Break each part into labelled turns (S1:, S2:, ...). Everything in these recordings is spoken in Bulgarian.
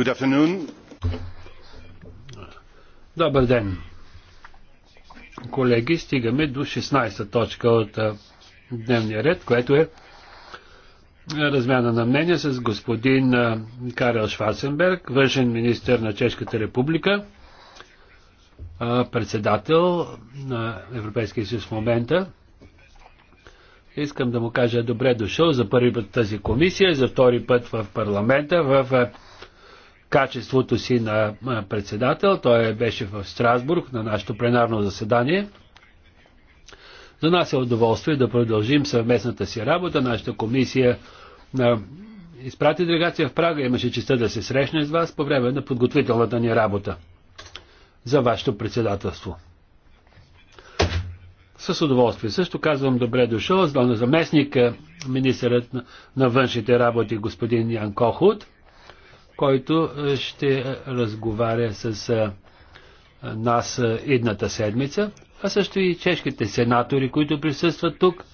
S1: Good afternoon.
S2: Добър ден. Колеги, стигаме до 16-та точка от дневния ред, което е размяна на мнение с господин Карел Шварценберг, външен министр на Чешката република, председател на Европейския съюз в момента. Искам да му кажа добре дошъл за първи път тази комисия, за втори път в парламента, в качеството си на председател. Той беше в Страсбург на нашето пленарно заседание. За нас е удоволствие да продължим съвместната си работа. Нашата комисия изпрати делегация в Прага. Имаше честа да се срещне с вас по време на подготвителната ни работа за вашето председателство. С удоволствие. Също казвам добре дошъл за заместник министърът на външните работи господин Ян Кохут който е, ще е, разговаря с е, нас едната седмица, а също и чешките сенатори, които присъстват тук.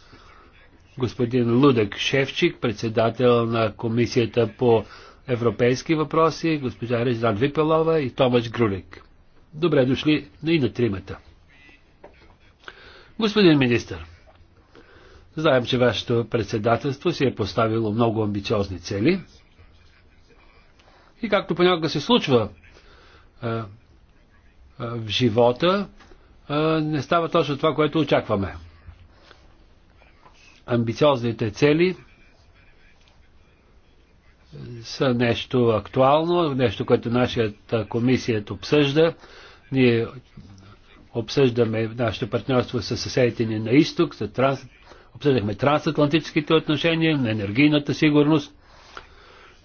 S2: Господин Лудък Шевчик, председател на Комисията по европейски въпроси, госпожа Реждан Випелова и Томаш Грулик. Добре дошли на и на тримата. Господин министър, знаем, че вашето председателство си е поставило много амбициозни цели – и както понякога се случва а, е, а, е, в живота, а, е, не става точно това, което очакваме. Амбициозните цели са нещо актуално, нещо, което нашата комисия обсъжда. Ние обсъждаме нашето партньорство с съседите ни на изток, с транс... обсъждахме трансатлантическите отношения, на енергийната сигурност.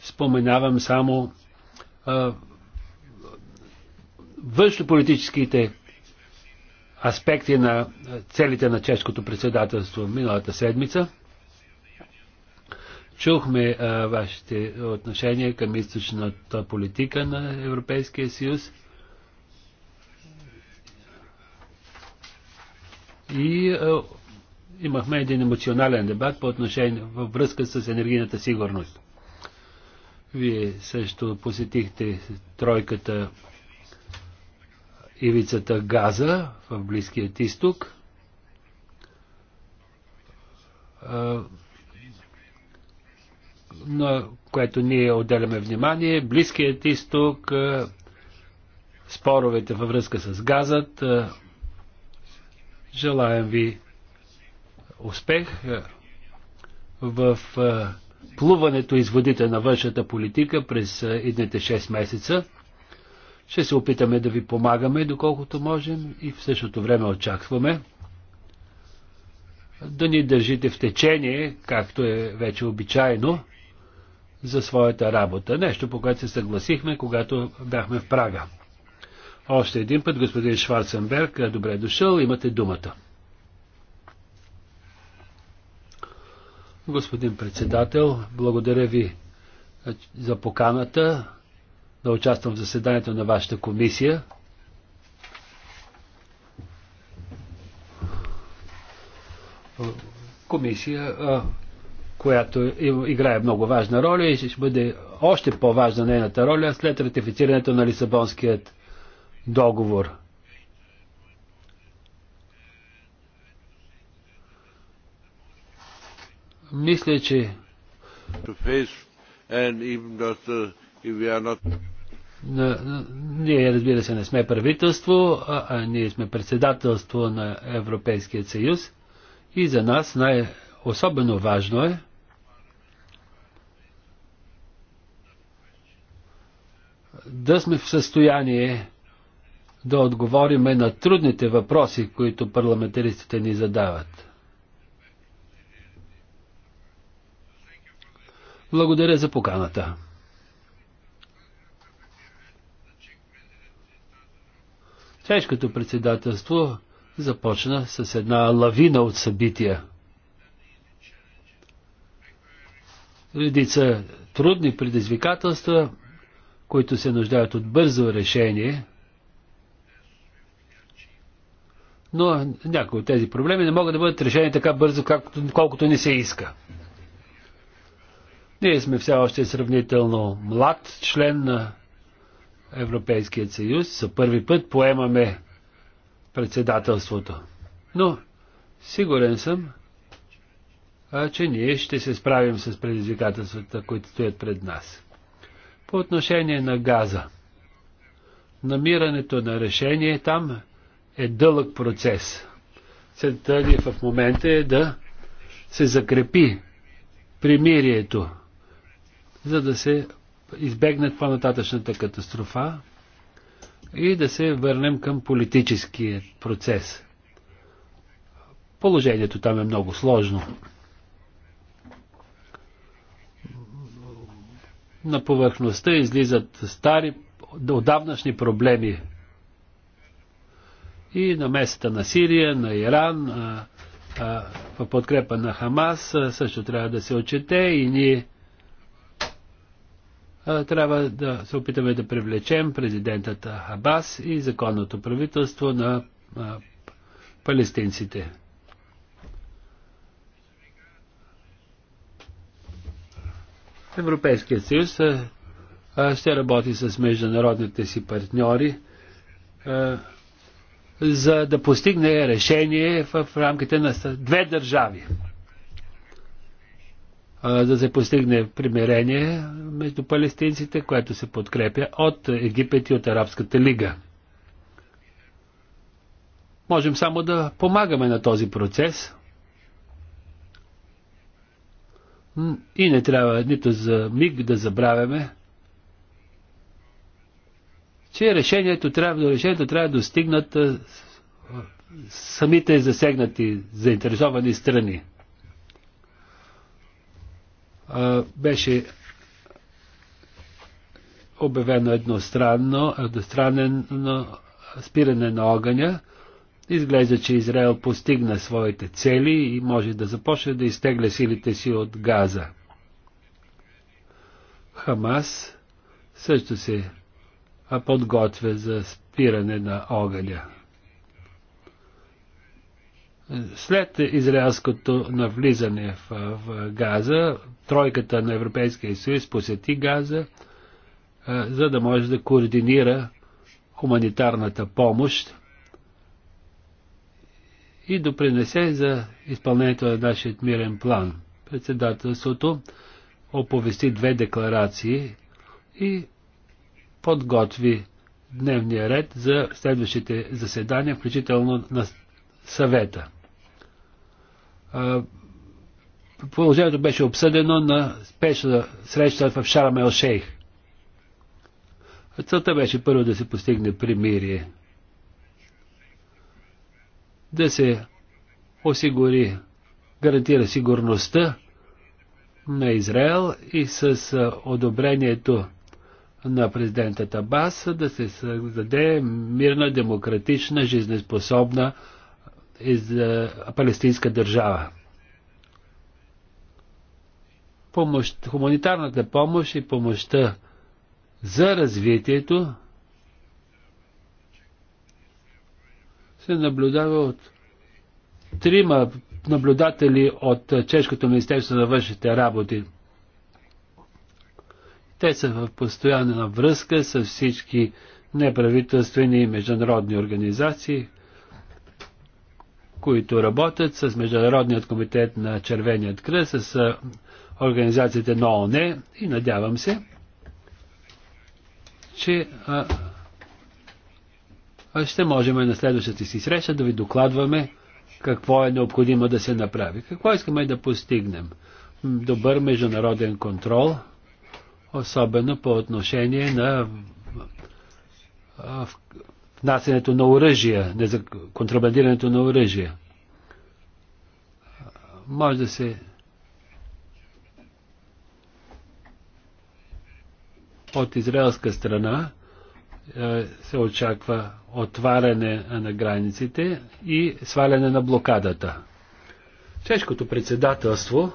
S2: Споменавам само външнополитическите аспекти на целите на чешкото председателство миналата седмица. Чухме а, вашите отношения към източната политика на Европейския съюз. И а, имахме един емоционален дебат по отношение във връзка с енергийната сигурност. Вие също посетихте тройката ивицата Газа в Близкият изток. На което ние отделяме внимание. Близкият изток, споровете във връзка с газът. Желаем ви успех в плуването из водите на външната политика през едните 6 месеца. Ще се опитаме да ви помагаме доколкото можем и в същото време очакваме да ни държите в течение, както е вече обичайно, за своята работа. Нещо, по което се съгласихме, когато бяхме в Прага. Още един път, господин Шварценберг, добре дошъл, имате думата. Господин председател, благодаря ви за поканата да участвам в заседанието на вашата комисия. Комисия, която играе много важна роля и ще бъде още по-важна нейната роля след ратифицирането на Лисабонският договор. Мисля, че
S1: uh,
S2: ние, разбира се, не сме правителство, а, а ние сме председателство на Европейския съюз. И за нас най-особено важно е да сме в състояние да отговориме на трудните въпроси, които парламентаристите ни задават. Благодаря за поканата. Чешкото председателство започна с една лавина от събития. Редица трудни предизвикателства, които се нуждаят от бързо решение, но някои от тези проблеми не могат да бъдат решени така бързо, колкото не се иска. Ние сме все още сравнително млад член на Европейския съюз. За първи път поемаме председателството. Но сигурен съм, че ние ще се справим с предизвикателствата, които стоят пред нас. По отношение на газа. Намирането на решение там е дълъг процес. Целта ни в момента е да се закрепи примирието за да се избегнат по-нататъчната катастрофа и да се върнем към политическия процес. Положението там е много сложно. На повърхността излизат стари, отдавнашни проблеми. И на местата на Сирия, на Иран, в подкрепа на Хамас също трябва да се отчете и ние трябва да се опитаме да привлечем президентът Хабас и законното правителство на палестинците. Европейският съюз ще работи с международните си партньори, за да постигне решение в рамките на две държави да се постигне примирение между палестинците, което се подкрепя от Египет и от Арабската лига. Можем само да помагаме на този процес и не трябва нито за миг да забравяме, че решението трябва, решението трябва да достигнат самите засегнати, заинтересовани страни беше обявено едностранно, едностранен спиране на огъня. Изглежда, че Израел постигна своите цели и може да започне да изтегля силите си от Газа. Хамас също се подготвя за спиране на огъня. След израелското навлизане в, в Газа, тройката на Европейския съюз посети Газа, за да може да координира хуманитарната помощ и допринесе за изпълнението на нашия мирен план. Председателството оповести две декларации и подготви дневния ред за следващите заседания, включително на съвета. Положението беше обсъдено на спешна среща в Шарам Шейх. Целта беше първо да се постигне примирие, да се осигури, гарантира сигурността на Израел и с одобрението на президента Табас да се създаде мирна, демократична, жизнеспособна из, е палестинска държава. Помощ, хуманитарната помощ и помощта за развитието се наблюдава от трима наблюдатели от Чешкото Министерство на външните работи. Те са в постоянна връзка с всички неправителствени и международни организации – които работят с Международният комитет на Червеният кръст, с организациите на ООН и надявам се, че а, ще можем на следващата си среща да ви докладваме какво е необходимо да се направи. Какво искаме да постигнем? Добър международен контрол, особено по отношение на внасянето на оръжия, не за контрабандирането на оръжия. Може да се от израелска страна е, се очаква отваряне на границите и сваляне на блокадата. Чешкото председателство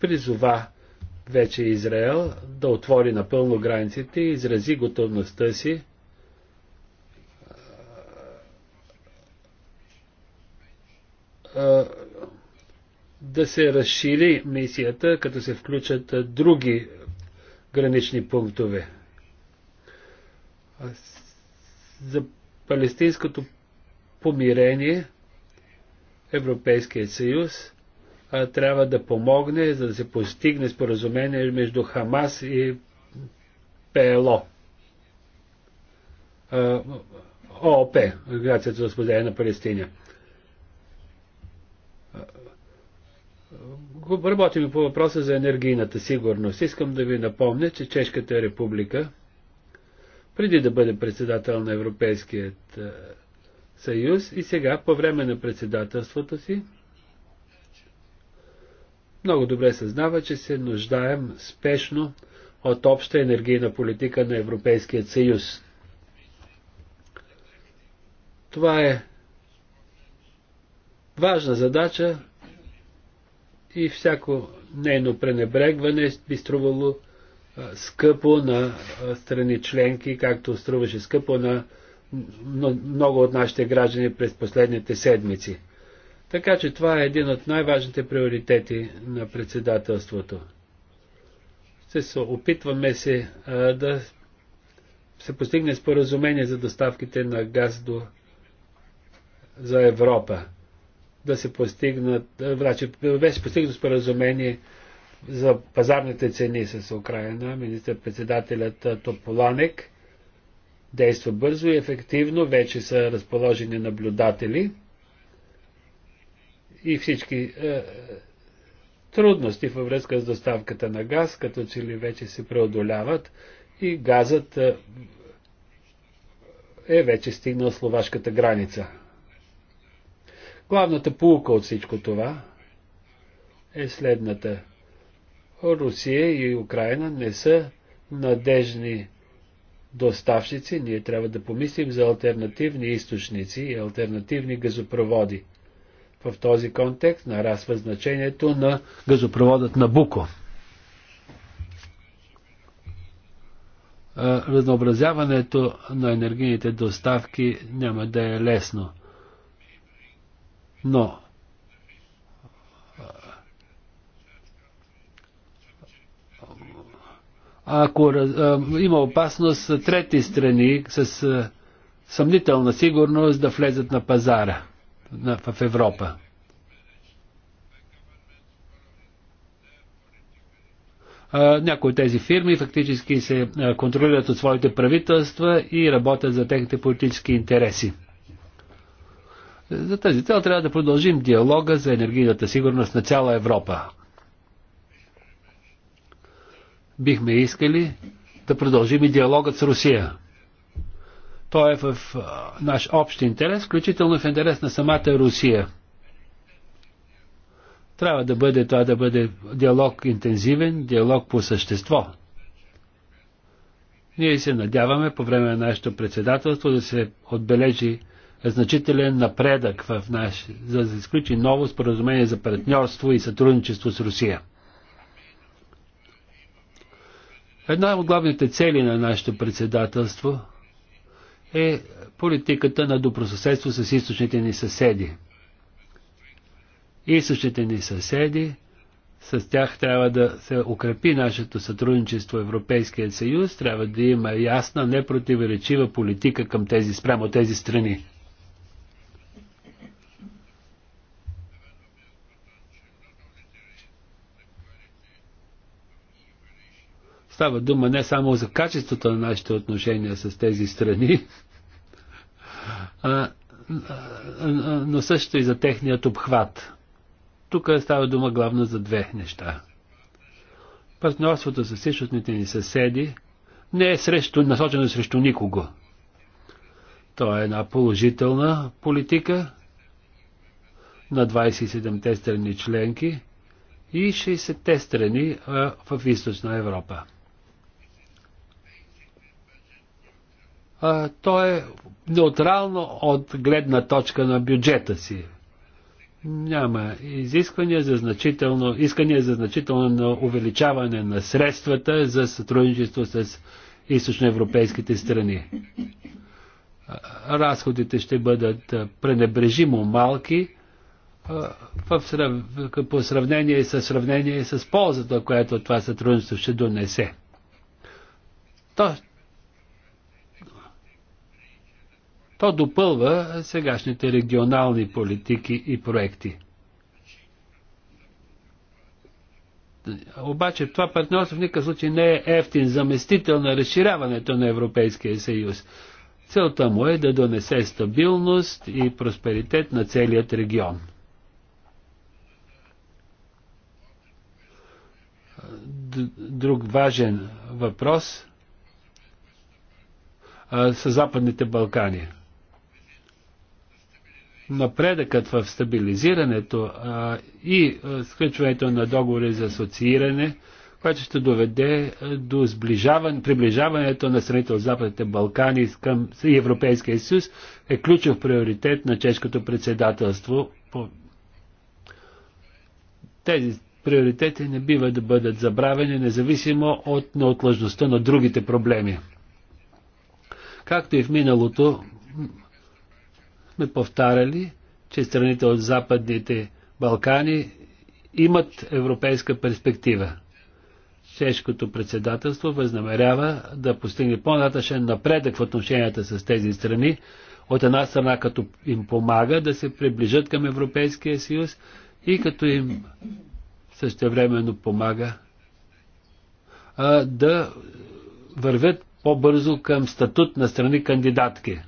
S2: призова вече Израел да отвори напълно границите и изрази готовността си да се разшири мисията, като се включат други гранични пунктове. За палестинското помирение Европейския съюз трябва да помогне, за да се постигне споразумение между Хамас и ПЛО. ООП, Организацията за освобождение на Палестина. Работим по въпроса за енергийната сигурност. Искам да ви напомня, че Чешката република, преди да бъде председател на Европейският съюз и сега, по време на председателството си, много добре съзнава, че се нуждаем спешно от обща енергийна политика на Европейския съюз. Това е важна задача и всяко нейно пренебрегване би струвало скъпо на страни членки, както струваше скъпо на много от нашите граждани през последните седмици. Така че това е един от най-важните приоритети на председателството. Ще се опитваме се а, да се постигне споразумение за доставките на газ до, за Европа. Да се постигнат, значи, беше постигнато споразумение за пазарните цени с Украина. Министър-председателят Тополанек действа бързо и ефективно. Вече са разположени наблюдатели – и всички е, е, трудности във връзка с доставката на газ, като че ли вече се преодоляват и газът е, е вече стигнал словашката граница. Главната полука от всичко това е следната. Русия и Украина не са надежни доставчици, ние трябва да помислим за альтернативни източници и альтернативни газопроводи. В този контекст нарасва значението на газопроводът на Буко. Разнообразяването на енергийните доставки няма да е лесно. Но ако има опасност трети страни с съмнителна сигурност да влезат на пазара в Европа. Някои от тези фирми фактически се контролират от своите правителства и работят за техните политически интереси. За тази цел трябва да продължим диалога за енергийната сигурност на цяла Европа. Бихме искали да продължим и диалогът с Русия. То е в наш общ интерес, включително в интерес на самата Русия. Трябва да бъде това да бъде диалог интензивен, диалог по същество. Ние се надяваме по време на нашето председателство да се отбележи значителен напредък в наш, за да се изключи ново споразумение за партньорство и сътрудничество с Русия. Една от главните цели на нашето председателство – е политиката на добросъседство с източните ни съседи. Източните ни съседи, с тях трябва да се укрепи нашето сътрудничество Европейския съюз, трябва да има ясна, непротиворечива политика към тези, спрямо тези страни. Става дума не само за качеството на нашите отношения с тези страни, а, но също и за техният обхват. Тук става дума главно за две неща. Партньорството с източните ни съседи не е срещу, насочено срещу никого. То е една положителна политика на 27-те страни членки и 60-те страни в източна Европа. то е неутрално от гледна точка на бюджета си. Няма изисквания за значително, искания за значително на увеличаване на средствата за сътрудничество с източноевропейските страни. Разходите ще бъдат пренебрежимо малки в срав... по сравнение със сравнение с ползата, която това сътрудничество ще донесе. То То допълва сегашните регионални политики и проекти. Обаче това партньорство в никакъв случай не е ефтин заместител на разширяването на Европейския съюз. Целта му е да донесе стабилност и просперитет на целият регион. Друг важен въпрос са Западните Балкани – напредъкът в стабилизирането а, и сключването на договори за асоцииране, което ще доведе до сближаване, приближаването на страните от Западните Балкани към Европейския съюз, е ключов приоритет на чешкото председателство. Тези приоритети не бива да бъдат забравени, независимо от неотлъжността на другите проблеми. Както и в миналото, сме повтаряли, че страните от Западните Балкани имат европейска перспектива. Чешкото председателство възнамерява да постигне по-нататъчен напредък в отношенията с тези страни, от една страна като им помага да се приближат към Европейския съюз и като им същевременно помага а, да вървят по-бързо към статут на страни кандидатки.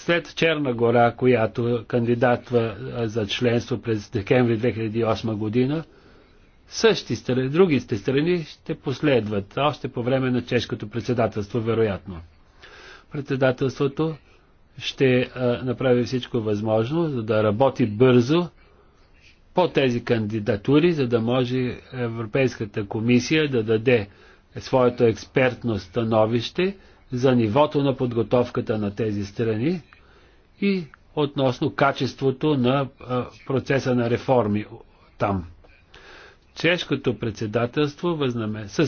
S2: След Черна гора, която кандидатва за членство през декември 2008 година, същи страни, другите страни ще последват, още по време на чешкото председателство, вероятно. Председателството ще а, направи всичко възможно, за да работи бързо по тези кандидатури, за да може Европейската комисия да даде своето експертно становище за нивото на подготовката на тези страни и относно качеството на процеса на реформи там. Чешкото председателство възнаме с,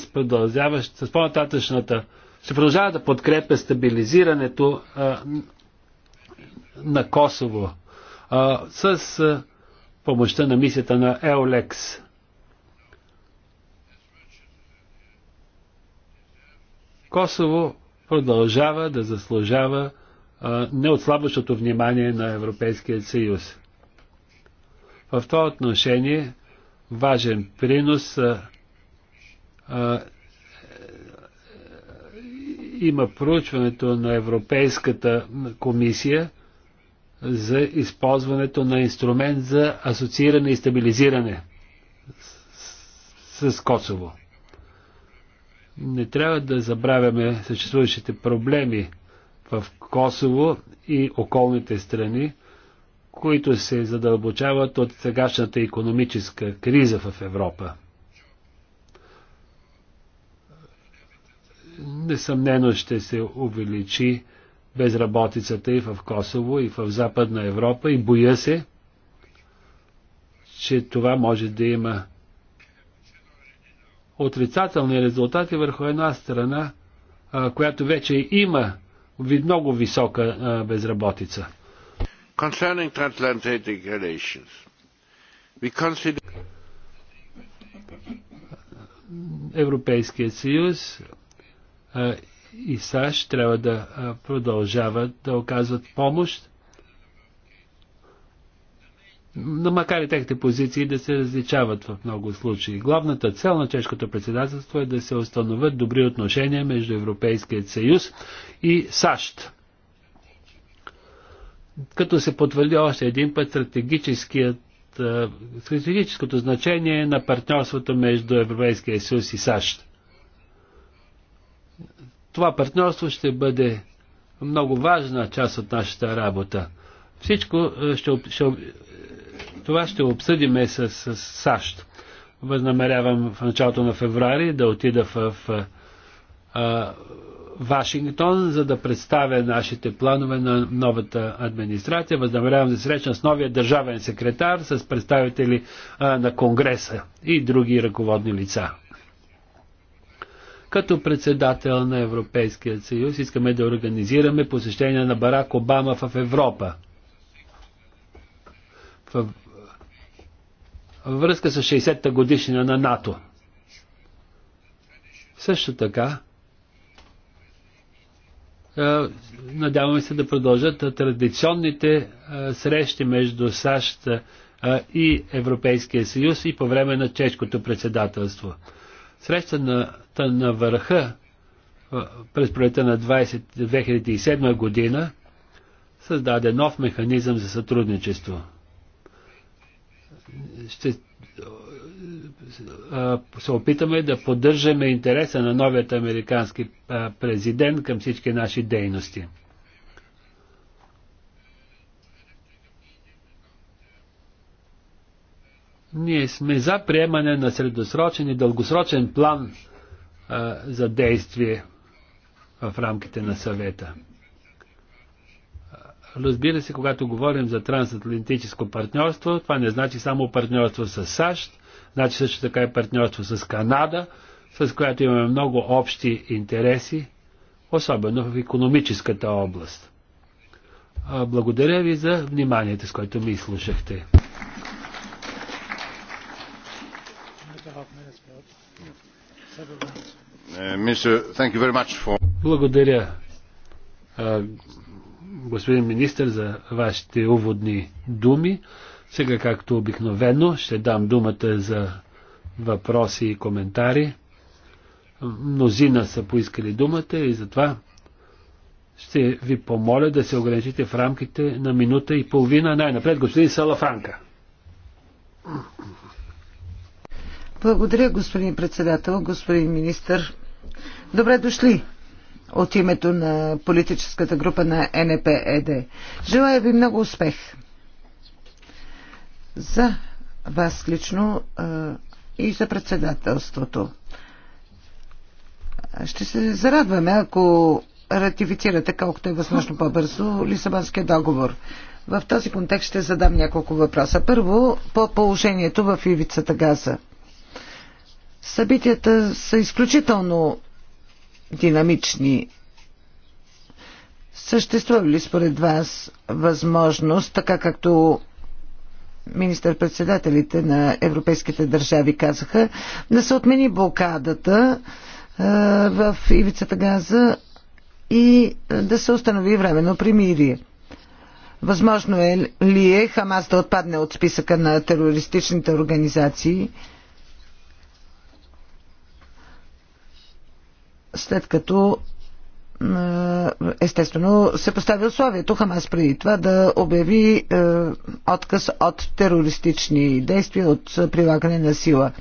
S2: с по-нататъчната ще продължава да подкрепя стабилизирането а, на Косово а, с а, помощта на мисията на Еолекс. Косово продължава да заслужава неотслабващото внимание на Европейския съюз. В това отношение важен принос а, а, има проучването на Европейската комисия за използването на инструмент за асоцииране и стабилизиране с, с Косово. Не трябва да забравяме съществуващите проблеми в Косово и околните страни, които се задълбочават от сегашната економическа криза в Европа. Несъмнено ще се увеличи безработицата и в Косово, и в Западна Европа, и боя се, че това може да има отрицателни резултати върху една страна, която вече има много висока безработица.
S1: Concerning transatlantic relations, we consider...
S2: Европейският съюз и САЩ трябва да продължават да оказват помощ макар и техните позиции да се различават в много случаи. Главната цел на чешкото председателство е да се установят добри отношения между Европейският съюз и САЩ. Като се потвърди още един път стратегическото значение на партньорството между Европейския съюз и САЩ. Това партньорство ще бъде много важна част от нашата работа. Всичко ще, ще това ще обсъдим с, с САЩ. Възнамерявам в началото на феврари да отида в, в а, Вашингтон, за да представя нашите планове на новата администрация. Възнамерявам да срещна с новия държавен секретар, с представители а, на Конгреса и други ръководни лица. Като председател на Европейския съюз искаме да организираме посещение на Барак Обама в Европа. В връзка с 60-та годишнина на НАТО. Също така, надяваме се да продължат традиционните срещи между САЩ и Европейския съюз и по време на чешкото председателство. Срещата на върха през пролета на 20, 2007 година създаде нов механизъм за сътрудничество ще се опитаме да поддържаме интереса на новият американски президент към всички наши дейности. Ние сме за приемане на средосрочен и дългосрочен план а, за действие в рамките на съвета. Разбира се, когато говорим за трансатлантическо партньорство, това не значи само партньорство с САЩ, значи също така и партньорство с Канада, с която имаме много общи интереси, особено в економическата област. Благодаря ви за вниманието, с което ми изслушахте. Е, благодаря, господин министр, за вашите уводни думи. Сега, както обикновено, ще дам думата за въпроси и коментари. Мнозина са поискали думата и затова ще ви помоля да се ограничите в рамките на минута и половина. Най-напред, господин Салафанка.
S3: Благодаря, господин председател, господин министр. Добре дошли от името на политическата група на НПЕД. Желая ви много успех. За вас лично и за председателството. Ще се зарадваме, ако ратифицирате колкото е възможно по-бързо Лисабонския договор. В този контекст ще задам няколко въпроса. Първо, по положението в Ивицата Газа. Събитията са изключително динамични. Съществува ли според вас възможност, така както министър-председателите на европейските държави казаха, да се отмени блокадата в ивицата Газа и да се установи временно примирие? Възможно е ли е Хамас да отпадне от списъка на терористичните организации? след като
S1: е,
S3: естествено се постави условието Хамас преди това да обяви е, отказ от терористични действия, от прилагане на сила.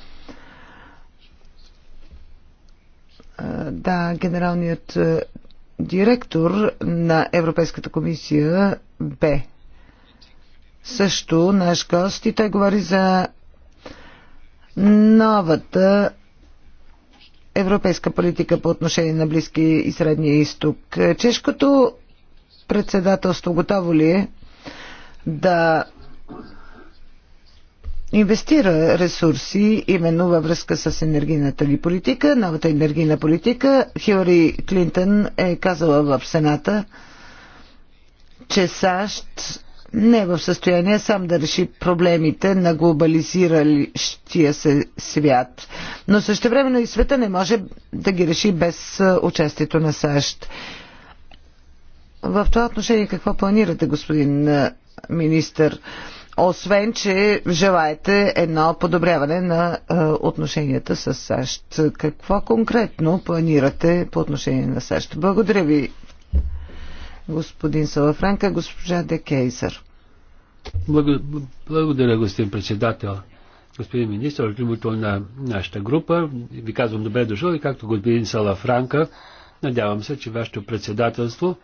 S3: Е, да, генералният директор на Европейската комисия бе също наш гост и той говори за новата европейска политика по отношение на Близки и Средния изток. Чешкото председателство готово ли е да инвестира ресурси именно във връзка с енергийната ли политика, новата енергийна политика. Хилари Клинтън е казала в Сената, че САЩ не е в състояние сам да реши проблемите на глобализиращия се свят. Но времено и света не може да ги реши без участието на САЩ. В това отношение какво планирате, господин министър? Освен, че желаете едно подобряване на отношенията с САЩ. Какво конкретно планирате по отношение на САЩ? Благодаря ви, господин Салафранка, госпожа Де Кейсър.
S2: Благодаря, господин председател. Господин министр, от любото на нашата група ви казвам добре дошъл и както господин Салафранка, надявам се, че вашето председателство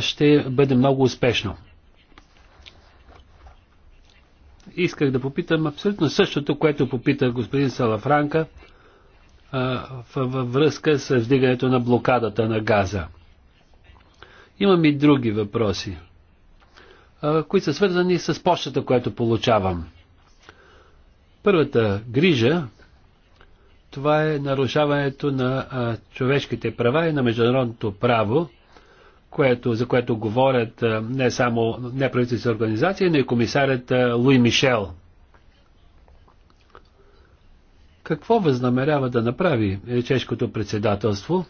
S2: ще бъде много успешно. Исках да попитам абсолютно същото, което попита господин Салафранка във връзка с вдигането на блокадата на газа. Имам и други въпроси, които са свързани с почтата, която получавам. Първата грижа, това е нарушаването на а, човешките права и на международното право, което, за което говорят а, не само неправителствени организации, но и комисарят а, Луи Мишел. Какво възнамерява да направи чешкото председателство,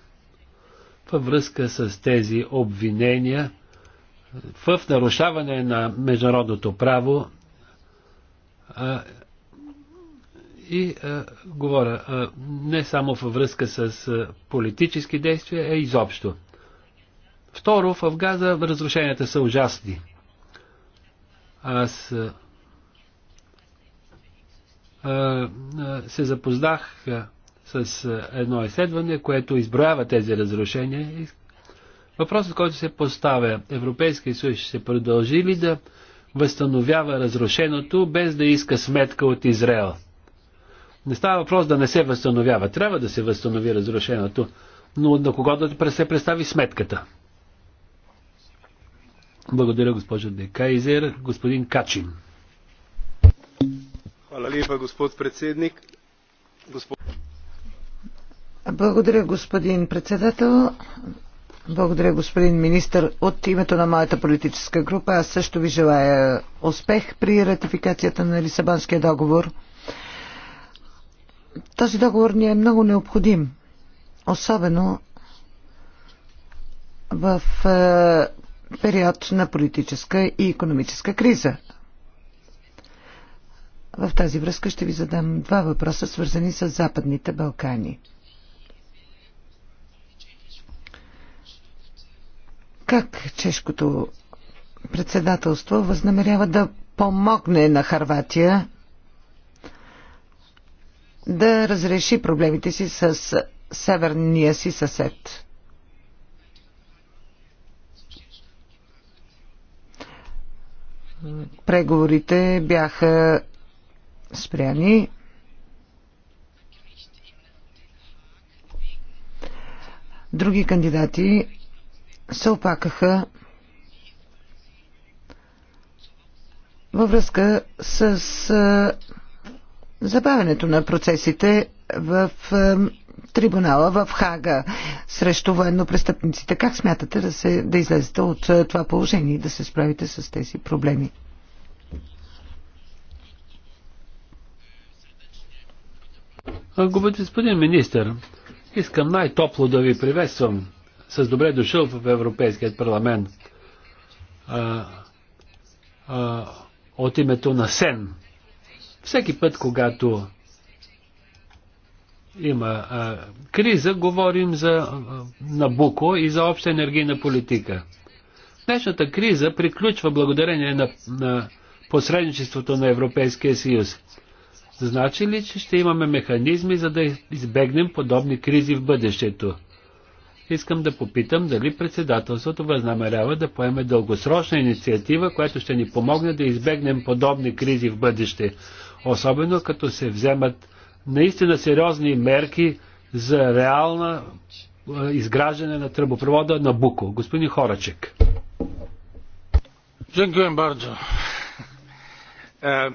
S2: във връзка с тези обвинения в нарушаване на международното право а, и а, говоря а, не само във връзка с а, политически действия, а изобщо. Второ, в Газа разрушенията са ужасни. Аз а, а, се запознах а, с е, едно изследване, което изброява тези разрушения. Въпросът, който се поставя, Европейския съюз ще продължи ли да възстановява разрушеното, без да иска сметка от Израел? Не става въпрос да не се възстановява. Трябва да се възстанови разрушеното, но на кого да се представи сметката? Благодаря, госпожо Декайзер. Господин Качин.
S1: Hvala lepa, gospod predsednik.
S3: Благодаря, господин председател. Благодаря, господин министр. От името на моята политическа група аз също ви желая успех при ратификацията на Лисабонския договор. Този договор ни е много необходим, особено в е, период на политическа и економическа криза. В тази връзка ще ви задам два въпроса, свързани с Западните Балкани. Как чешкото председателство възнамерява да помогне на Харватия да разреши проблемите си с северния си съсед? Преговорите бяха спряни. Други кандидати се опакаха във връзка с забавянето на процесите в трибунала в Хага срещу военнопрестъпниците. Как смятате да, се, да излезете от това положение и да се справите с тези проблеми?
S2: Господин министр, искам най-топло да ви приветствам с добре дошъл в Европейският парламент а, а, от името на СЕН. Всеки път, когато има а, криза, говорим за а, Набуко и за обща енергийна политика. Днешната криза приключва благодарение на, на посредничеството на Европейския съюз. Значи ли, че ще имаме механизми, за да избегнем подобни кризи в бъдещето? Искам да попитам дали председателството възнамерява да поеме дългосрочна инициатива, която ще ни помогне да избегнем подобни кризи в бъдеще, особено като се вземат наистина сериозни мерки за реална изграждане на тръбопровода на Буко. Господин Хорачек.
S1: Dziękuję bardzo. Е,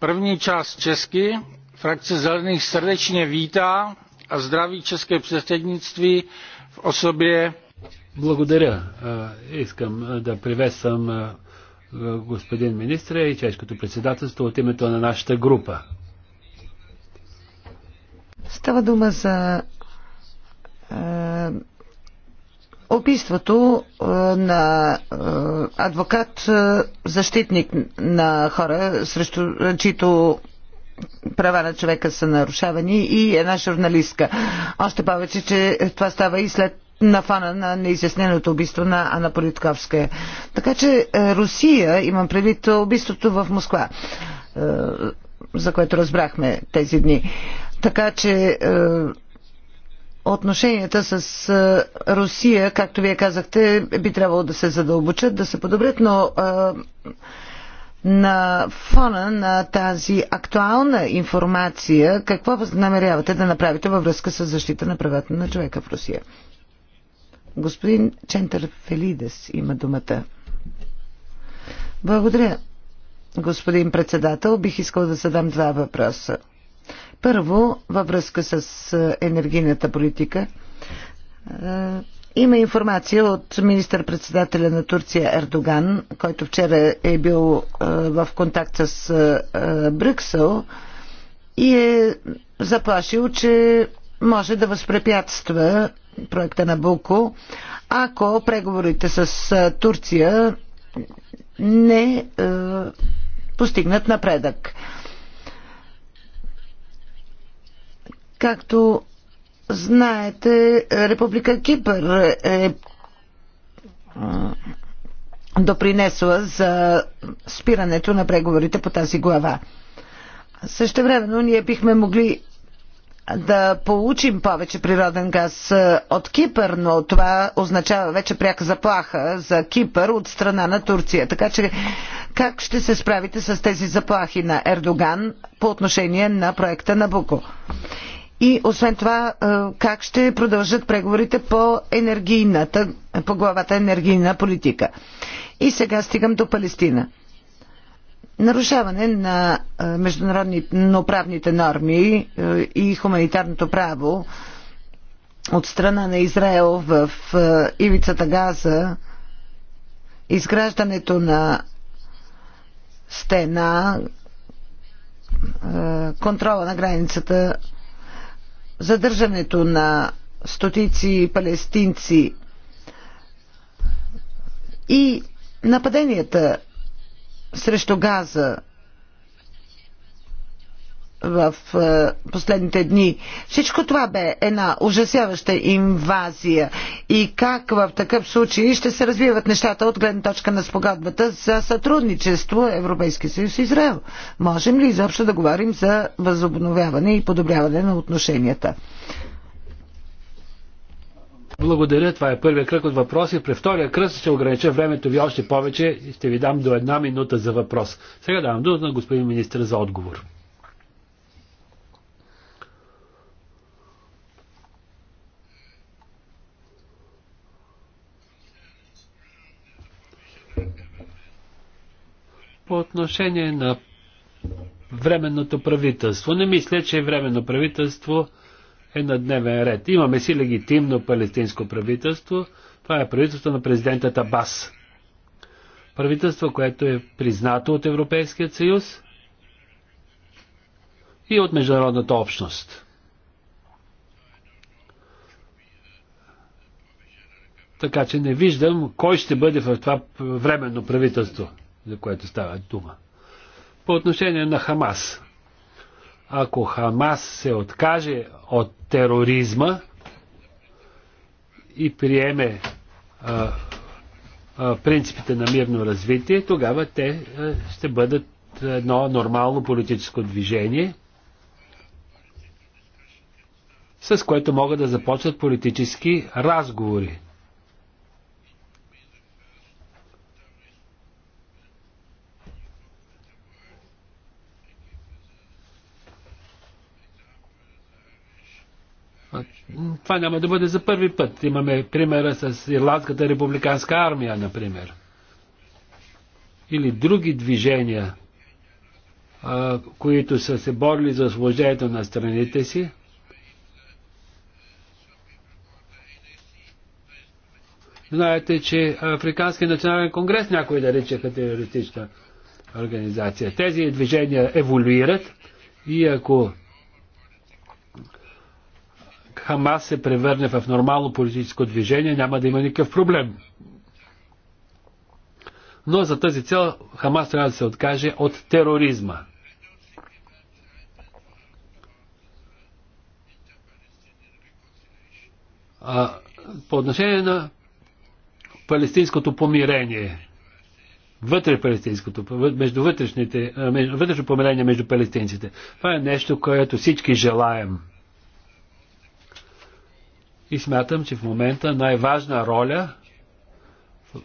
S1: Първи част чески, фракция Зелених srdečně вита a zdraví české předsednictví
S2: v osobě. Благодаря. Искам да приветствам господин министра и чешкото председателство от името на нашата група.
S3: Става дума за убийството на адвокат, защитник на хора, срещу чието права на човека са нарушавани и една журналистка. Още повече, че това става и след на фана на неизясненото убийство на Ана Политковска. Така че е, Русия, имам предвид убийството в Москва, е, за което разбрахме тези дни. Така че е, отношенията с Русия, както вие казахте, би трябвало да се задълбочат, да се подобрят, но на фона на тази актуална информация, какво намерявате да направите във връзка с защита на правата на човека в Русия? Господин Чентър Фелидес има думата. Благодаря, господин председател. Бих искал да задам два въпроса. Първо, във връзка с енергийната политика. Има информация от министър-председателя на Турция Ердоган, който вчера е бил е, в контакт с е, Брюксел и е заплашил, че може да възпрепятства проекта на Буко, ако преговорите с е, Турция не постигнат напредък. Както Знаете, Република Кипър е, е допринесла за спирането на преговорите по тази глава. Също времено ние бихме могли да получим повече природен газ е, от Кипър, но това означава вече пряка заплаха за Кипър от страна на Турция. Така че как ще се справите с тези заплахи на Ердоган по отношение на проекта на Буко? И освен това, как ще продължат преговорите по енергийната, по главата енергийна политика. И сега стигам до Палестина. Нарушаване на международно-правните норми и хуманитарното право от страна на Израел в ивицата Газа, изграждането на стена, контрола на границата задържането на стотици палестинци и нападенията срещу Газа в е, последните дни. Всичко това бе една ужасяваща инвазия. И как в такъв случай ще се развиват нещата от гледна точка на спогадбата за сътрудничество Европейски съюз и Израел? Можем ли изобщо да говорим за възобновяване и подобряване на отношенията?
S2: Благодаря. Това е първият кръг от въпроси. При втория кръг ще огранича времето ви още повече и ще ви дам до една минута за въпрос. Сега давам думата на господин министър за отговор. По отношение на временното правителство, не мисля, че временно правителство е на дневен ред. Имаме си легитимно палестинско правителство. Това е правителство на президента Табас. Правителство, което е признато от Европейския съюз и от международната общност. Така че не виждам кой ще бъде в това временно правителство за което става дума. По отношение на Хамас. Ако Хамас се откаже от тероризма и приеме а, а, принципите на мирно развитие, тогава те а, ще бъдат едно нормално политическо движение, с което могат да започнат политически разговори. това няма да бъде за първи път. Имаме примера с Ирландската републиканска армия, например. Или други движения, а, които са се борили за освобождението на страните си. Знаете, че Африканския национален конгрес някой да наричаха терористична организация. Тези движения еволюират и ако Хамас се превърне в нормално политическо движение, няма да има никакъв проблем. Но за тази цел Хамас трябва да се откаже от тероризма. А, по отношение на палестинското помирение, вътре палестинското, между вътрешните, вътрешно помирение между палестинците, това е нещо, което всички желаем – и смятам, че в момента най-важна роля в,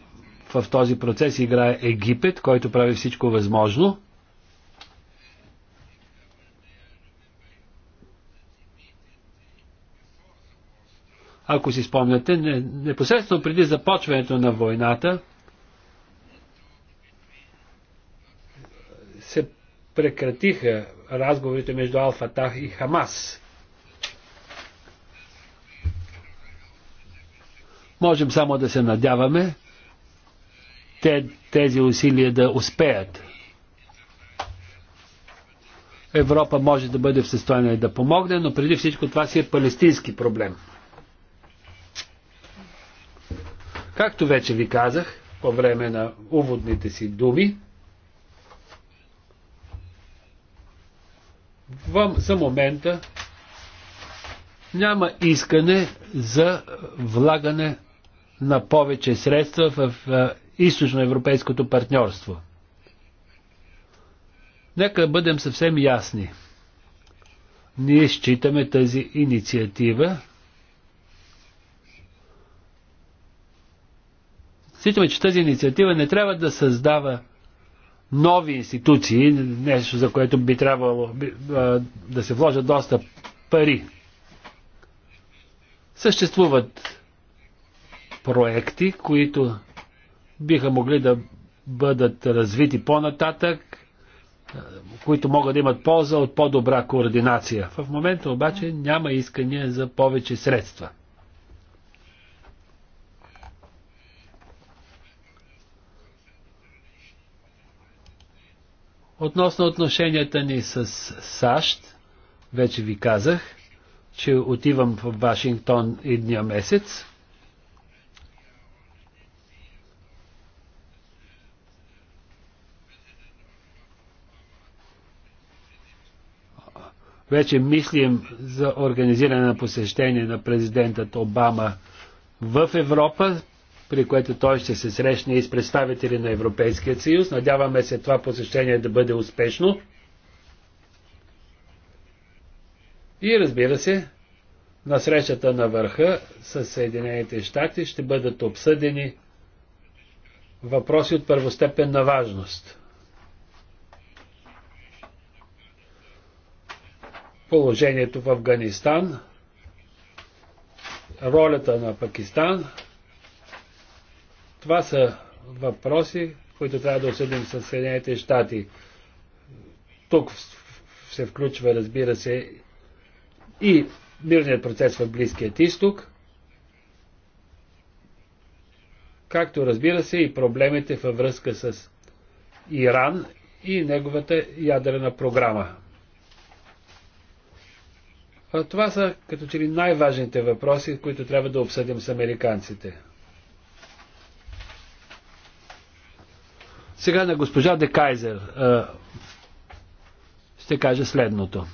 S2: в този процес играе Египет, който прави всичко възможно. Ако си спомняте, непосредствено преди започването на войната, се прекратиха разговорите между Алфатах и Хамас. Можем само да се надяваме те, тези усилия да успеят. Европа може да бъде в състояние да помогне, но преди всичко това си е палестински проблем. Както вече ви казах по време на уводните си думи, в, за момента няма искане за влагане на повече средства в източноевропейското партньорство. Нека бъдем съвсем ясни. Ние считаме тази инициатива. Считаме, че тази инициатива не трябва да създава нови институции, нещо за което би трябвало да се вложат доста пари. Съществуват проекти, които биха могли да бъдат развити по-нататък, които могат да имат полза от по-добра координация. В момента обаче няма искания за повече средства. Относно отношенията ни с САЩ, вече ви казах, че отивам в Вашингтон едния месец. Вече мислим за организиране на посещение на президентът Обама в Европа, при което той ще се срещне и с представители на Европейския съюз. Надяваме се това посещение да бъде успешно. И разбира се, на срещата на върха с Съединените щати ще бъдат обсъдени въпроси от първостепенна важност. положението в Афганистан, ролята на Пакистан. Това са въпроси, които трябва да осъдим с Съединените щати. Тук се включва, разбира се, и мирният процес в Близкият изток, както разбира се и проблемите във връзка с Иран и неговата ядрена програма. Това са като че ли най-важните въпроси, които трябва да обсъдим с американците. Сега на госпожа Де Кайзер ще каже следното.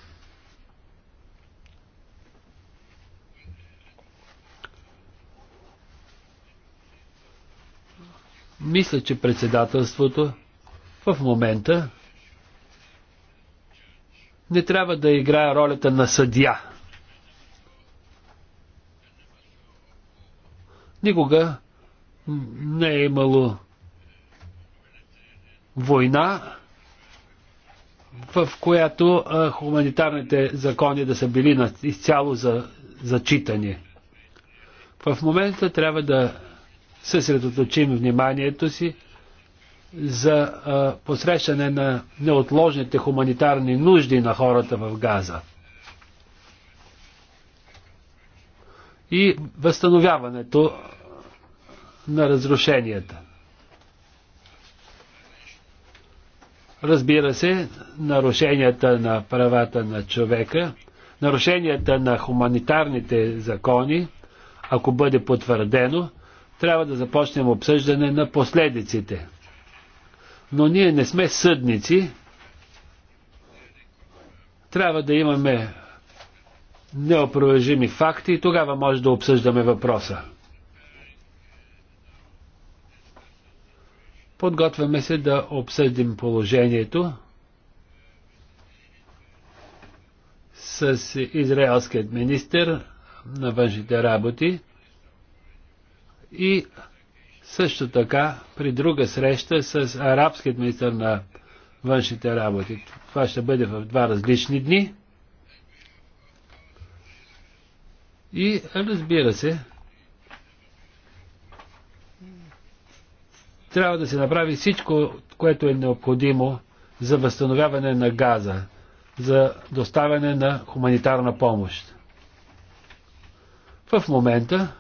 S2: Мисля, че председателството в момента не трябва да играе ролята на съдия. Никога не е имало война, в която а, хуманитарните закони да са били на, изцяло за, зачитани. В момента трябва да съсредоточим вниманието си за посрещане на неотложните хуманитарни нужди на хората в Газа. И възстановяването на разрушенията. Разбира се, нарушенията на правата на човека, нарушенията на хуманитарните закони, ако бъде потвърдено, трябва да започнем обсъждане на последиците – но ние не сме съдници. Трябва да имаме неопровержими факти и тогава може да обсъждаме въпроса. Подготвяме се да обсъдим положението с израелският министр на външните работи и също така, при друга среща с арабският министр на външните работи. Това ще бъде в два различни дни. И разбира се, трябва да се направи всичко, което е необходимо за възстановяване на газа, за доставяне на хуманитарна помощ. В момента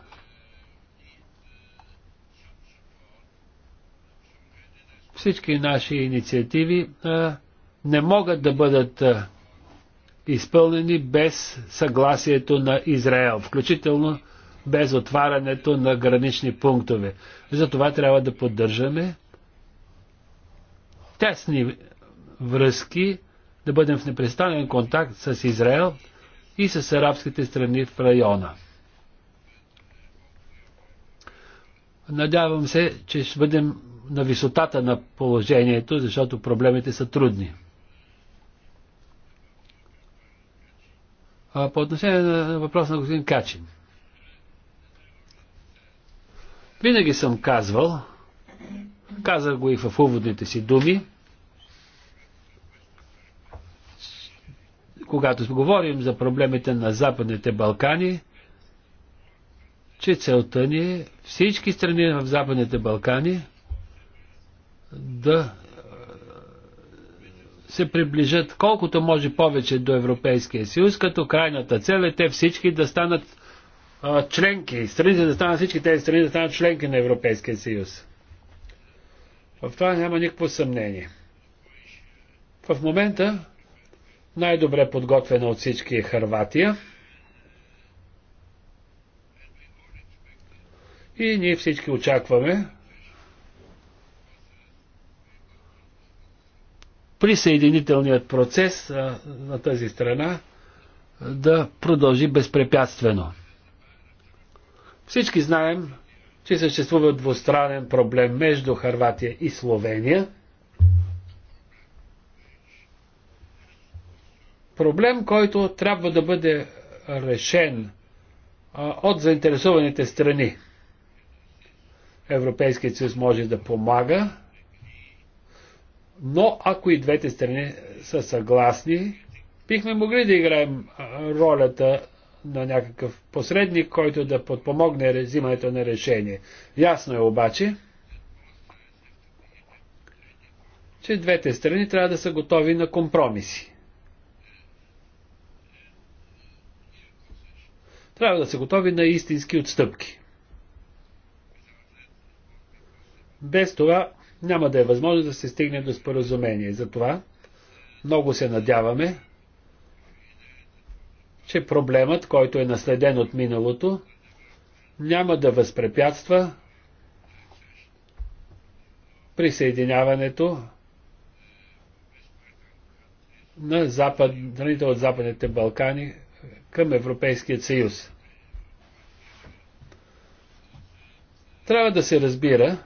S2: Всички наши инициативи а, не могат да бъдат а, изпълнени без съгласието на Израел, включително без отварянето на гранични пунктове. Затова трябва да поддържаме тесни връзки, да бъдем в непрестанен контакт с Израел и с арабските страни в района. Надявам се, че ще бъдем на висотата на положението, защото проблемите са трудни. А, по отношение на въпроса на господин Качин. Винаги съм казвал, казах го и в уводните си думи, когато говорим за проблемите на Западните Балкани, че целта ни е всички страни в Западните Балкани да е, се приближат колкото може повече до Европейския съюз, като крайната цел е те всички да станат а, е, членки, страните да станат всички тези страни да станат членки на Европейския съюз. В това няма никакво съмнение. В момента най-добре подготвена от всички е Харватия. И ние всички очакваме присъединителният процес а, на тази страна да продължи безпрепятствено. Всички знаем, че съществува двустранен проблем между Харватия и Словения. Проблем, който трябва да бъде решен а, от заинтересованите страни. Европейският съюз може да помага, но ако и двете страни са съгласни, бихме могли да играем ролята на някакъв посредник, който да подпомогне взимането на решение. Ясно е обаче, че двете страни трябва да са готови на компромиси. Трябва да са готови на истински отстъпки. Без това няма да е възможно да се стигне до споразумение. Затова много се надяваме, че проблемът, който е наследен от миналото, няма да възпрепятства присъединяването на запад, от Западните Балкани към Европейския съюз. Трябва да се разбира,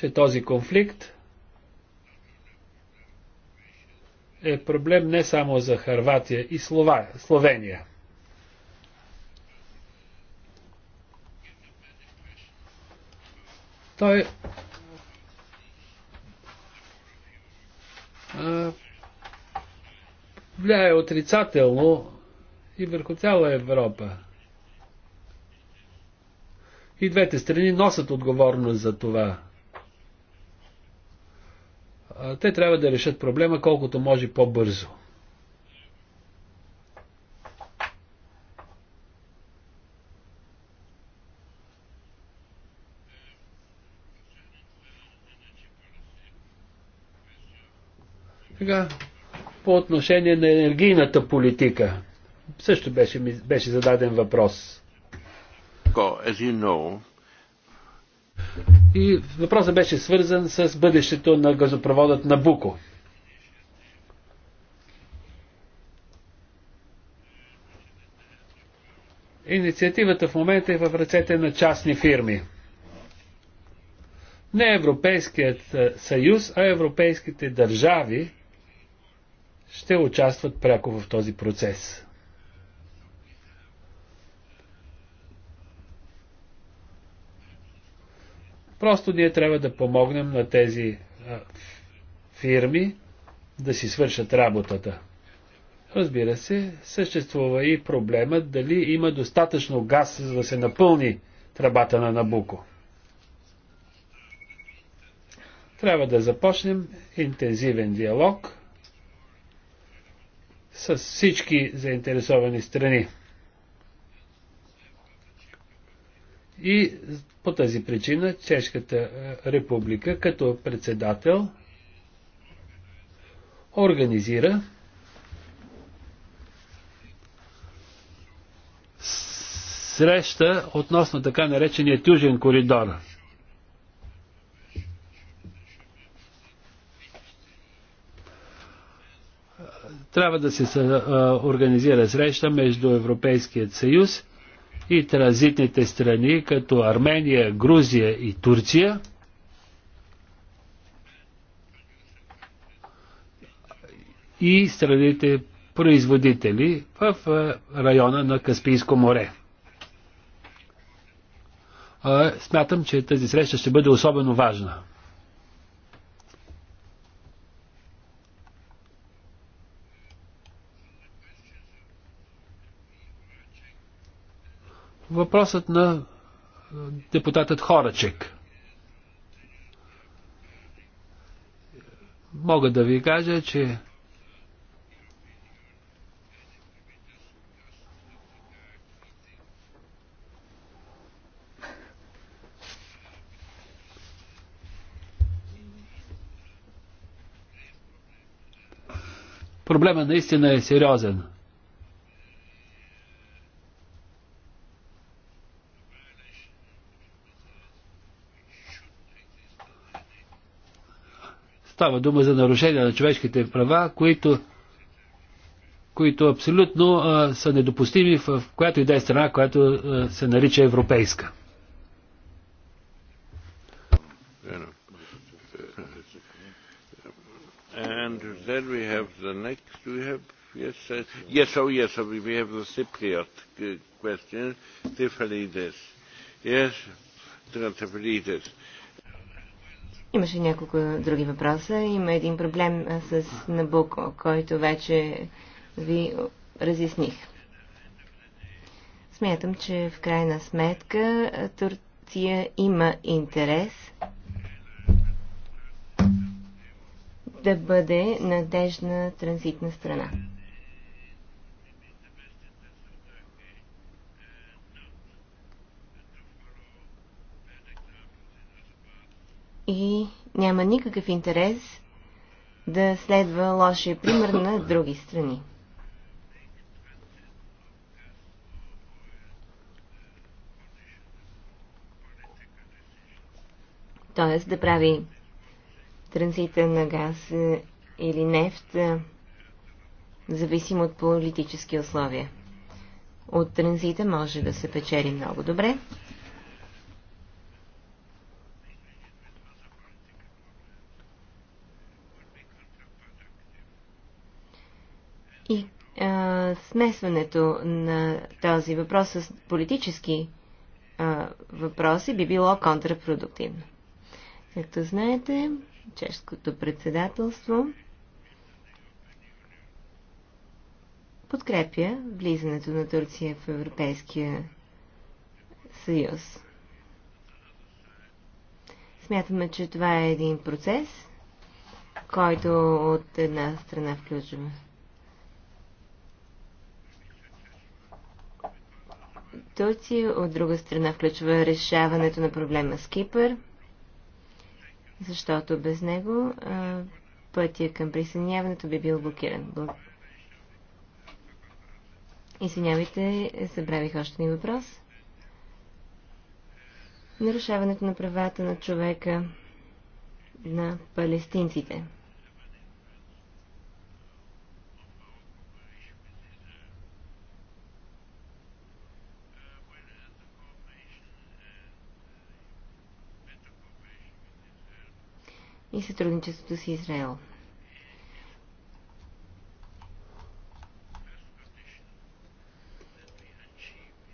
S2: че този конфликт е проблем не само за Харватия и Слова... Словения. Той а, влияе отрицателно и върху цяла Европа. И двете страни носят отговорност за това. Те трябва да решат проблема колкото може по-бързо. Сега, по отношение на енергийната политика, също беше, беше зададен въпрос.
S1: As you know,
S2: и въпросът беше свързан с бъдещето на газопроводът Набуко. Инициативата в момента е в ръцете на частни фирми. Не Европейският е, съюз, а европейските държави ще участват пряко в този процес. Просто ние трябва да помогнем на тези фирми да си свършат работата. Разбира се, съществува и проблема дали има достатъчно газ, за да се напълни тръбата на Набуко. Трябва да започнем интензивен диалог с всички заинтересовани страни. И по тази причина Чешката е, република като председател организира среща относно така наречения тюжен коридор. Трябва да се е, организира среща между Европейският съюз и транзитните страни, като Армения, Грузия и Турция. и страните производители в района на Каспийско море. Смятам, че тази среща ще бъде особено важна. Въпросът на депутатът Хорачек. Мога да ви кажа, че проблема наистина е сериозен. Става дума за нарушения на човешките права, които, които абсолютно а, са недопустими в, в която и да е страна, която а, се нарича европейска.
S1: And then we have the next. We have yes, uh, yes. Oh, yes. Uh, we have the Cypriot uh, question. Yes,
S4: Имаше няколко други въпроса. Има един проблем с Набуко, който вече ви разясних. Смятам, че в крайна сметка Турция има интерес да бъде надежна транзитна страна. и няма никакъв интерес да следва лошия пример на други страни. Тоест да прави транзита на газ е, или нефт е, зависим от политически условия. От транзита може да се печели много добре. смесването на този въпрос с политически а, въпроси би било контрапродуктивно. Както знаете, чешското председателство подкрепя влизането на Турция в Европейския съюз. Смятаме, че това е един процес, който от една страна включва Турция, от друга страна включва решаването на проблема с Кипър, защото без него а, пътя към присъединяването би бил блокиран. Блок... Извинявайте, забравих още един въпрос. Нарушаването на правата на човека на палестинците. и сътрудничеството с Израел.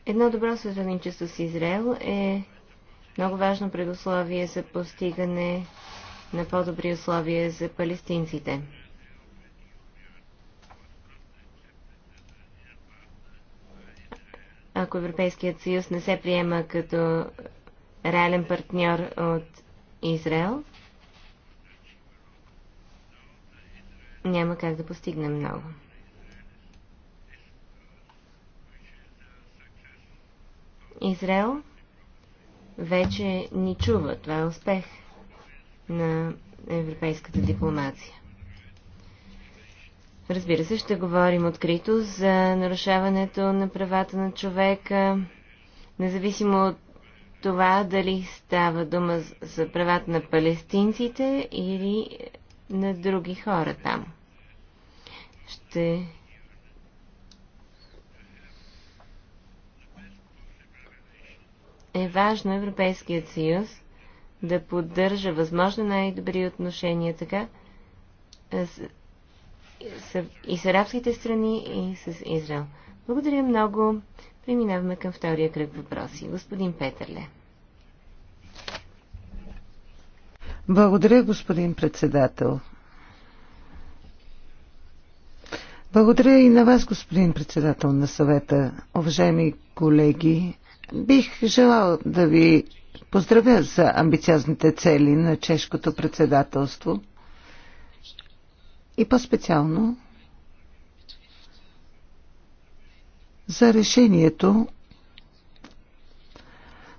S4: Едно добро сътрудничество с Израел е много важно предусловие за постигане на по-добри условия за палестинците. Ако Европейският съюз не се приема като реален партньор от Израел, няма как да постигнем много. Израел вече ни чува. Това е успех на европейската дипломация. Разбира се, ще говорим открито за нарушаването на правата на човека, независимо от това дали става дума за правата на палестинците или на други хора там. Ще е важно Европейският съюз да поддържа възможно най-добри отношения така и с арабските страни, и с Израел. Благодаря много. Преминаваме към втория кръг въпроси. Господин Петърле.
S3: Благодаря, господин председател. Благодаря и на вас, господин председател на съвета. Уважаеми колеги, бих желал да ви поздравя за амбициозните цели на чешкото председателство и по-специално за решението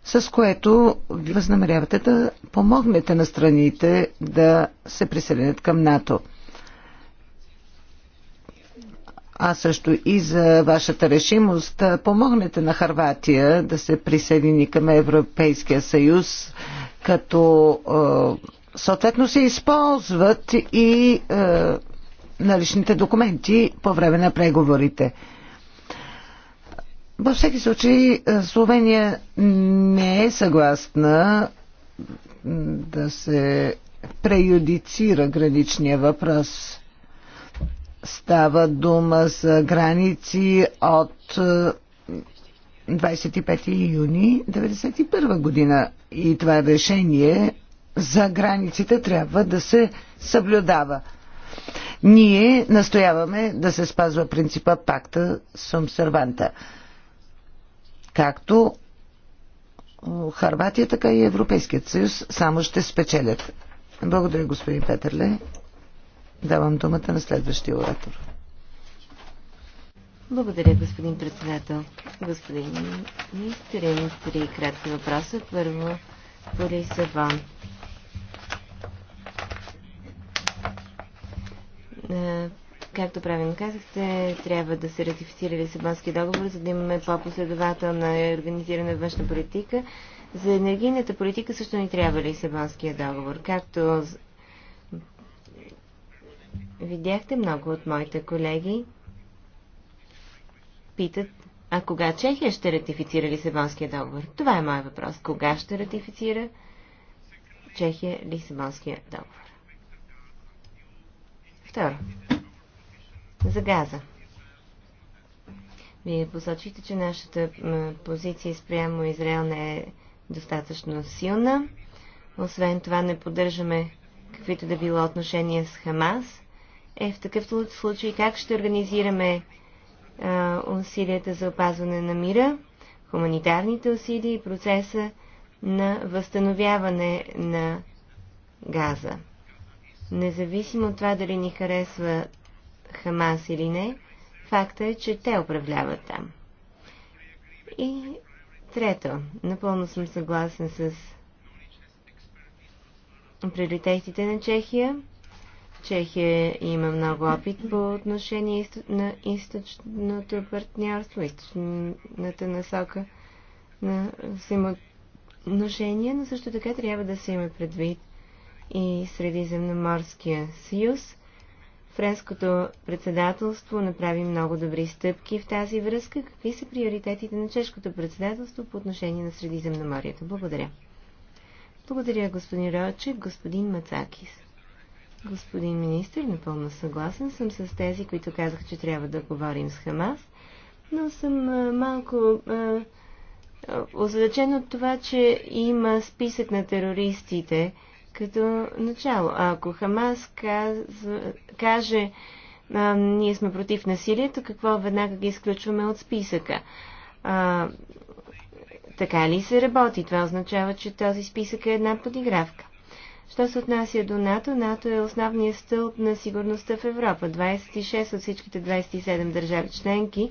S3: с което възнамерявате да помогнете на страните да се присъединят към НАТО. А също и за вашата решимост да помогнете на Харватия да се присъедини към Европейския съюз, като съответно се използват и наличните документи по време на преговорите. Във всеки случай е, Словения не е съгласна да се преюдицира граничния въпрос. Става дума за граници от 25 е, юни 1991 година и това решение за границите трябва да се съблюдава. Ние настояваме да се спазва принципа пакта с обсерванта. Както Харватия, така и Европейският съюз само ще спечелят. Благодаря, господин Петърле. Давам думата на следващия оратор.
S4: Благодаря, господин председател. Господин министр, имам три кратки въпроса. Първо, вам. Лисабон. Е, както правилно казахте, трябва да се ратифицира Лисабонски договор, за да имаме по-последователна и организирана външна политика. За енергийната политика също ни трябва Лисабонския договор. Както видяхте, много от моите колеги питат, а кога Чехия ще ратифицира Лисабонския договор? Това е моят въпрос. Кога ще ратифицира Чехия Лисабонския договор? Второ. За газа. Вие посочите, че нашата позиция спрямо Израел не е достатъчно силна. Освен това не поддържаме каквито да било отношения с Хамас. Е, в такъв случай как ще организираме а, усилията за опазване на мира, хуманитарните усилия и процеса на възстановяване на газа? Независимо от това дали ни харесва Хамас или не, факта е, че те управляват там. И трето, напълно съм съгласен с приоритетите на Чехия. Чехия има много опит по отношение на източното партньорство, източната насока на взаимоотношения, но също така трябва да се има предвид и Средиземноморския съюз, Френското председателство направи много добри стъпки в тази връзка. Какви са приоритетите на чешкото председателство по отношение на Средиземноморието? Благодаря. Благодаря, господин Рочев, господин Мацакис. Господин министр, напълно съгласен съм с тези, които казах, че трябва да говорим с Хамас, но съм а, малко озадачен от това, че има списък на терористите, като начало. Ако Хамас казва, каже, а, ние сме против насилието, какво веднага ги изключваме от списъка? А, така ли се работи? Това означава, че този списък е една подигравка. Що се отнася до НАТО, НАТО е основният стълб на сигурността в Европа. 26 от всичките 27 държави членки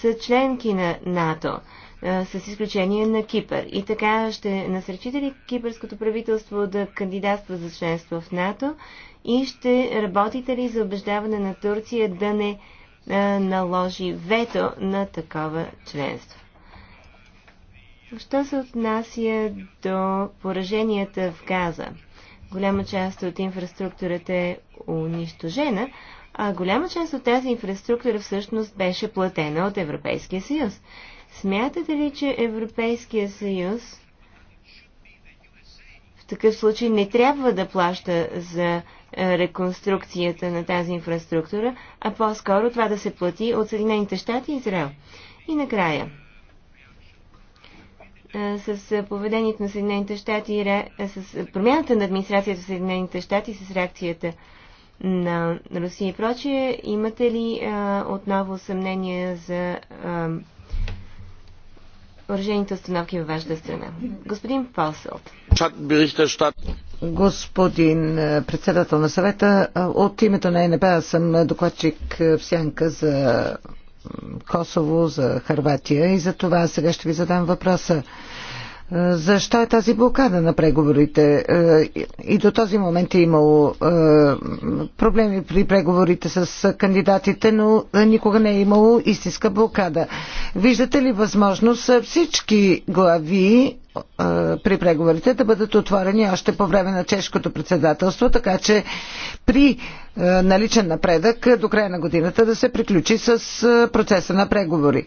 S4: са членки на НАТО с изключение на Кипър. И така ще насречите ли кипърското правителство да кандидатства за членство в НАТО и ще работите ли за убеждаване на Турция да не наложи вето на такова членство? Що се отнася до пораженията в Газа? Голяма част от инфраструктурата е унищожена, а голяма част от тази инфраструктура всъщност беше платена от Европейския съюз. Смятате ли, че Европейския съюз в такъв случай не трябва да плаща за е, реконструкцията на тази инфраструктура, а по-скоро това да се плати от Съединените щати и Израел? И накрая, е, с поведението на Съединените щати е, с промяната на администрацията в Съединените щати с реакцията на Русия и прочие, имате ли а, отново съмнение за а, въоръжените установки във вашата страна. Господин Полсълт.
S3: Господин е, председател на съвета, е, от името на ЕНБ аз съм докладчик е, в сянка за Косово, за Харватия и за това сега ще ви задам въпроса. Е, защо е тази блокада на преговорите? Е, и до този момент е имало е, проблеми при преговорите с кандидатите, но никога не е имало истинска блокада. Виждате ли възможност всички глави при преговорите да бъдат отворени още по време на чешкото председателство, така че при наличен напредък до края на годината да се приключи с процеса на преговори?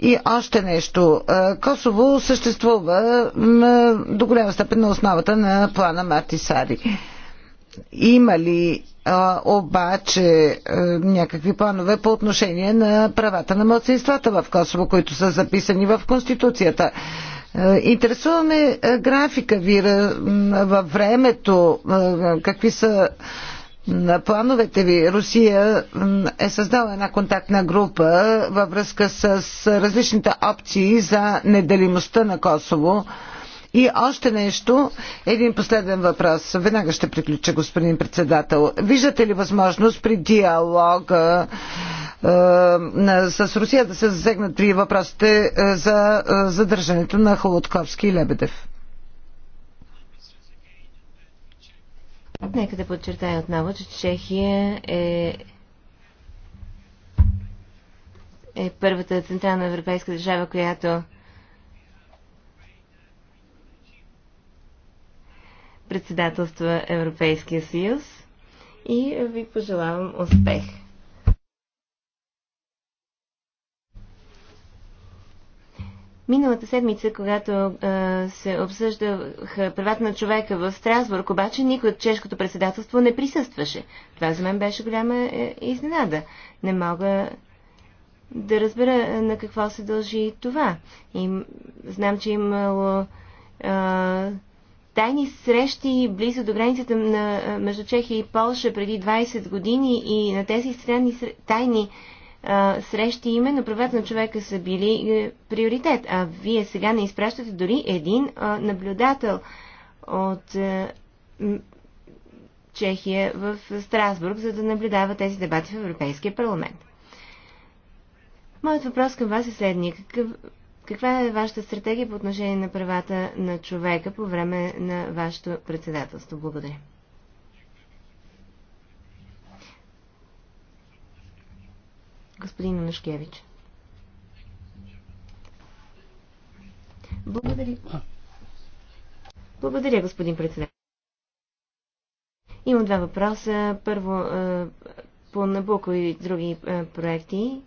S3: И още нещо. Е, Косово съществува до голяма степен на основата на плана Мартисари. Има ли а, обаче а, е, някакви планове по отношение на правата на младсинствата в Косово, които са записани в Конституцията? Е, интересуваме графика ви във времето, какви са на плановете ви Русия е създала една контактна група във връзка с различните опции за неделимостта на Косово. И още нещо, един последен въпрос. Веднага ще приключа, господин председател. Виждате ли възможност при диалога е, с Русия да се засегнат при въпросите е, за е, задържането на Холодковски и Лебедев?
S4: Нека да подчертая отново, че Чехия е е първата централна европейска държава, която председателства Европейския съюз и ви пожелавам успех. Миналата седмица, когато а, се обсъждаха правата на човека в Страсбург, обаче никой от чешкото председателство не присъстваше. Това за мен беше голяма е, изненада. Не мога да разбера на какво се дължи това. И знам, че е имало а, тайни срещи близо до границата на, между Чехия и Полша преди 20 години и на тези странни, тайни а, срещи именно правата на човека са били е, приоритет, а вие сега не изпращате дори един а, наблюдател от а, е, Чехия в Страсбург, за да наблюдава тези дебати в Европейския парламент. Моят въпрос към вас е следния. Какъв, каква е вашата стратегия по отношение на правата на човека по време на вашето председателство? Благодаря. господин Нашкевич. Благодаря. Благодаря, господин председател. Имам два въпроса. Първо, по Набуко и други проекти.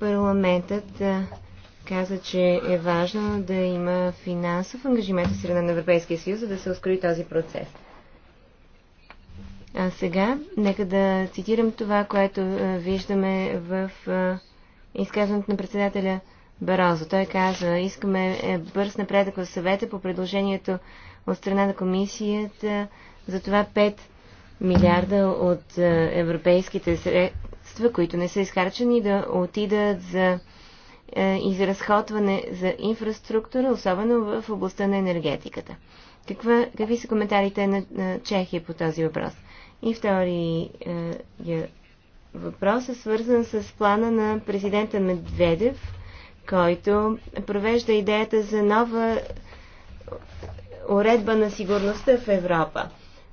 S4: Парламентът каза, че е важно да има финансов ангажимент от страна на Европейския съюз, за да се ускори този процес. А сега, нека да цитирам това, което виждаме в изказването на председателя Барозо. Той каза, искаме е, бърз напредък в съвета по предложението от страна на комисията за това 5 милиарда от европейските средства, които не са изхарчени, да отидат за е, изразходване за инфраструктура, особено в областта на енергетиката. Каква, какви са коментарите на, на Чехия по този въпрос? И втори е, е, въпрос е свързан с плана на президента Медведев, който провежда идеята за нова уредба на сигурността в Европа.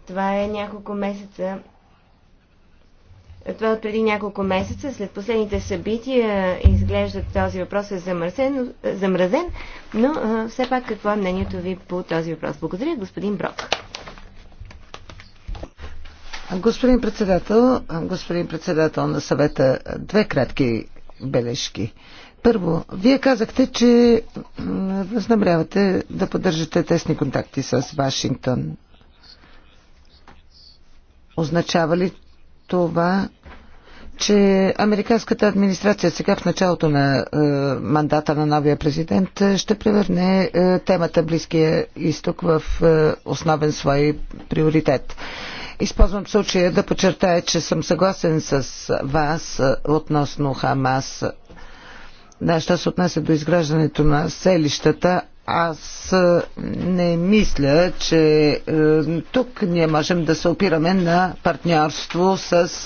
S4: Това е няколко месеца. Това е преди няколко месеца, след последните събития, изглежда този въпрос е замръзен, замразен, но е, все пак какво е мнението ви по този въпрос? Благодаря, господин Брок.
S3: Господин председател, господин председател на съвета, две кратки бележки. Първо, вие казахте, че възнамрявате да поддържате тесни контакти с Вашингтон. Означава ли това, че американската администрация сега в началото на е, мандата на новия президент ще превърне е, темата Близкия изток в е, основен свой приоритет? Използвам случая да подчертая, че съм съгласен с вас относно Хамас. Да, що се отнася до изграждането на селищата, аз не мисля, че тук ние можем да се опираме на партньорство с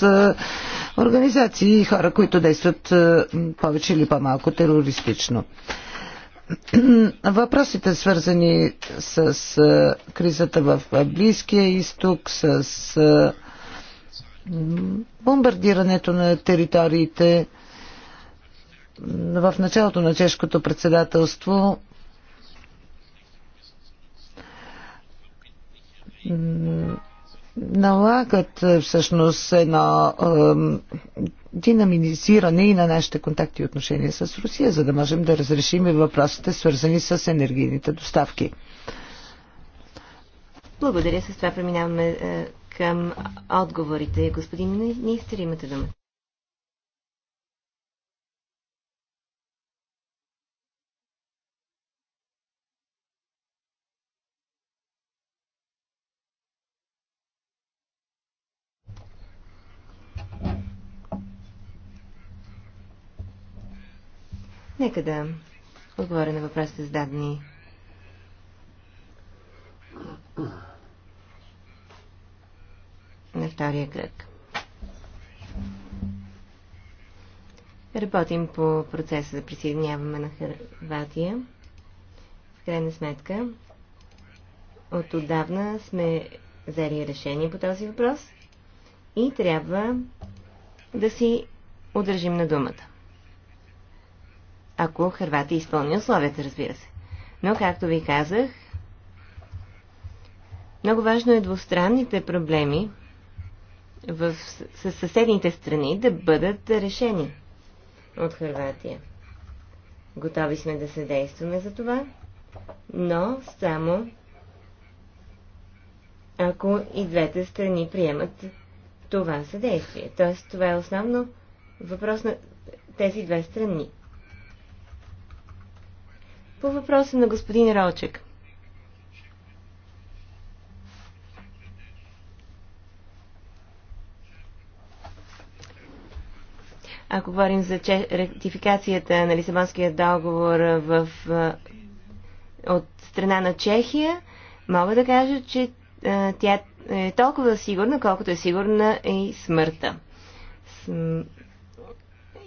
S3: организации и хора, които действат повече или по-малко терористично. Въпросите свързани с кризата в Близкия изток, с бомбардирането на териториите, в началото на чешкото председателство налагат всъщност едно динамизиране и на нашите контакти и отношения с Русия, за да можем да разрешим и въпросите, свързани с енергийните доставки.
S4: Благодаря. С това преминаваме е, към отговорите. Господин министр, имате думата. Нека да отговоря на въпросите зададени. На втория кръг. Работим по процеса за присъединяване на Хрватия. В крайна сметка, от отдавна сме взели решение по този въпрос и трябва да си удържим на думата ако Харватия изпълни условията, разбира се. Но, както ви казах, много важно е двустранните проблеми в, с съседните страни да бъдат решени от Харватия. Готови сме да се действаме за това, но само ако и двете страни приемат това съдействие. Тоест, това е основно въпрос на тези две страни. По въпроса на господин Ралчек. Ако говорим за че, ратификацията на Лисабонския договор в, от страна на Чехия, мога да кажа, че тя е толкова сигурна, колкото е сигурна и смъртта.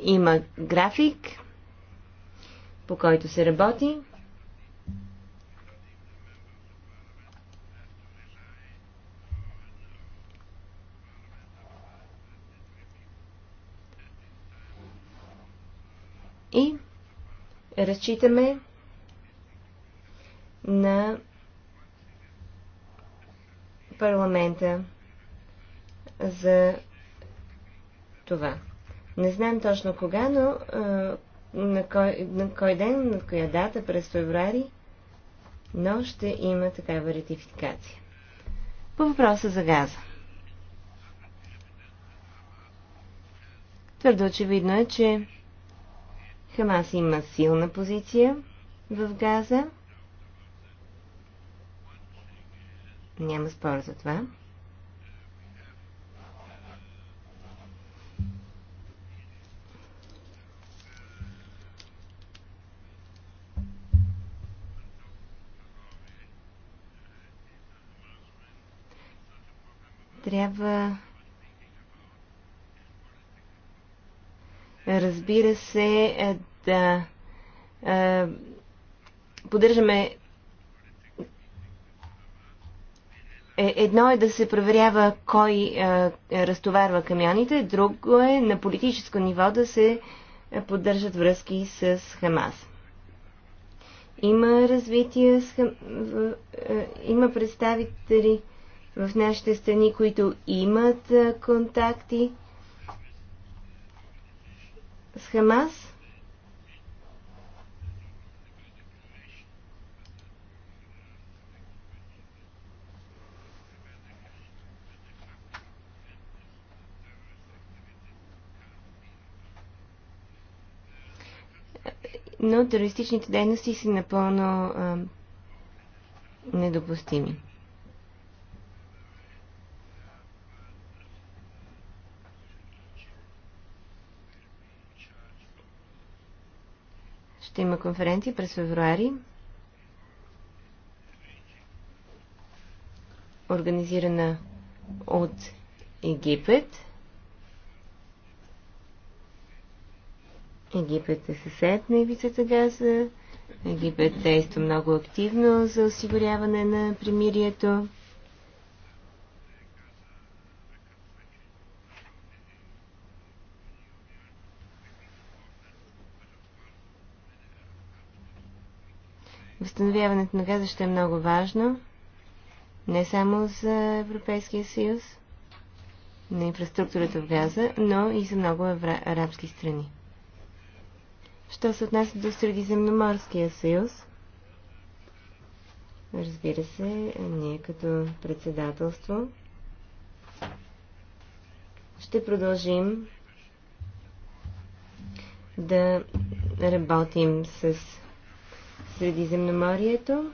S4: Има график, по който се работи. И разчитаме на парламента за това. Не знам точно кога, но на кой, на кой ден, на коя дата, през феврари, но ще има такава ратификация. По въпроса за газа. Твърдо очевидно е, че Хамас има силна позиция в Газа. Няма спор за това. трябва разбира се е, да е, поддържаме е, Едно е да се проверява кой а, разтоварва камионите, друго е на политическо ниво да се поддържат връзки с Хамас. Има развитие, с, Хам... има представители в нашите страни, които имат контакти с Хамас. но терористичните дейности са напълно а, недопустими. Ще има конференция през февруари. Организирана от Египет. Египет е съсед на ивицата Газа. Египет действа много активно за осигуряване на примирието. възстановяването на газа ще е много важно, не само за Европейския съюз, на инфраструктурата в газа, но и за много арабски страни. Що се отнася до Средиземноморския съюз, разбира се, ние като председателство ще продължим да работим с Средиземноморието,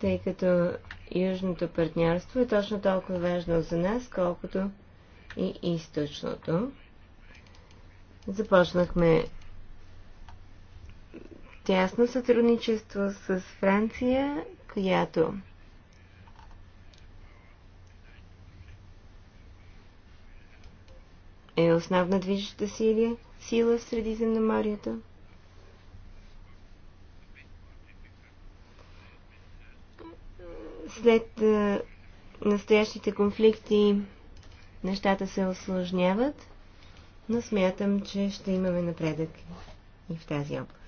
S4: тъй като Южното партньорство е точно толкова важно за нас, колкото и източното. Започнахме тясно сътрудничество с Франция, която е основна движеща сила, сила в Средиземноморието. След е, настоящите конфликти нещата се осложняват, но смятам, че ще имаме напредък и в тази област.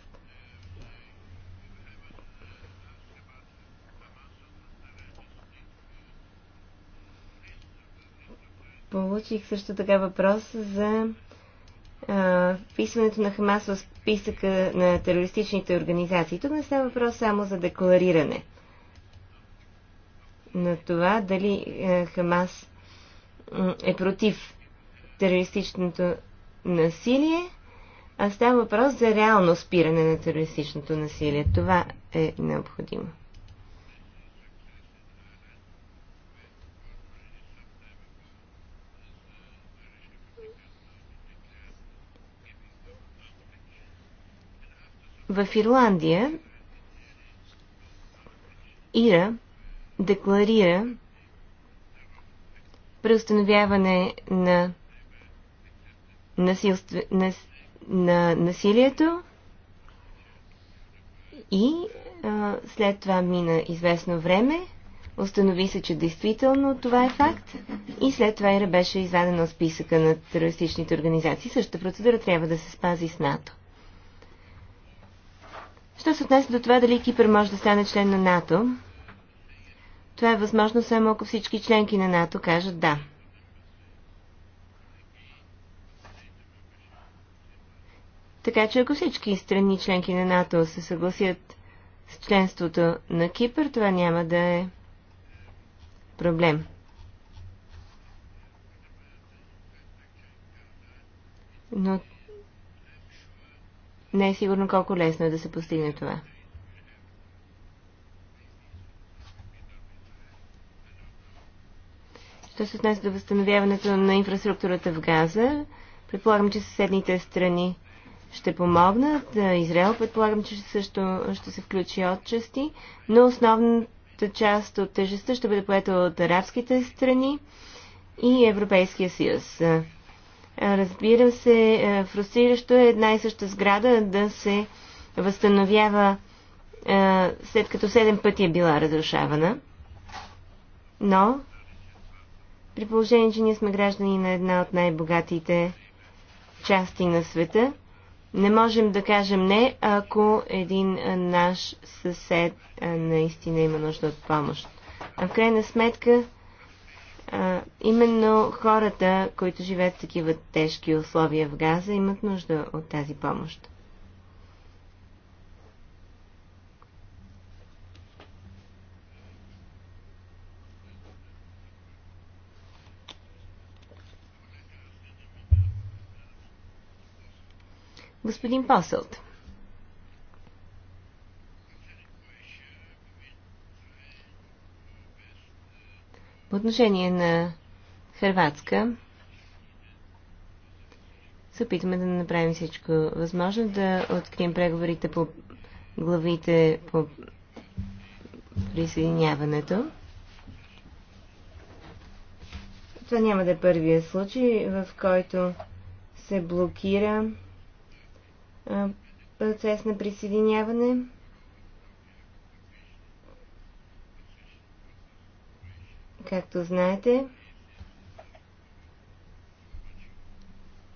S4: Получих също така въпрос за а, е, вписването на Хамас в списъка на терористичните организации. Тук не става въпрос само за деклариране – на това дали е, Хамас е против терористичното насилие, а става въпрос за реално спиране на терористичното насилие. Това е необходимо. В Ирландия Ира декларира преустановяване на, насилство, на, на насилието и а, след това мина известно време, установи се, че действително това е факт и след това и беше извадена от списъка на терористичните организации. Същата процедура трябва да се спази с НАТО. Що се отнесе до това дали Кипър може да стане член на НАТО, това е възможно само ако всички членки на НАТО кажат да. Така че ако всички страни членки на НАТО се съгласят с членството на Кипър, това няма да е проблем. Но не е сигурно колко лесно е да се постигне това. Що се отнася до възстановяването на инфраструктурата в Газа, предполагам, че съседните страни ще помогнат. Израел предполагам, че също ще се включи отчасти, но основната част от тежестта ще бъде поета от арабските страни и Европейския съюз. Разбира се, е, фрустриращо е една и съща сграда да се възстановява е, след като седем пъти е била разрушавана. Но при положение, че ние сме граждани на една от най-богатите части на света, не можем да кажем не, ако един наш съсед наистина има нужда от помощ. А в крайна сметка, а, именно хората, които живеят в такива тежки условия в Газа, имат нужда от тази помощ. Господин Посълт. По отношение на Хрватска, се опитваме да направим всичко възможно, да открием преговорите по главите по присъединяването. Това няма да е първия случай, в който се блокира процес на присъединяване. Както знаете,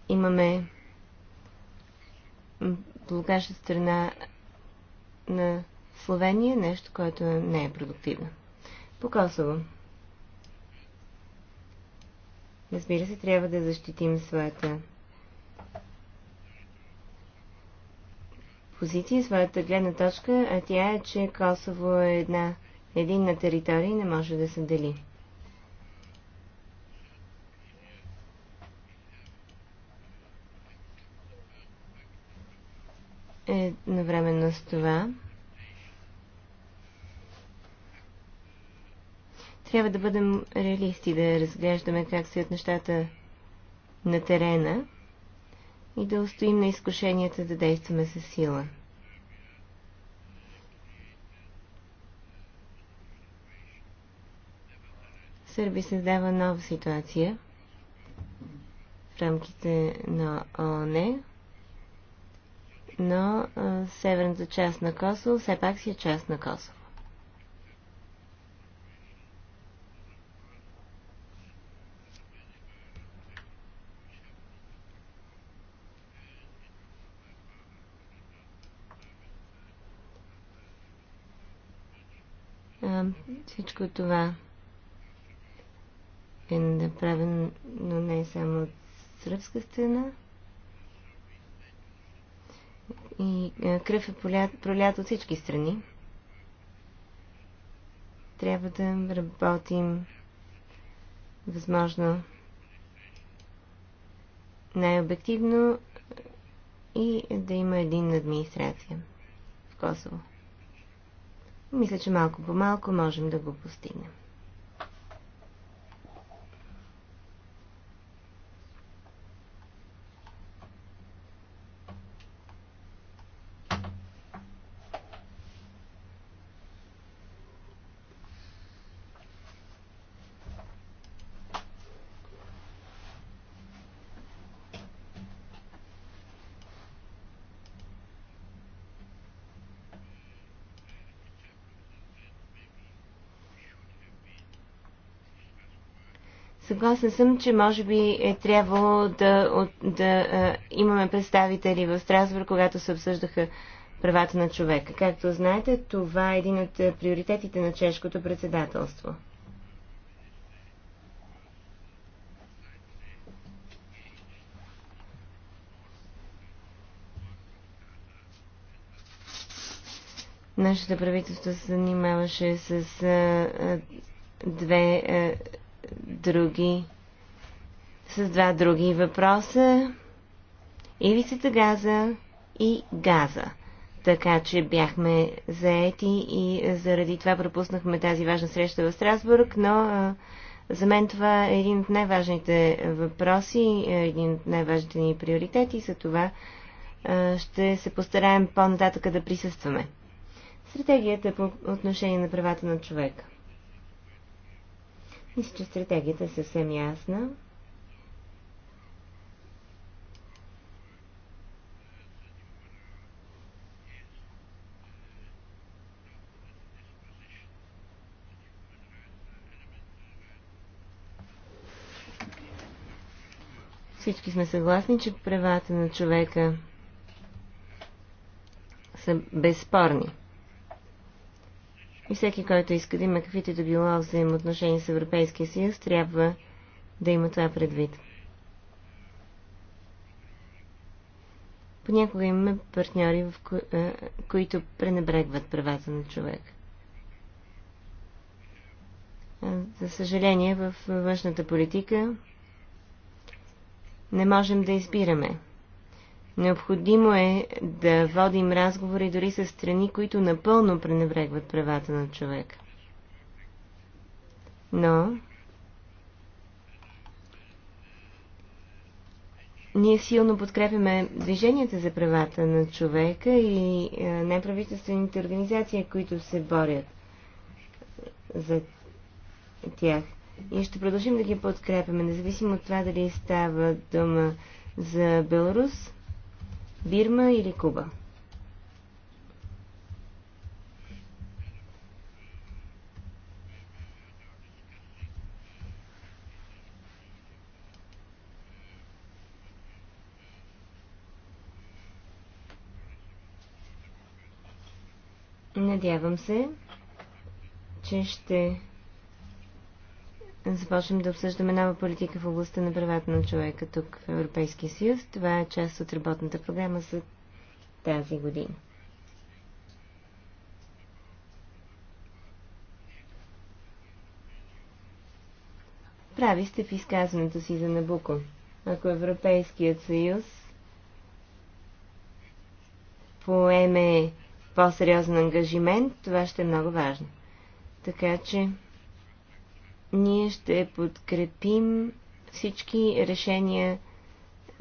S4: имаме блокаж страна на Словения, нещо, което не е продуктивно. По Косово. Разбира се, трябва да защитим своята позиция, своята гледна точка, а тя е, че Косово е една единна територия и не може да се дели. Едновременно с това трябва да бъдем реалисти, да разглеждаме как стоят нещата на терена – и да устоим на изкушенията да действаме със сила. Сърби създава нова ситуация в рамките на ООН, но северната част на Косово все пак си е част на Косово. Всичко това е направено не само от сръбска страна. И кръв е пролят, пролят от всички страни. Трябва да работим възможно най-обективно и да има един администрация в Косово. Мисля, че малко по малко можем да го постигнем. Съгласна съм, че може би е трябвало да, от, да а, имаме представители в Страсбург, когато се обсъждаха правата на човека. Както знаете, това е един от приоритетите на чешкото председателство. Нашето правителство се занимаваше с а, а, две а, други, с два други въпроса. Ивицата газа и газа. Така че бяхме заети и заради това пропуснахме тази важна среща в Страсбург, но за мен това е един от най-важните въпроси, е, един от най-важните ни приоритети за това ще се постараем по-нататъка да присъстваме. Стратегията по отношение на правата на човека. Мисля, че стратегията е съвсем ясна. Всички сме съгласни, че правата на човека са безспорни. И всеки, който иска да има каквито да било взаимоотношения с Европейския съюз, трябва да има това предвид. Понякога имаме партньори, в ко... Е, които пренебрегват правата на човек. Е, за съжаление, в външната политика не можем да избираме. Необходимо е да водим разговори дори с страни, които напълно пренебрегват правата на човека. Но ние силно подкрепяме движенията за правата на човека и е, неправителствените организации, които се борят за тях. И ще продължим да ги подкрепяме, независимо от това дали става дума за Беларус Бирма или Куба? Надявам се, че ще започнем да обсъждаме нова политика в областта на правата на човека тук в Европейския съюз. Това е част от работната програма за тази година. Прави сте в изказването си за Набуко. Ако Европейският съюз поеме по-сериозен ангажимент, това ще е много важно. Така че ние ще подкрепим всички решения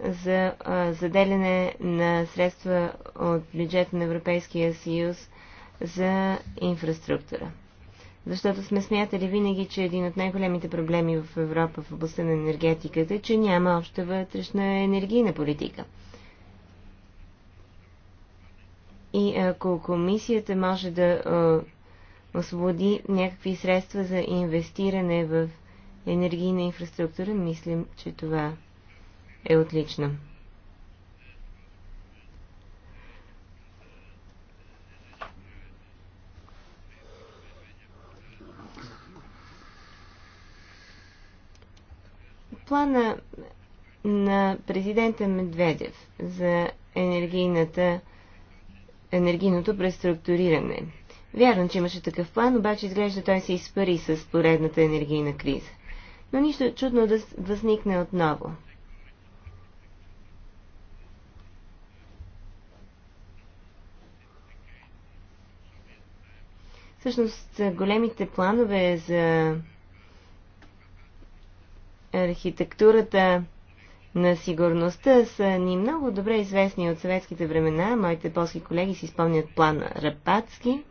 S4: за заделяне на средства от бюджета на Европейския съюз за инфраструктура. Защото сме смятали винаги, че един от най-големите проблеми в Европа в областта на енергетиката е, че няма обща вътрешна енергийна политика. И ако комисията може да освободи някакви средства за инвестиране в енергийна инфраструктура, мислим, че това е отлично. плана на президента Медведев за енергийната, енергийното преструктуриране Вярно, че имаше такъв план, обаче изглежда той се изпари с поредната енергийна криза. Но нищо чудно да възникне отново. Всъщност, големите планове за архитектурата на сигурността са ни много добре известни от съветските времена. Моите полски колеги си спомнят плана Рапацки.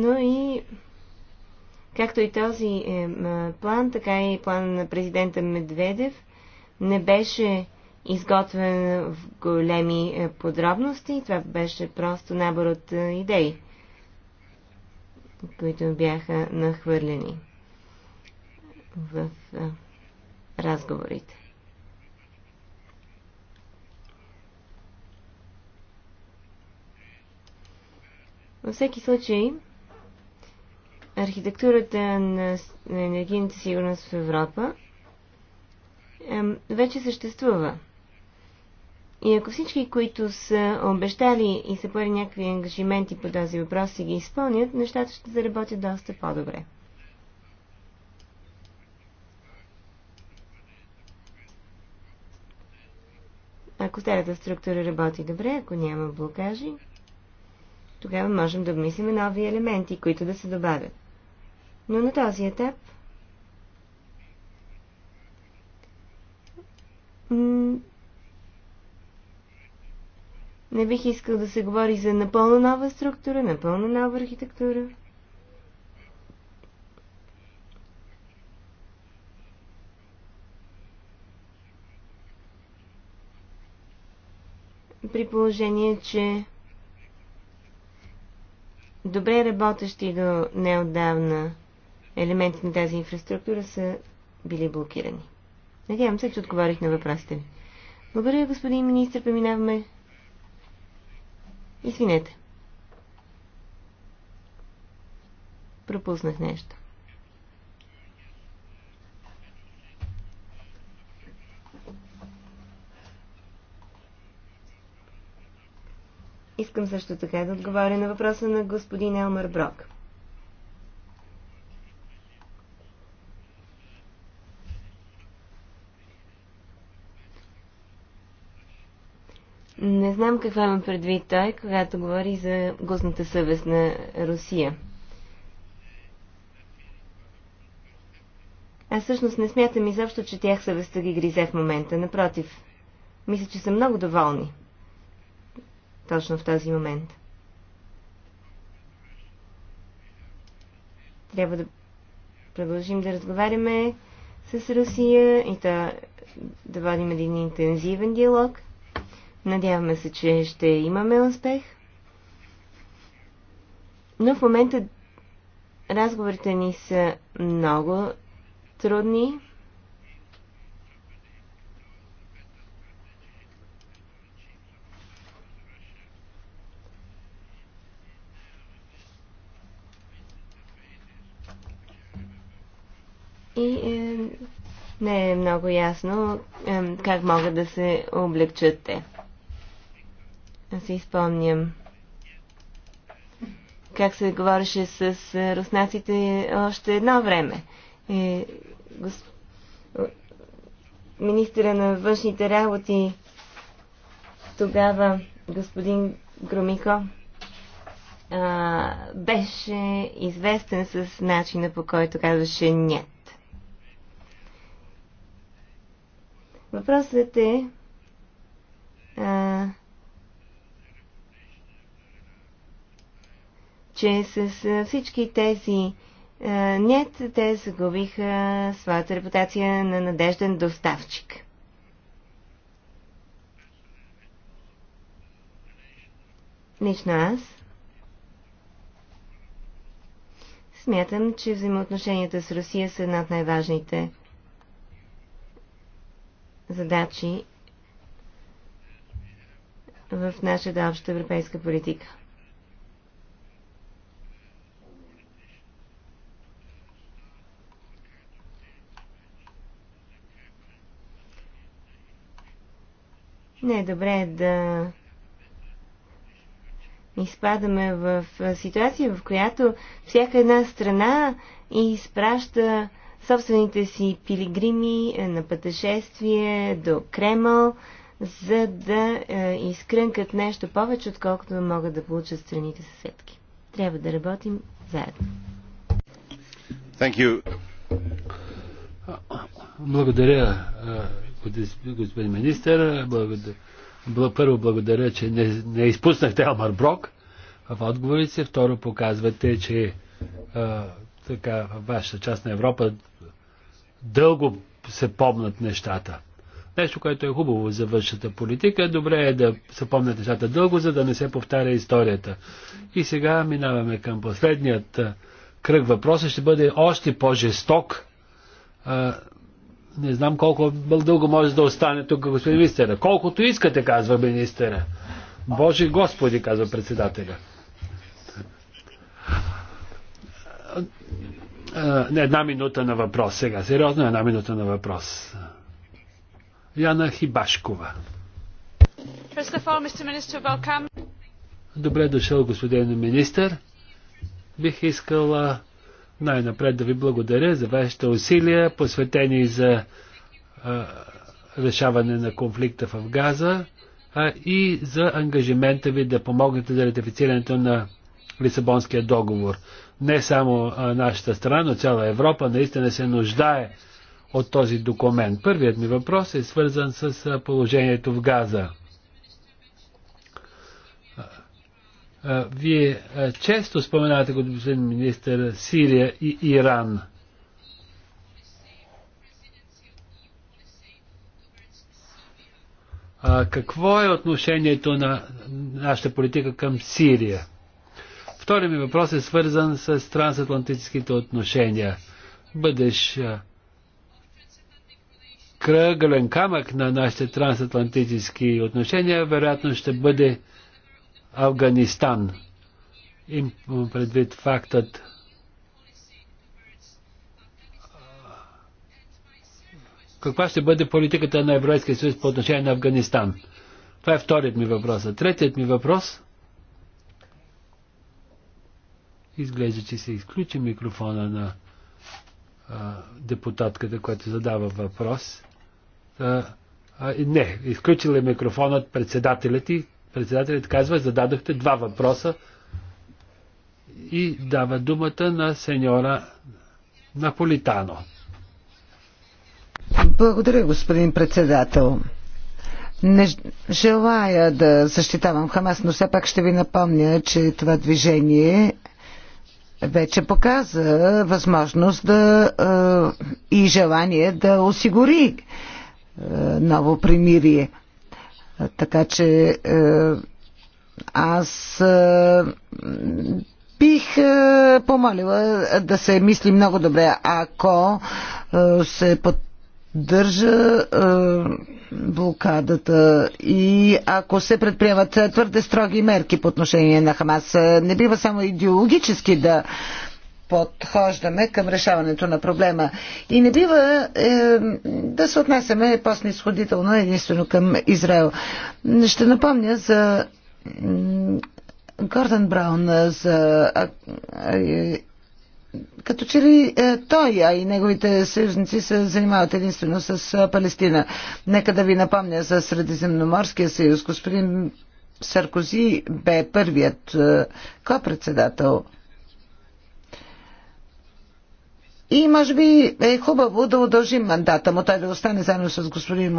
S4: но и както и този е, план, така и план на президента Медведев не беше изготвен в големи е, подробности. Това беше просто набор от е, идеи, които бяха нахвърлени в разговорите. Във всеки случай, архитектурата на енергийната сигурност в Европа вече съществува. И ако всички, които са обещали и са поели някакви ангажименти по този въпрос и ги изпълнят, нещата ще заработят доста по-добре. Ако старата структура работи добре, ако няма блокажи, тогава можем да обмислиме нови елементи, които да се добавят. Но на този етап не бих искал да се говори за напълно нова структура, напълно нова архитектура. При положение, че добре работещи до неотдавна елементи на тази инфраструктура са били блокирани. Надявам се, че отговорих на въпросите ви. Благодаря, господин министр. Преминаваме. Извинете. Пропуснах нещо. Искам също така да отговоря на въпроса на господин Елмар Брок. Не знам каква има предвид той, когато говори за гузната съвест на Русия. Аз всъщност не смятам изобщо, че тях съвестта ги гризе в момента. Напротив, мисля, че са много доволни. Точно в този момент. Трябва да продължим да разговаряме с Русия и да, да водим един интензивен диалог – Надяваме се, че ще имаме успех. Но в момента разговорите ни са много трудни. И е, не е много ясно е, как могат да се облегчат те. Аз си спомням как се говореше с е, руснаците още едно време. Е, госп... Министъра на външните работи тогава господин Громико а, беше известен с начина по който казваше нет. Въпросът е а, че с всички тези нет, те загубиха своята репутация на надежден доставчик. Лично аз смятам, че взаимоотношенията с Русия са една от най-важните задачи в нашата обща европейска политика. Не е добре да изпадаме в ситуация, в която всяка една страна изпраща собствените си пилигрими на пътешествие до Кремъл, за да изкрънкат нещо повече, отколкото могат да получат страните съседки. Трябва да работим
S1: заедно. Thank you.
S2: Благодаря, господин министър. Първо благодаря, че не, не изпуснахте Елмар Брок в отговорите. Второ показвате, че а, така, в вашата част на Европа дълго се помнат нещата. Нещо, което е хубаво за вашата политика. Добре е да се помнят нещата дълго, за да не се повтаря историята. И сега минаваме към последният кръг въпроса. Ще бъде още по-жесток не знам колко дълго може да остане тук господин министър. Колкото искате, казва министъра. Боже Господи, казва председателя. Една минута на въпрос сега. Сериозно, една минута на въпрос. Яна Хибашкова. Добре дошъл, господин министър. Бих искала най-напред да ви благодаря за вашите усилия, посветени за а, решаване на конфликта в Газа а, и за ангажимента ви да помогнете за ратифицирането на Лисабонския договор. Не само а, нашата страна, но цяла Европа наистина се нуждае от този документ. Първият ми въпрос е свързан с положението в Газа. Вие често споменавате, господин министър, Сирия и Иран. Какво е отношението на нашата политика към Сирия? Втори ми въпрос е свързан с трансатлантическите отношения. Бъдеш кръгълен камък на нашите трансатлантически отношения, вероятно ще бъде Афганистан. Им предвид фактът, каква ще бъде политиката на Европейския съюз по отношение на Афганистан? Това е вторият ми въпрос. А третият ми въпрос изглежда, че се изключи микрофона на а, депутатката, която задава въпрос. А, а, не, изключили е микрофонът председателят и Председателят казва, зададохте два въпроса и дава думата на сеньора Наполитано.
S3: Благодаря, господин председател. Не желая да защитавам Хамас, но все пак ще ви напомня, че това движение вече показа възможност да, е, и желание да осигури е, ново примирие. Така че е, аз е, бих е, помолила да се мисли много добре, ако се поддържа блокадата и ако се предприемат твърде строги мерки по отношение на Хамас, не бива само идеологически да подхождаме към решаването на проблема. И не бива е, да се отнесеме по-снисходително единствено към Израел. Ще напомня за Гордън Браун, за като че ли е, той, а и неговите съюзници се занимават единствено с Палестина. Нека да ви напомня за Средиземноморския съюз. Господин Саркози бе първият е, ко-председател И може би е хубаво да удължим мандата му, той да остане заедно с господин е,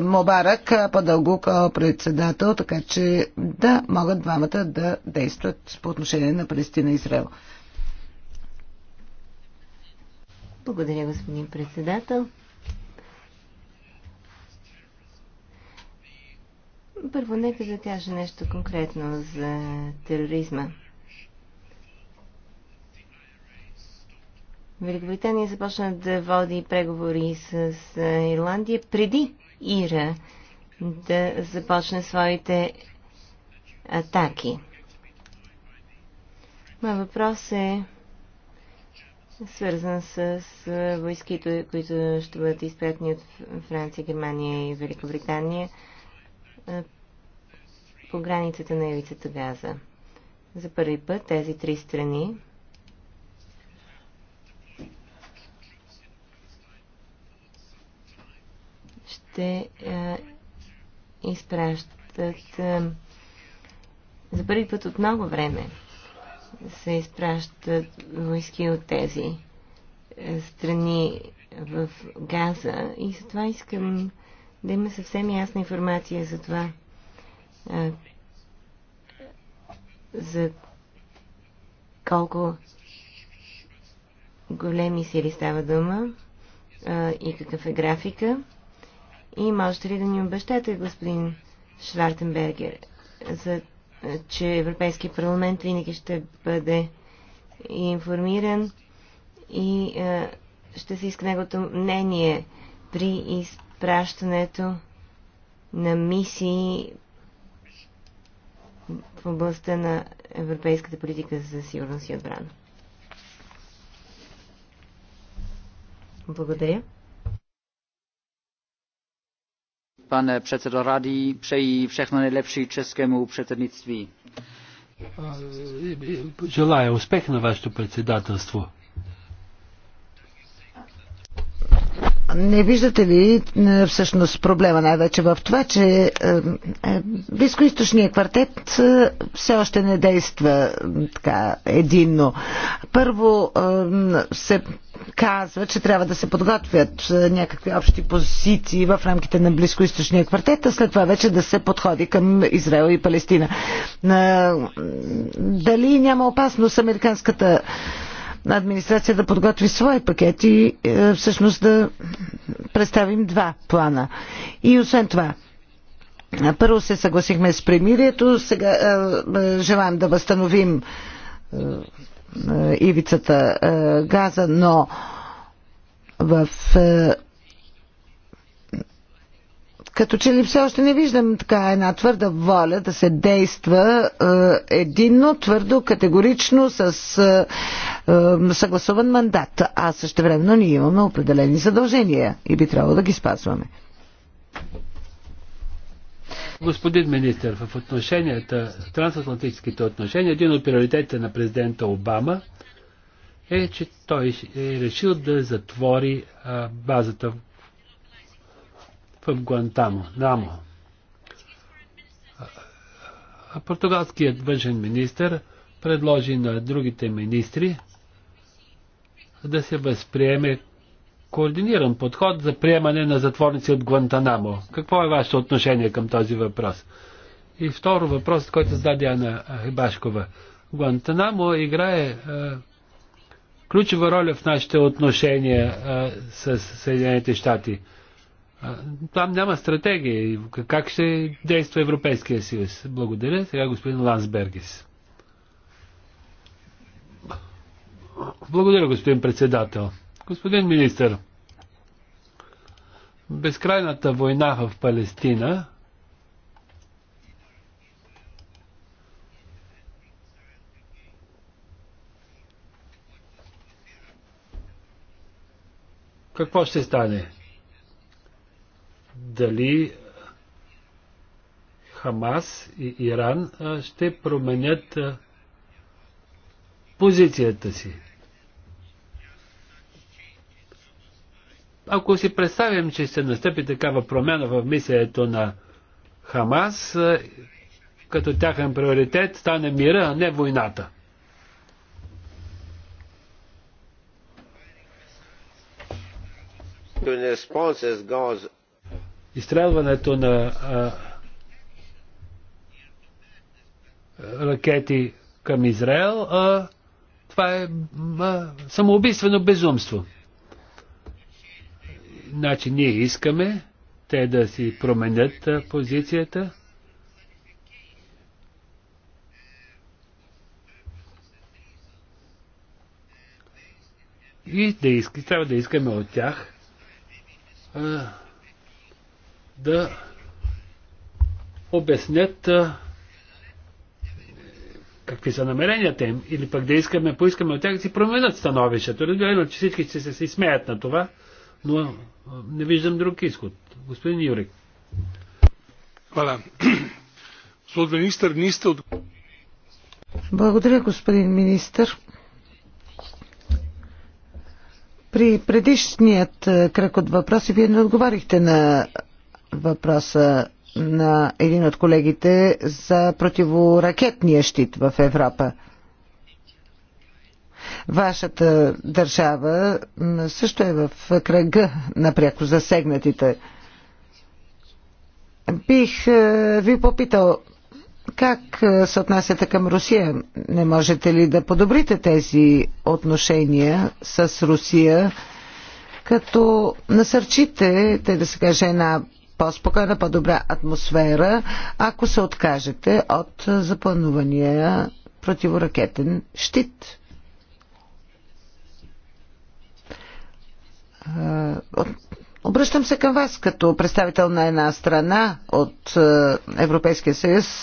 S3: Мобарак по-дълго като председател, така че да могат двамата да действат по отношение на Палестина и Израел.
S4: Благодаря, господин председател. Първо, нека да кажа нещо конкретно за тероризма. Великобритания започна да води преговори с е, Ирландия преди Ира да започне своите атаки. Моят въпрос е свързан с войските, които ще бъдат изпратени от Франция, Германия и Великобритания е, по границата на ивицата Газа. За първи път тези три страни ще е, изпращат е, за първи път от много време се изпращат войски от тези е, страни в Газа и затова искам да има съвсем ясна информация за това, за колко големи сили става дума а, и какъв е графика. И можете ли да ни обещате, господин Швартенбергер, за, е, че Европейския парламент винаги ще бъде информиран и а, е, ще се иска неговото мнение при изпращането на мисии в областта на европейската политика за сигурност и отбрана. Благодаря.
S3: pane předsedo rady přeji všechno nejlepší českému předsednictví. не виждате ли е, всъщност проблема най-вече в това, че е, е, Близкоисточният квартет все още не действа така единно? Първо се казва, че трябва да се подготвят някакви общи позиции в рамките на Близкоисточния квартет, а след това вече да се подходи към Израел и Палестина. Дали няма опасност американската на администрация да подготви свой пакет и е, всъщност да представим два плана. И освен това, първо се съгласихме с премирието, сега е, е, желаем да възстановим ивицата газа, но в като че ли все още не виждам така една твърда воля да се действа е, единно, твърдо, категорично, с е, съгласуван мандат. А също времено ние имаме определени задължения и би трябвало да ги спазваме.
S2: Господин министр, в отношенията, трансатлантическите отношения, един от приоритетите на президента Обама е, че той е решил да затвори а, базата в Гуантамо, Намо. Португалският външен министр предложи на другите министри да се възприеме координиран подход за приемане на затворници от Гуантанамо. Какво е вашето отношение към този въпрос? И второ въпрос, който зададе Ана Хибашкова. Гуантанамо играе е, ключова роля в нашите отношения е, с Съединените щати. Там няма стратегия. Как ще действа Европейския съюз? Благодаря. Сега господин Лансбергис. Благодаря, господин председател. Господин министър, безкрайната война в Палестина какво ще стане? дали Хамас и Иран ще променят позицията си. Ако си представим, че ще настъпи такава промяна в мисията на Хамас, като тяхен приоритет стане мира, а не войната. response изстрелването на а, ракети към Израел, а, това е а, самоубийствено безумство. Значи ние искаме те да си променят а, позицията. И да иска, трябва да искаме от тях а, да обяснят какви са намеренията им, или пък да искаме, поискаме от тях да си променят становището. Разбира че всички ще се смеят на това, но не виждам друг изход. Господин Юрик. Хвала. министър, сте от...
S3: Благодаря, господин министр. При предишният кръг от въпроси вие не отговарихте на въпроса на един от колегите за противоракетния щит в Европа. Вашата държава също е в кръга на пряко засегнатите. Бих е, ви попитал как е, се отнасяте към Русия? Не можете ли да подобрите тези отношения с Русия, като насърчите, те да се каже, една по-спокойна, по-добра атмосфера, ако се откажете от запланувания противоракетен щит. Обръщам се към вас като представител на една страна от Европейския съюз,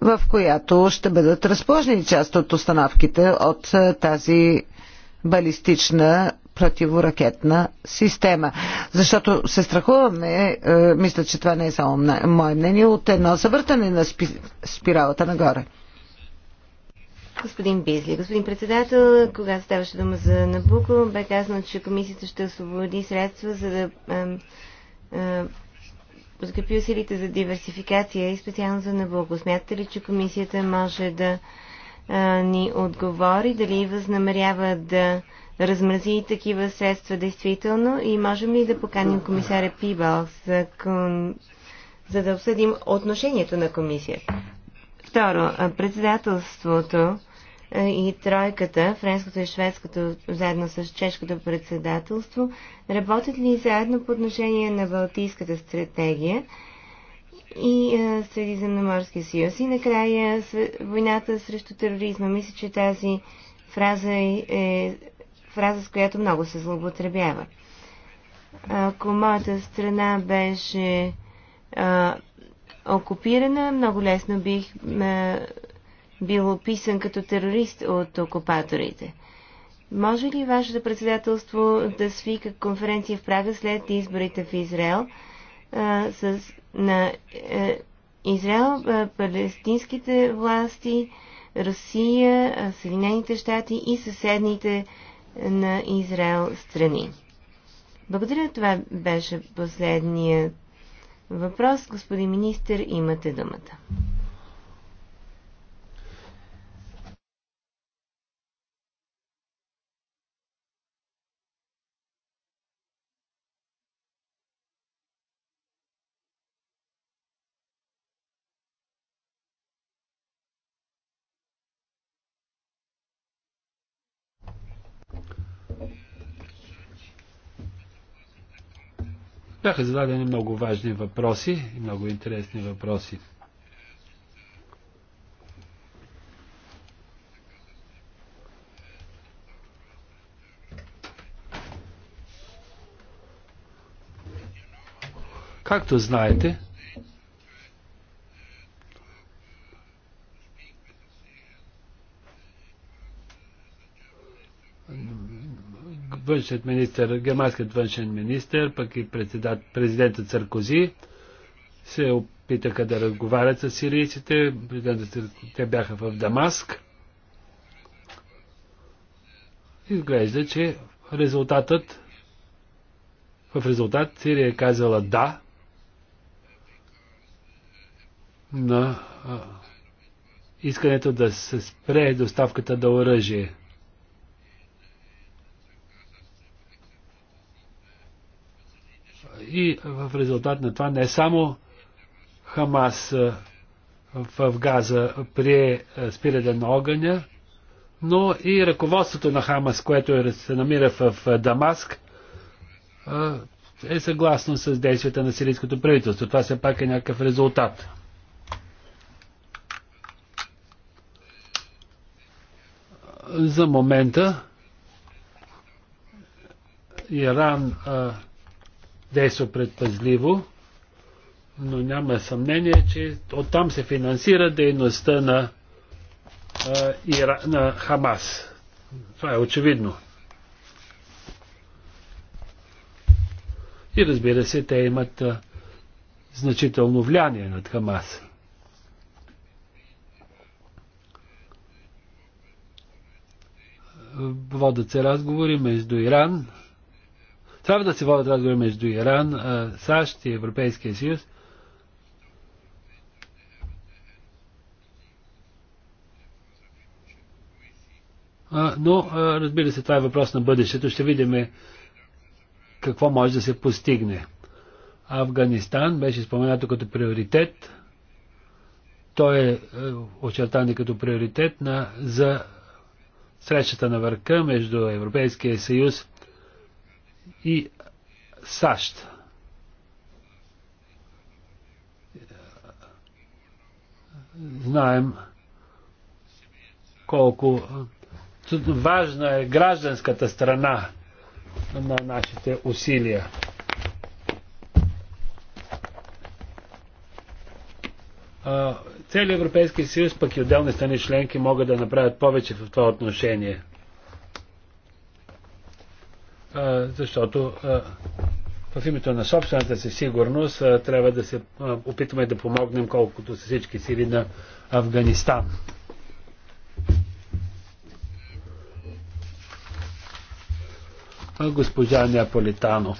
S3: в която ще бъдат разположени част от установките от тази балистична противоракетна система. Защото се страхуваме, е, мисля, че това не е само мое мнение, от едно завъртане на спиралата нагоре.
S4: Господин Бизли, господин председател, когато ставаше дума за Набуко, бе казано, че комисията ще освободи средства, за да подкрепи усилите за диверсификация и специално за Набуко. Смятате ли, че комисията може да а, ни отговори, дали възнамерява да размрази такива средства действително и можем ли да поканим комисаря Пибалс за, кон... за да обсъдим отношението на комисията? Второ, председателството и тройката, френското и шведското, заедно с чешкото председателство, работят ли заедно по отношение на Балтийската стратегия и Средиземноморския съюз? И накрая войната срещу тероризма. Мисля, че тази фраза е, е фраза, с която много се злоупотребява. Ако моята страна беше а, окупирана, много лесно бих а, бил описан като терорист от окупаторите. Може ли вашето председателство да свика конференция в Прага след изборите в Израел а, с, на е, Израел, а, палестинските власти, Русия, Съединените щати и съседните на Израел страни. Благодаря, това беше последният въпрос. Господин министр, имате думата.
S2: Бяха зададени много важни въпроси и много интересни въпроси. Както знаете, външният министр, германският външен министр, пък и президентът Саркози се опитаха да разговарят с сирийците. Те бяха в Дамаск. Изглежда, че резултатът в резултат Сирия е казала да на искането да се спре доставката до оръжие. И в резултат на това не само Хамас в Газа прие спиране на огъня, но и ръководството на Хамас, което е, се намира в Дамаск, е съгласно с действията на сирийското правителство. Това все пак е някакъв резултат. За момента Иран а, действа е предпазливо, но няма съмнение, че оттам се финансира дейността на, на Хамас. Това е очевидно. И разбира се, те имат а, значително влияние над Хамас. Водят се разговори между Иран, трябва е да се водят разговори между Иран, САЩ и Европейския съюз. Но, разбира се, това е въпрос на бъдещето. Ще видим е, какво може да се постигне. Афганистан беше споменато като приоритет. Той е, е очертан и като приоритет на, за срещата на върха между Европейския съюз и САЩ. Знаем колко важна е гражданската страна на нашите усилия. Целият Европейски съюз, пък и отделни страни членки могат да направят повече в това отношение защото в името на собствената си сигурност трябва да се опитаме да помогнем колкото са всички сили на Афганистан. Госпожа Неаполитано.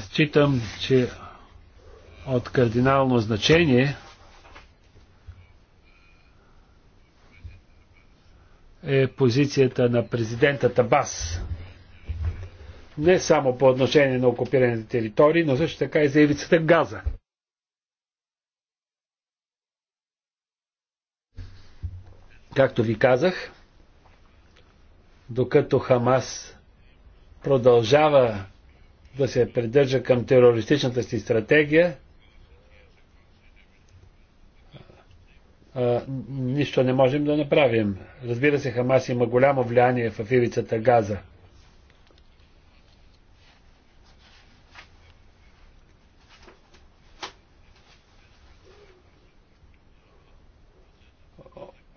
S2: Считам, че от кардинално значение е позицията на президента Табас. Не само по отношение на окупираните територии, но също така и за явицата Газа. Както ви казах, докато Хамас продължава да се придържа към терористичната си стратегия, а, нищо не можем да направим. Разбира се, Хамас има голямо влияние в ивицата Газа.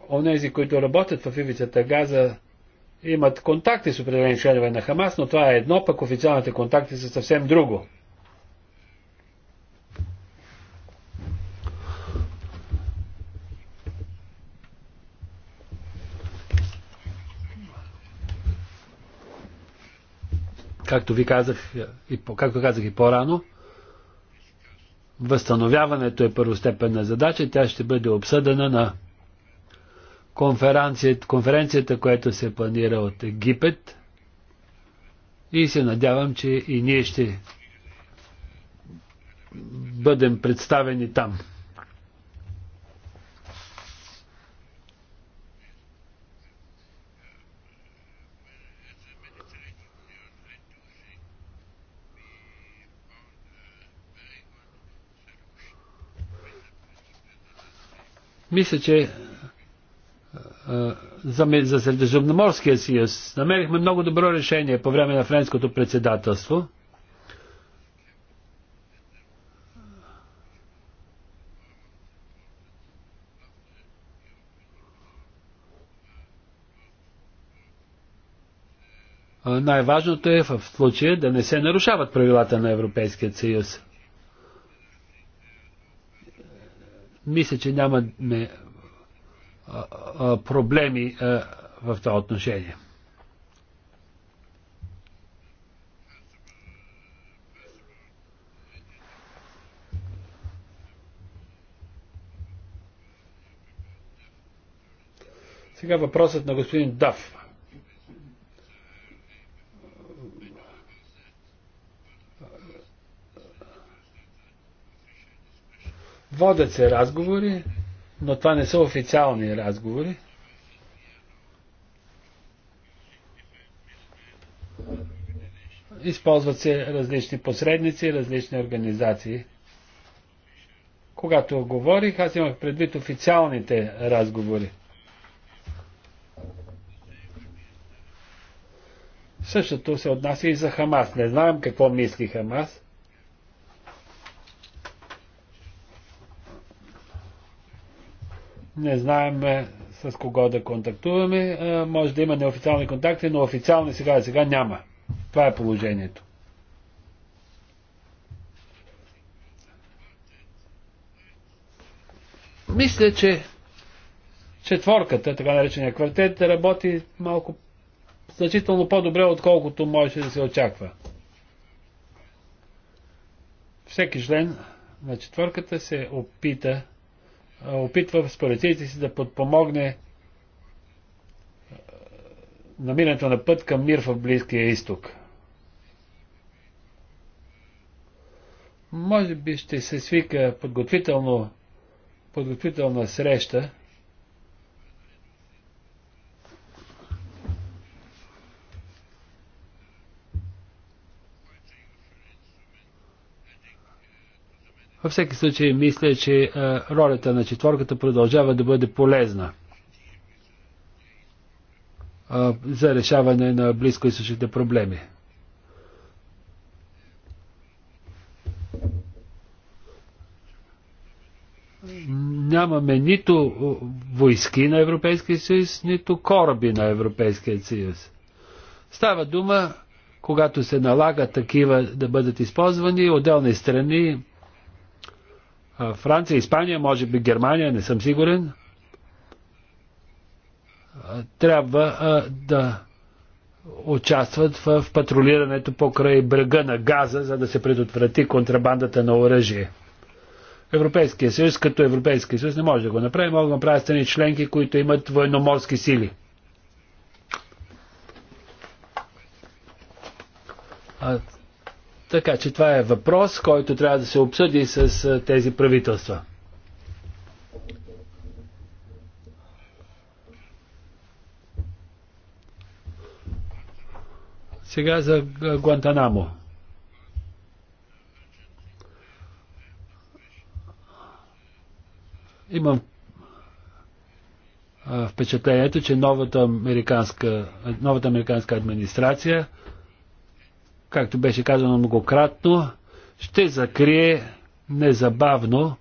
S2: Онези, които работят в ивицата Газа, имат контакти с определени членове на Хамас, но това е едно, пък официалните контакти са съвсем друго. както ви казах и, както казах и по-рано, възстановяването е първостепенна задача. Тя ще бъде обсъдена на конференцията, конференцията която се планира от Египет. И се надявам, че и ние ще бъдем представени там. Мисля, че за, за Средиземноморския съюз намерихме много добро решение по време на френското председателство. най-важното е в случая да не се нарушават правилата на Европейския съюз. Мисля, че нямаме проблеми в това отношение. Сега въпросът на господин Дав. Водят се разговори, но това не са официални разговори. Използват се различни посредници, различни организации. Когато говорих, аз имах предвид официалните разговори. Същото се отнася и за Хамас. Не знам какво мисли Хамас. не знаем е, с кого да контактуваме. Е, може да има неофициални контакти, но официални сега и сега няма. Това е положението. Мисля, че четворката, така наречения квартет, работи малко значително по-добре, отколкото можеше да се очаква. Всеки член на четворката се опита опитва с полицейите си да подпомогне намирането на път към мир в Близкия изток. Може би ще се свика подготвително, подготвителна среща Във всеки случай мисля, че е, ролята на четворката продължава да бъде полезна е, за решаване на близко близкоисточните проблеми. Нямаме нито е, войски на Европейския съюз, нито кораби на Европейския съюз. Става дума, когато се налага такива да бъдат използвани, отделни страни Франция, Испания, може би Германия, не съм сигурен, трябва да участват в, в патрулирането покрай брега на газа, за да се предотврати контрабандата на оръжие. Европейския съюз, като Европейския съюз, не може да го направи, могат да направят страни членки, които имат военноморски сили. А, така че това е въпрос, който трябва да се обсъди с тези правителства. Сега за Гуантанамо. Имам впечатлението, че новата американска, новата американска администрация както беше казано многократно, ще закрие незабавно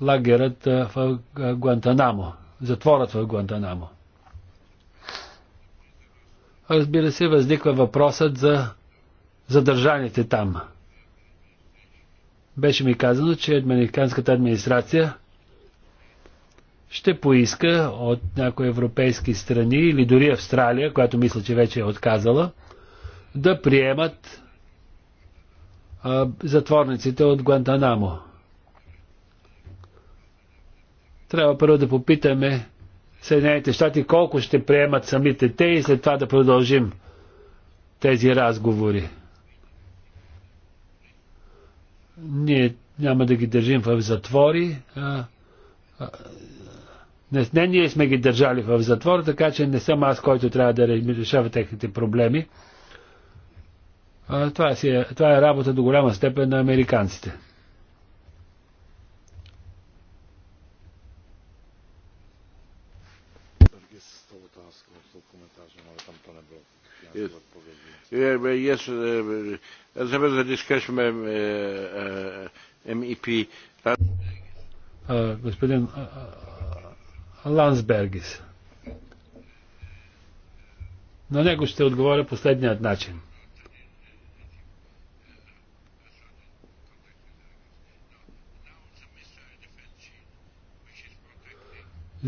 S2: лагерът в Гуантанамо, затворът в Гуантанамо. Разбира се, възниква въпросът за задържаните там. Беше ми казано, че американската администрация ще поиска от някои европейски страни или дори Австралия, която мисля, че вече е отказала, да приемат а, затворниците от Гуантанамо. Трябва първо да попитаме Съединените щати колко ще приемат самите те и след това да продължим тези разговори. Ние няма да ги държим в затвори. А, а, не, не ние сме ги държали в затвор, така че не съм аз, който трябва да решава техните проблеми това, си е, това е работа до голяма степен на американците.
S1: Yes, as well as the discussion MEP.
S2: Господин Лансбергис. На него ще отговоря последният начин.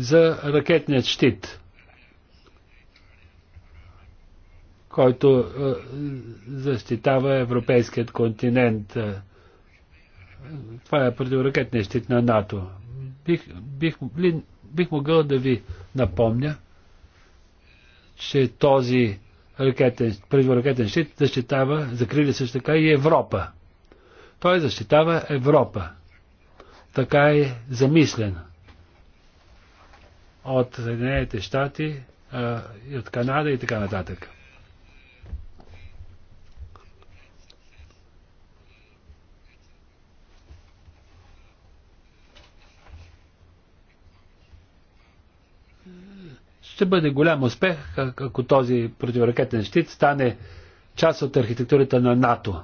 S2: за ракетният щит, който е, защитава европейският континент. Е, това е противоракетният щит на НАТО. Бих, бих, бих могъл да ви напомня, че този ракетен, противоракетен щит защитава, закрили също така и Европа. Той защитава Европа. Така е замислена от Съединените щати, и от Канада и така нататък. ще бъде голям успех, ако този противоракетен щит стане част от архитектурата на НАТО.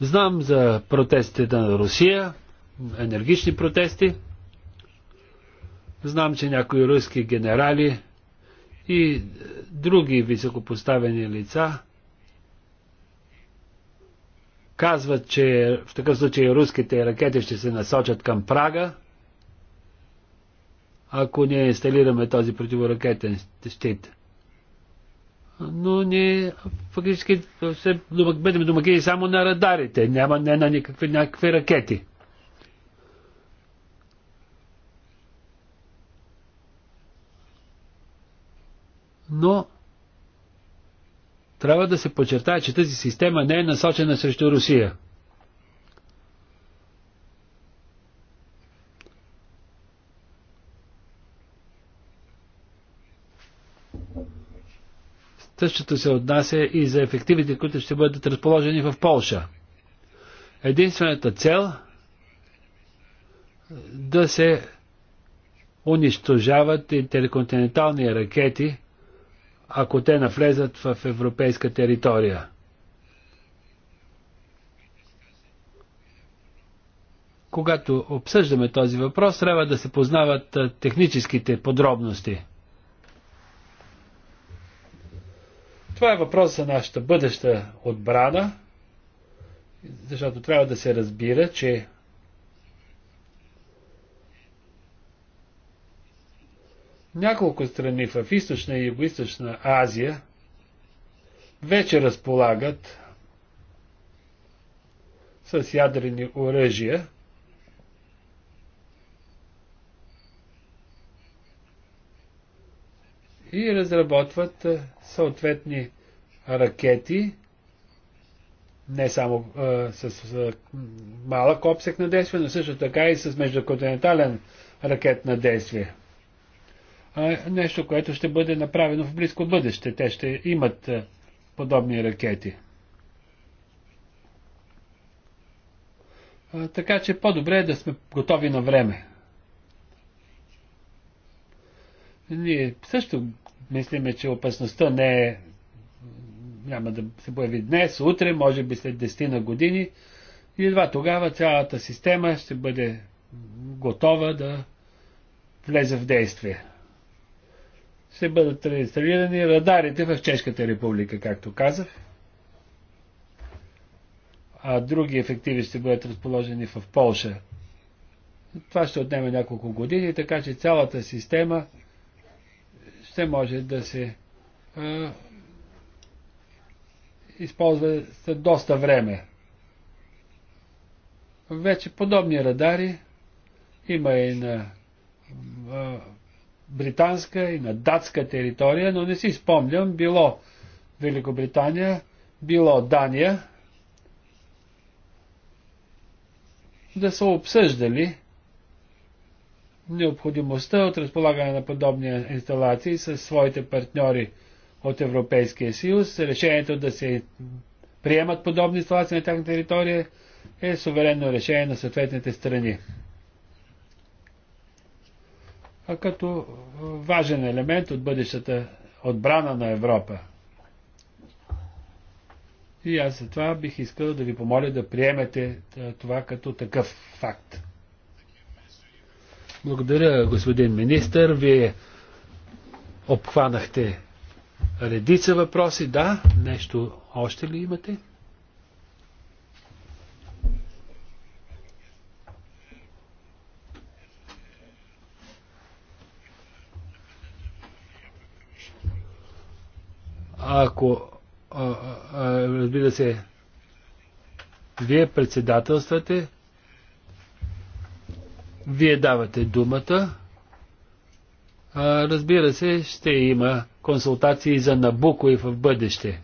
S2: Знам за протестите на Русия, енергични протести. Знам, че някои руски генерали и други високопоставени лица казват, че в такъв случай руските ракети ще се насочат към Прага, ако ние инсталираме този противоракетен щит но ние фактически се бъдем домакини само на радарите, няма не на никакви, някакви ракети. Но трябва да се подчертая, че тази система не е насочена срещу Русия. Същото се отнася и за ефективите, които ще бъдат разположени в Полша. Единствената цел да се унищожават интерконтинентални ракети, ако те навлезат в европейска територия. Когато обсъждаме този въпрос, трябва да се познават техническите подробности – Това е въпрос за нашата бъдеща отбрана, защото трябва да се разбира, че няколко страни в източна и югоизточна Азия вече разполагат с ядрени оръжия и разработват е, съответни ракети, не само а, е, с а, е, малък обсек на действие, но също така и с междуконтинентален ракет на действие. А, нещо, което ще бъде направено в близко бъдеще. Те ще имат а, подобни ракети. А, така че по-добре е да сме готови на време. Ние също мислиме, че опасността не е, няма да се появи днес, утре, може би след 10 на години. И едва тогава цялата система ще бъде готова да влезе в действие. Ще бъдат регистрирани радарите в Чешката република, както казах. А други ефективи ще бъдат разположени в Полша. Това ще отнеме няколко години, така че цялата система ще може да се а, използва след доста време. Вече подобни радари има и на а, британска и на датска територия, но не си спомням, било Великобритания, било Дания, да са обсъждали необходимостта от разполагане на подобни инсталации с своите партньори от Европейския съюз. Решението да се приемат подобни инсталации на тяхна територия е суверенно решение на съответните страни. А като важен елемент от бъдещата отбрана на Европа. И аз за това бих искал да ви помоля да приемете това като такъв факт. Благодаря, господин министър. Вие обхванахте редица въпроси. Да, нещо още ли имате? ако, а, а, разбира се, вие председателствате, вие давате думата. Разбира се, ще има консултации за Набуко и в бъдеще.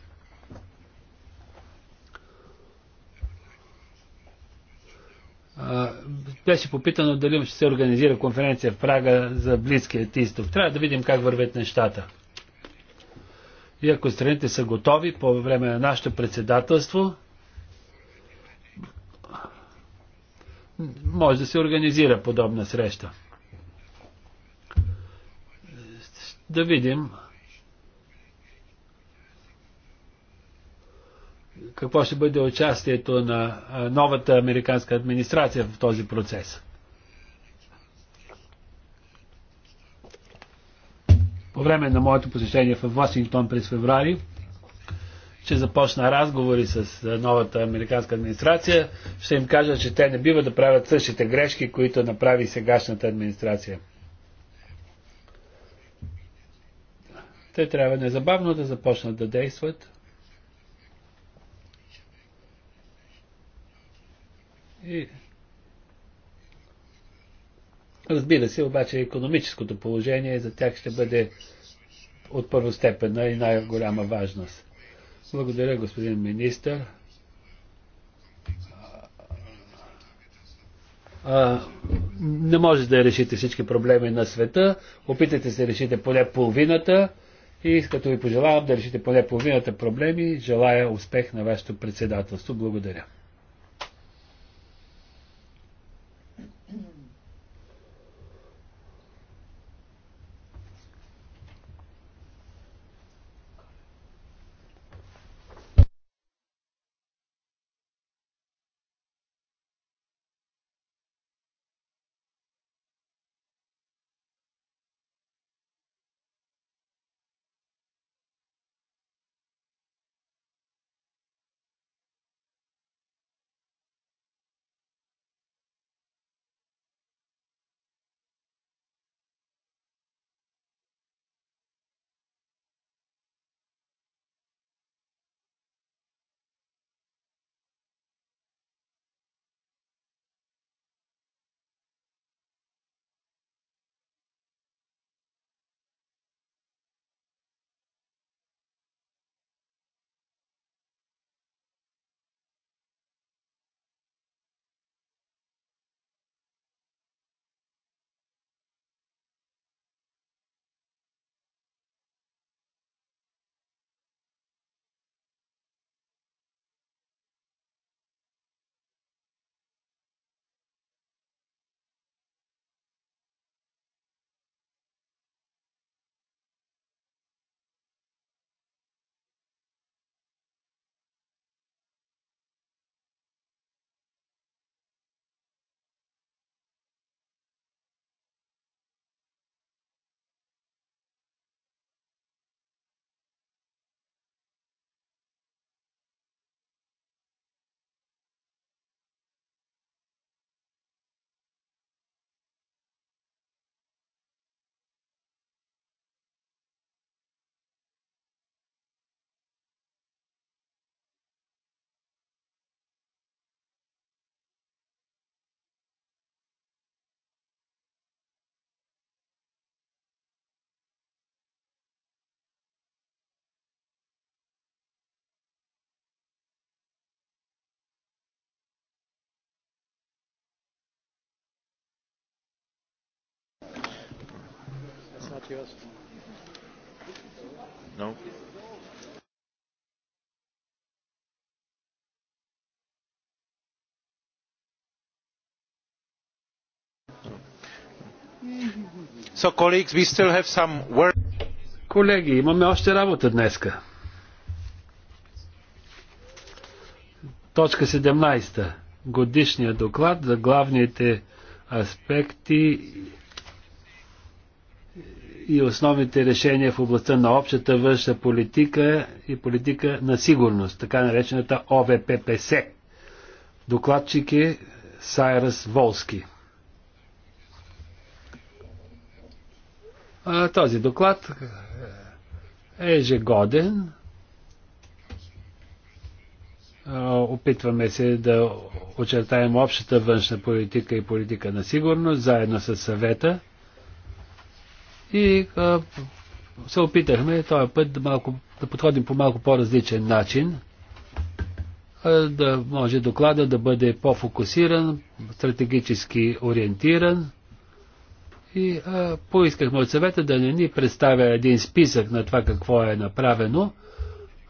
S2: Беше попитано дали ще се организира конференция в Прага за Близкият изток. Трябва да видим как вървят нещата. И ако страните са готови по време на нашето председателство, може да се организира подобна среща. Да видим какво ще бъде участието на новата американска администрация в този процес. По време на моето посещение в Вашингтон през феврари, ще започна разговори с новата американска администрация, ще им кажа, че те не бива да правят същите грешки, които направи сегашната администрация. Те трябва незабавно да започнат да действат. И разбира се, обаче економическото положение за тях ще бъде от първостепенна и най-голяма важност. Благодаря, господин министър. А, не може да решите всички проблеми на света. Опитайте се да решите поне половината и като ви пожелавам да решите поне половината проблеми, желая успех на вашето председателство. Благодаря. So, colleagues, we still have some work. Колеги, имаме още работа днеска. Точка 17. Годишния доклад за главните аспекти и основните решения в областта на общата външна политика и политика на сигурност, така наречената ОВППС. Докладчик е Сайрас Волски. А, този доклад е ежегоден. Опитваме се да очертаем общата външна политика и политика на сигурност, заедно с съвета – и а, се опитахме този път да, малко, да подходим по малко по-различен начин, а, да може доклада да бъде по-фокусиран, стратегически ориентиран. И а, поискахме от съвета да не ни представя един списък на това какво е направено,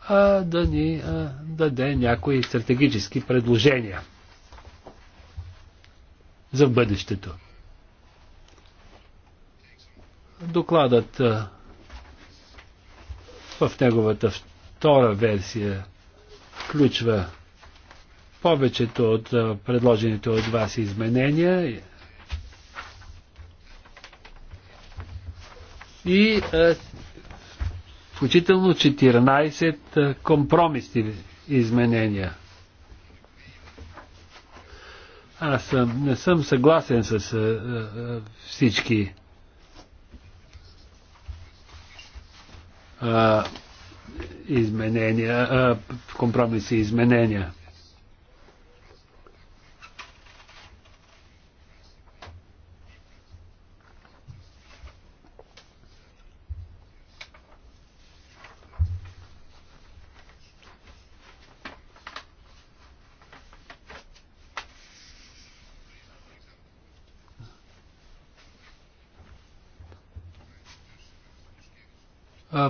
S2: а да ни а, даде някои стратегически предложения за бъдещето. Докладът в неговата втора версия включва повечето от предложените от вас изменения и включително 14 компромисни изменения. Аз не съм съгласен с всички а, изменения, а, компромиси и изменения.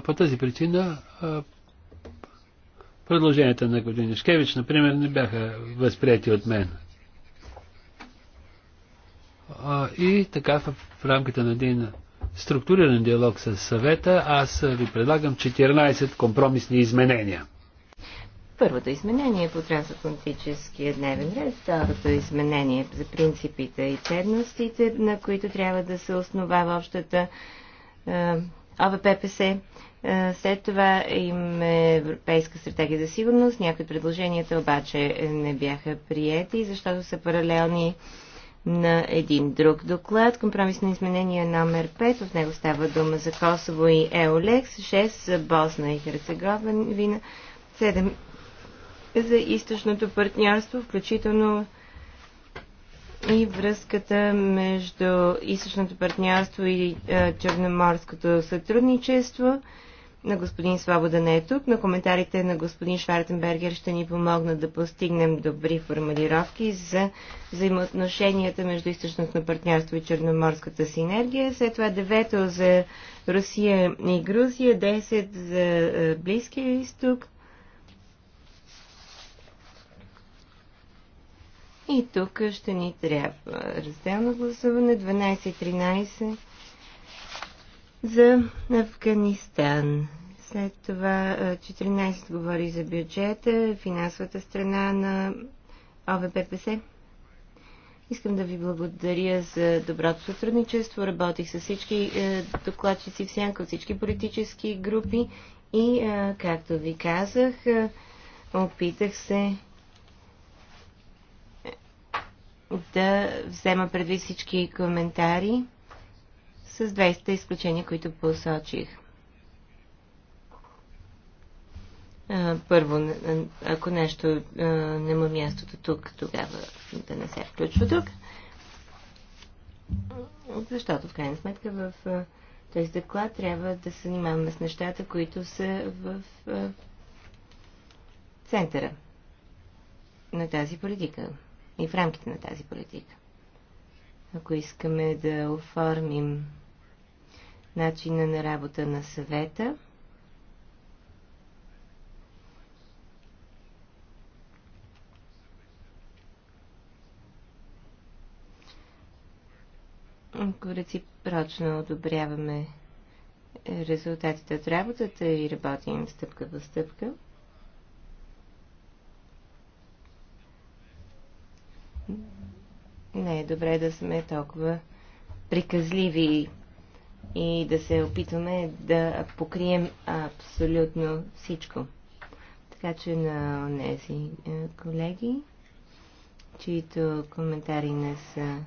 S2: По тази причина предложенията на господин Шкевич, например, не бяха възприяти от мен. И така в рамките на един структуриран диалог с съвета, аз ви предлагам 14 компромисни изменения.
S4: Първото изменение е по трансатлантическия дневен ред, второто изменение е за принципите и ценностите, на които трябва да се основава в общата ОВППС. Е, след това има Европейска стратегия за сигурност. Някои предложенията обаче не бяха приети, защото са паралелни на един друг доклад. Компромис на изменение номер 5. В него става дума за Косово и Еолекс. 6 за Босна и Херцеговина. 7 за източното партньорство, включително и връзката между източното партньорство и е, черноморското сътрудничество. На господин Свобода не е тук, но коментарите на господин Швартенбергер ще ни помогнат да постигнем добри формулировки за взаимоотношенията между източното партньорство и черноморската синергия. След това девето за Русия и Грузия, 10 за е, Близкия изток, И тук ще ни трябва разделно гласуване 12-13 за Афганистан. След това 14 говори за бюджета, финансовата страна на ОВППС. Искам да ви благодаря за доброто сътрудничество. Работих с всички докладчици в сянка, всички политически групи и, както ви казах, опитах се да взема предвид всички коментари с 200 изключения, които посочих. Първо, ако нещо няма е мястото тук, тогава да не се включва тук. Защото, в крайна сметка, в този доклад трябва да се занимаваме с нещата, които са в центъра на тази политика и в рамките на тази политика. Ако искаме да оформим начина на работа на съвета, ако реципрочно одобряваме резултатите от работата и работим стъпка по стъпка, не е добре да сме толкова приказливи и да се опитваме да покрием абсолютно всичко. Така че на тези е, колеги, чието коментари не са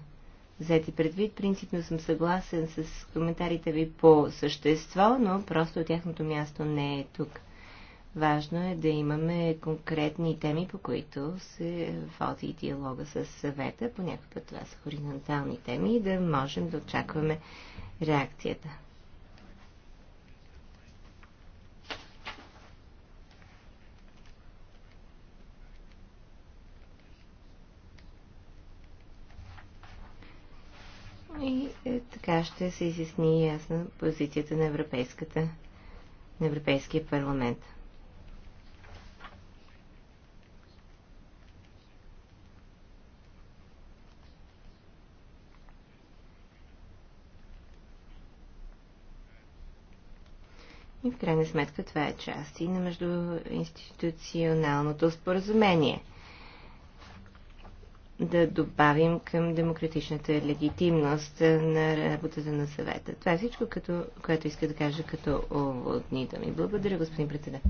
S4: взети предвид, принципно съм съгласен с коментарите ви по същество, но просто тяхното място не е тук. Важно е да имаме конкретни теми, по които се води диалога с съвета. Понякога път това са хоризонтални теми и да можем да очакваме реакцията. И е, така ще се изясни ясно позицията на, Европейската, на Европейския парламент. И в крайна сметка това е част и на междуинституционалното споразумение. Да добавим към демократичната легитимност на работата на съвета. Това е всичко, като, което иска да кажа като уводни думи. Благодаря, господин председател.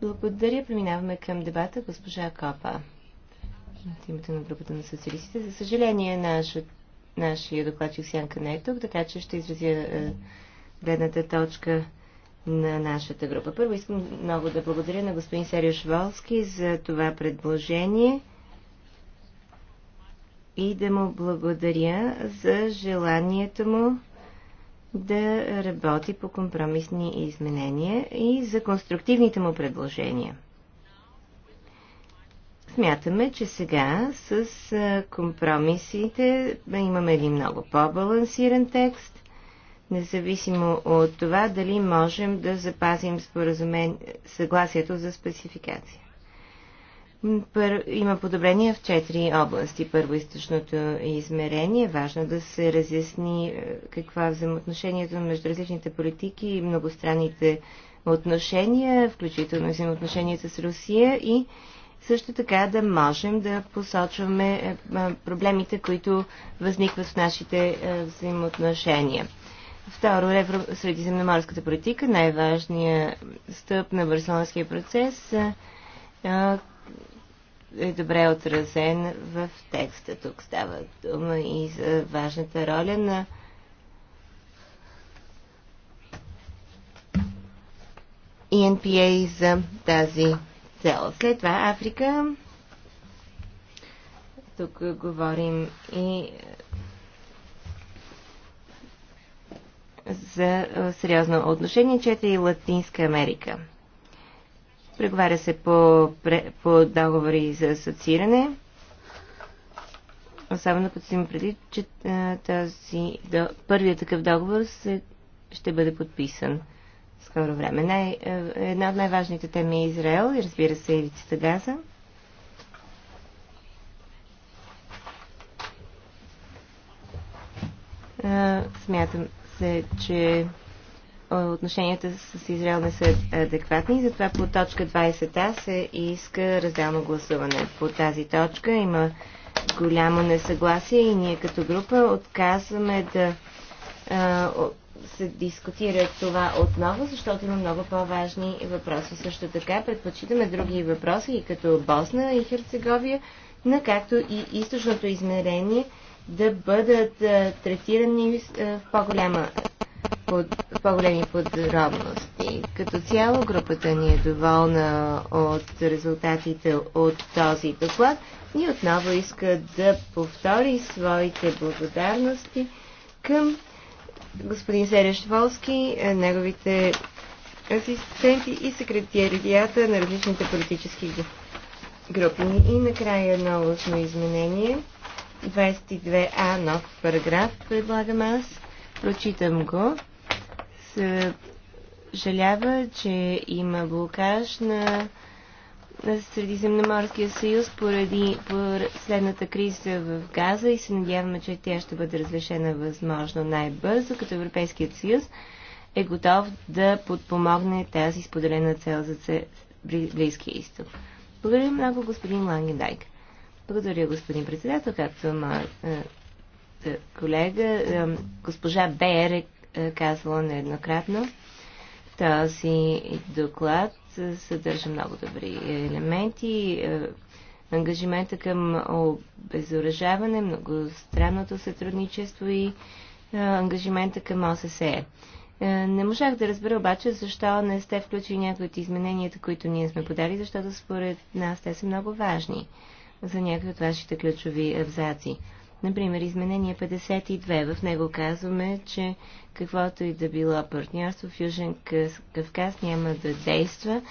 S4: Благодаря. Преминаваме към дебата. Госпожа Копа от името на групата на социалистите. За съжаление, наш, нашия докладчик Сянка не е тук, така че ще изразя е, гледната точка на нашата група. Първо искам много да благодаря на господин Серио Волски за това предложение и да му благодаря за желанието му да работи по компромисни изменения и за конструктивните му предложения. Смятаме, че сега с компромисите имаме един много по-балансиран текст, независимо от това дали можем да запазим споразумен... съгласието за спецификация. Пър... Има подобрения в четири области. Първо източното измерение. Важно да се разясни е, каква е взаимоотношението между различните политики и многостранните отношения, включително взаимоотношенията с Русия и също така да можем да посочваме е, проблемите, които възникват в нашите е, взаимоотношения. Второ, евро... средиземноморската политика, най-важният стъп на Барселонския процес, е добре отразен в текста. Тук става дума и за важната роля на ENPA за тази цел. След това Африка. Тук говорим и за сериозно отношение. и Латинска Америка. Преговаря се по, по договори за асоцииране. Особено като си има преди, че този, до, първият такъв договор се, ще бъде подписан в скоро време. Най, една от най-важните теми е Израел и разбира се ивицата Газа. смятам, се, че отношенията с Израел не са адекватни, затова по точка 20а се иска разделно гласуване. По тази точка има голямо несъгласие и ние като група отказваме да а, се дискутира това отново, защото има много по-важни въпроси. Също така предпочитаме други въпроси и като Босна и Херцеговия, на както и източното измерение – да бъдат третирани в по големи под, по-големи подробности. Като цяло групата ни е доволна от резултатите от този доклад и отново иска да повтори своите благодарности към господин Сереш Волски, неговите асистенти и секретарията на различните политически групи. И накрая едно лъчно изменение – 22а, нов параграф, предлагам аз. Прочитам го. Съжалява, че има блокаж на на Средиземноморския съюз поради последната криза в Газа и се надяваме, че тя ще бъде разрешена възможно най-бързо, като Европейският съюз е готов да подпомогне тази споделена цел за Близкия изток. Благодаря много, господин Лангендайк. Благодаря, господин председател. Както е, е, колега, е, госпожа Бер е, е казвала нееднократно, този доклад съдържа много добри елементи. Ангажимента към обезоръжаване, многостранното сътрудничество и ангажимента към ОССЕ. Не можах да разбера обаче защо не сте включили някои от измененията, които ние сме подали, защото според нас те са много важни за някои от вашите ключови абзаци. Например, изменение 52. В него казваме, че каквото и да било партньорство в Южен Кавказ няма да действа,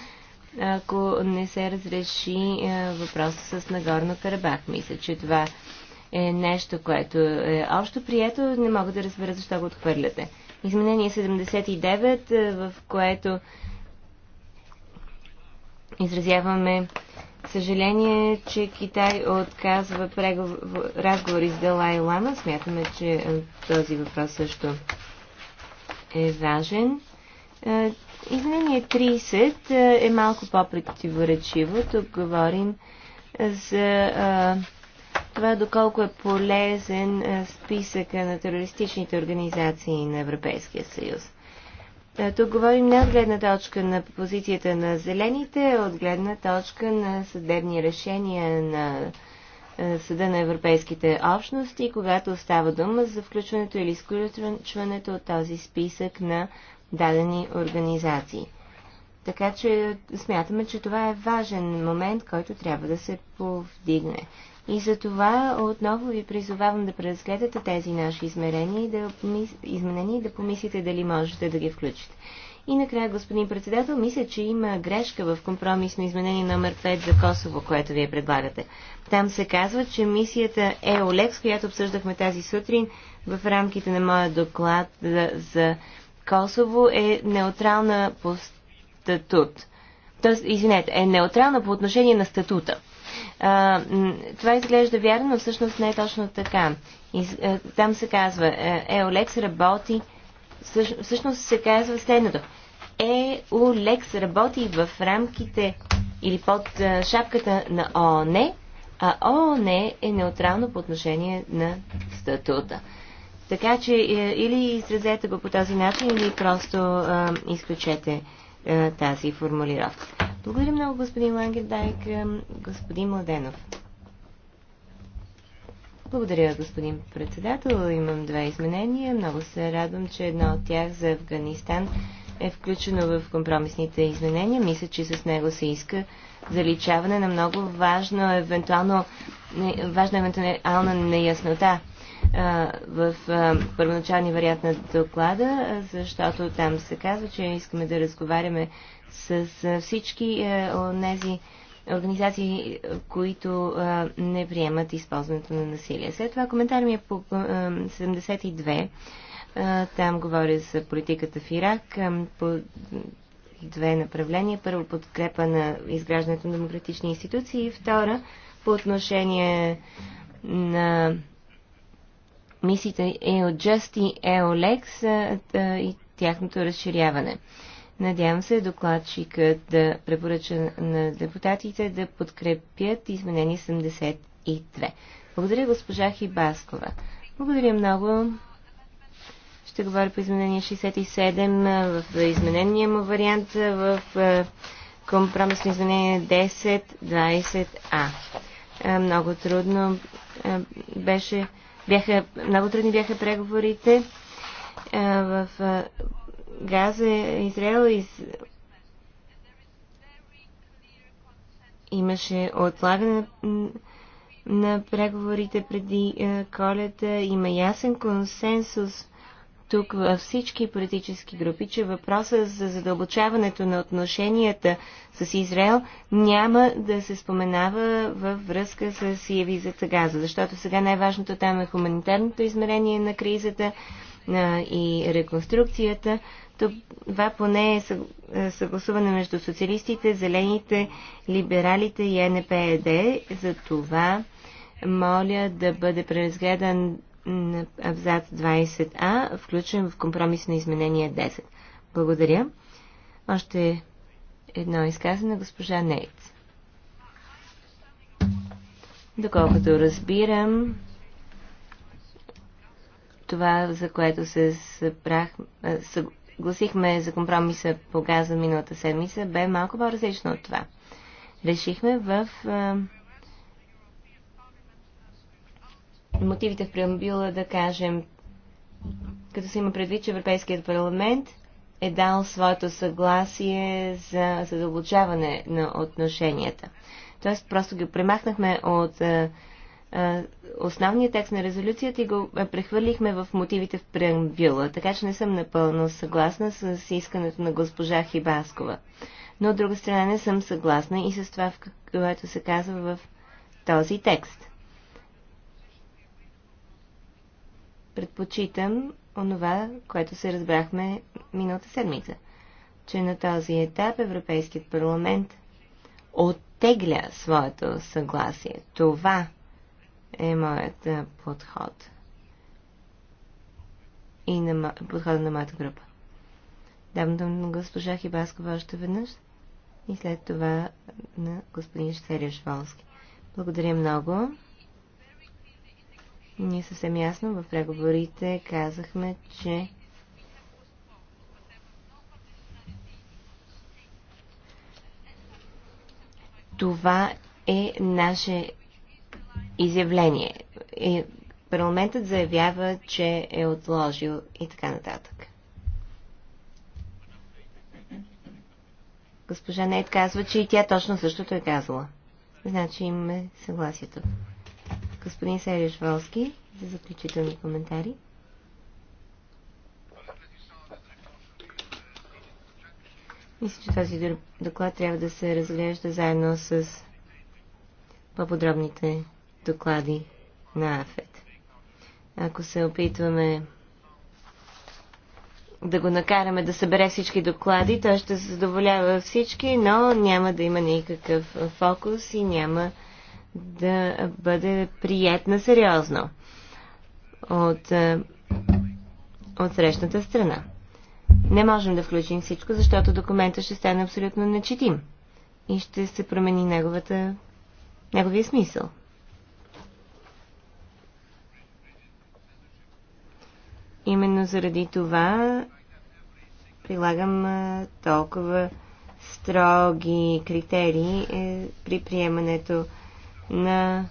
S4: ако не се разреши е, въпроса с Нагорно Карабах. Мисля, че това е нещо, което е общо прието. Не мога да разбера защо го отхвърляте. Изменение 79, е, в което изразяваме Съжаление, че Китай отказва разговори с Далай Лама. Смятаме, че е, този въпрос също е важен. Е, изменение 30 е, е малко по-противоречиво. Тук говорим за това доколко е полезен списъка на терористичните организации на Европейския съюз. Е, тук говорим не от гледна точка на позицията на зелените, а от гледна точка на съдебни решения на е, Съда на Европейските общности, когато става дума за включването или изключването от този списък на дадени организации. Така че смятаме, че това е важен момент, който трябва да се повдигне. И за това отново ви призовавам да преразгледате тези наши измерения и да, изменения и да помислите дали можете да ги включите. И накрая, господин председател, мисля, че има грешка в компромисно изменение номер 5 за Косово, което вие предлагате. Там се казва, че мисията ЕОЛЕКС, която обсъждахме тази сутрин в рамките на моя доклад за, за Косово, е неутрална по статут. Тоест, извинете, е неутрална по отношение на статута. А, това изглежда вярно, но всъщност не е точно така. И, а, там се казва, е, Еолекс работи, всъщ, всъщност се казва следното. Еолекс работи в рамките или под а, шапката на ООН, а ООН е неутрално по отношение на статута. Така че е, или изразете го по този начин, или просто а, изключете а, тази формулировка. Благодаря много, господин Лангердайк. Господин Младенов. Благодаря, господин председател. Имам две изменения. Много се радвам, че едно от тях за Афганистан е включено в компромисните изменения. Мисля, че с него се иска заличаване на много важно, евентуално, важна евентуална неяснота в първоначалния вариант на доклада, защото там се казва, че искаме да разговаряме с всички тези организации, които не приемат използването на насилие. След това коментар ми е по 72. Там говоря за политиката в Ирак по две направления. Първо подкрепа на изграждането на демократични институции и втора по отношение на мисиите EOJUST и EOLEX и тяхното разширяване. Надявам се докладчикът да препоръча на депутатите да подкрепят изменение 72. Благодаря госпожа Хибаскова. Благодаря много. Ще говоря по изменение 67 в изменения му вариант в компромисно изменение 10-20А. Много трудно беше, бяха, много трудни бяха преговорите в Газа, Израел из... имаше отлагане на, на преговорите преди е, колета. Има ясен консенсус тук във всички политически групи, че въпроса за задълбочаването на отношенията с Израел няма да се споменава във връзка с евизата Газа, защото сега най-важното там е хуманитарното измерение на кризата и реконструкцията, това поне е, е съгласуване между социалистите, зелените, либералите и НПЕД. За това моля да бъде преразгледан абзац 20а, включен в компромис на изменение 10. Благодаря. Още едно изказване госпожа Нейц. Доколкото разбирам, това, за което се събрах, гласихме за компромиса по газа миналата седмица, бе малко по-различно от това. Решихме в а, мотивите в преамбюла да кажем, като се има предвид, че Европейският парламент е дал своето съгласие за задълбочаване на отношенията. Тоест, просто ги премахнахме от а, основния текст на резолюцията и го прехвърлихме в мотивите в преамбюла, така че не съм напълно съгласна с искането на госпожа Хибаскова. Но от друга страна не съм съгласна и с това, което се казва в този текст. Предпочитам онова, което се разбрахме миналата седмица, че на този етап Европейският парламент оттегля своето съгласие. Това е моят подход и на подхода на моята група. Давам дума на госпожа Хибаскова още веднъж и след това на господин Штерия Шволски. Благодаря много. Ние съвсем ясно в преговорите казахме, че това е наше изявление. И парламентът заявява, че е отложил и така нататък. Госпожа Нейт казва, че и тя точно същото е казала. Значи имаме съгласието. Господин Сереж Волски, за заключителни коментари. Мисля, че този доклад трябва да се разглежда заедно с по-подробните доклади на АФЕТ. Ако се опитваме да го накараме да събере всички доклади, той ще се задоволява всички, но няма да има никакъв фокус и няма да бъде приятна сериозно от, е, от срещната страна. Не можем да включим всичко, защото документа ще стане абсолютно нечетим и ще се промени неговата, неговия смисъл. Именно заради това прилагам толкова строги критерии е, при приемането на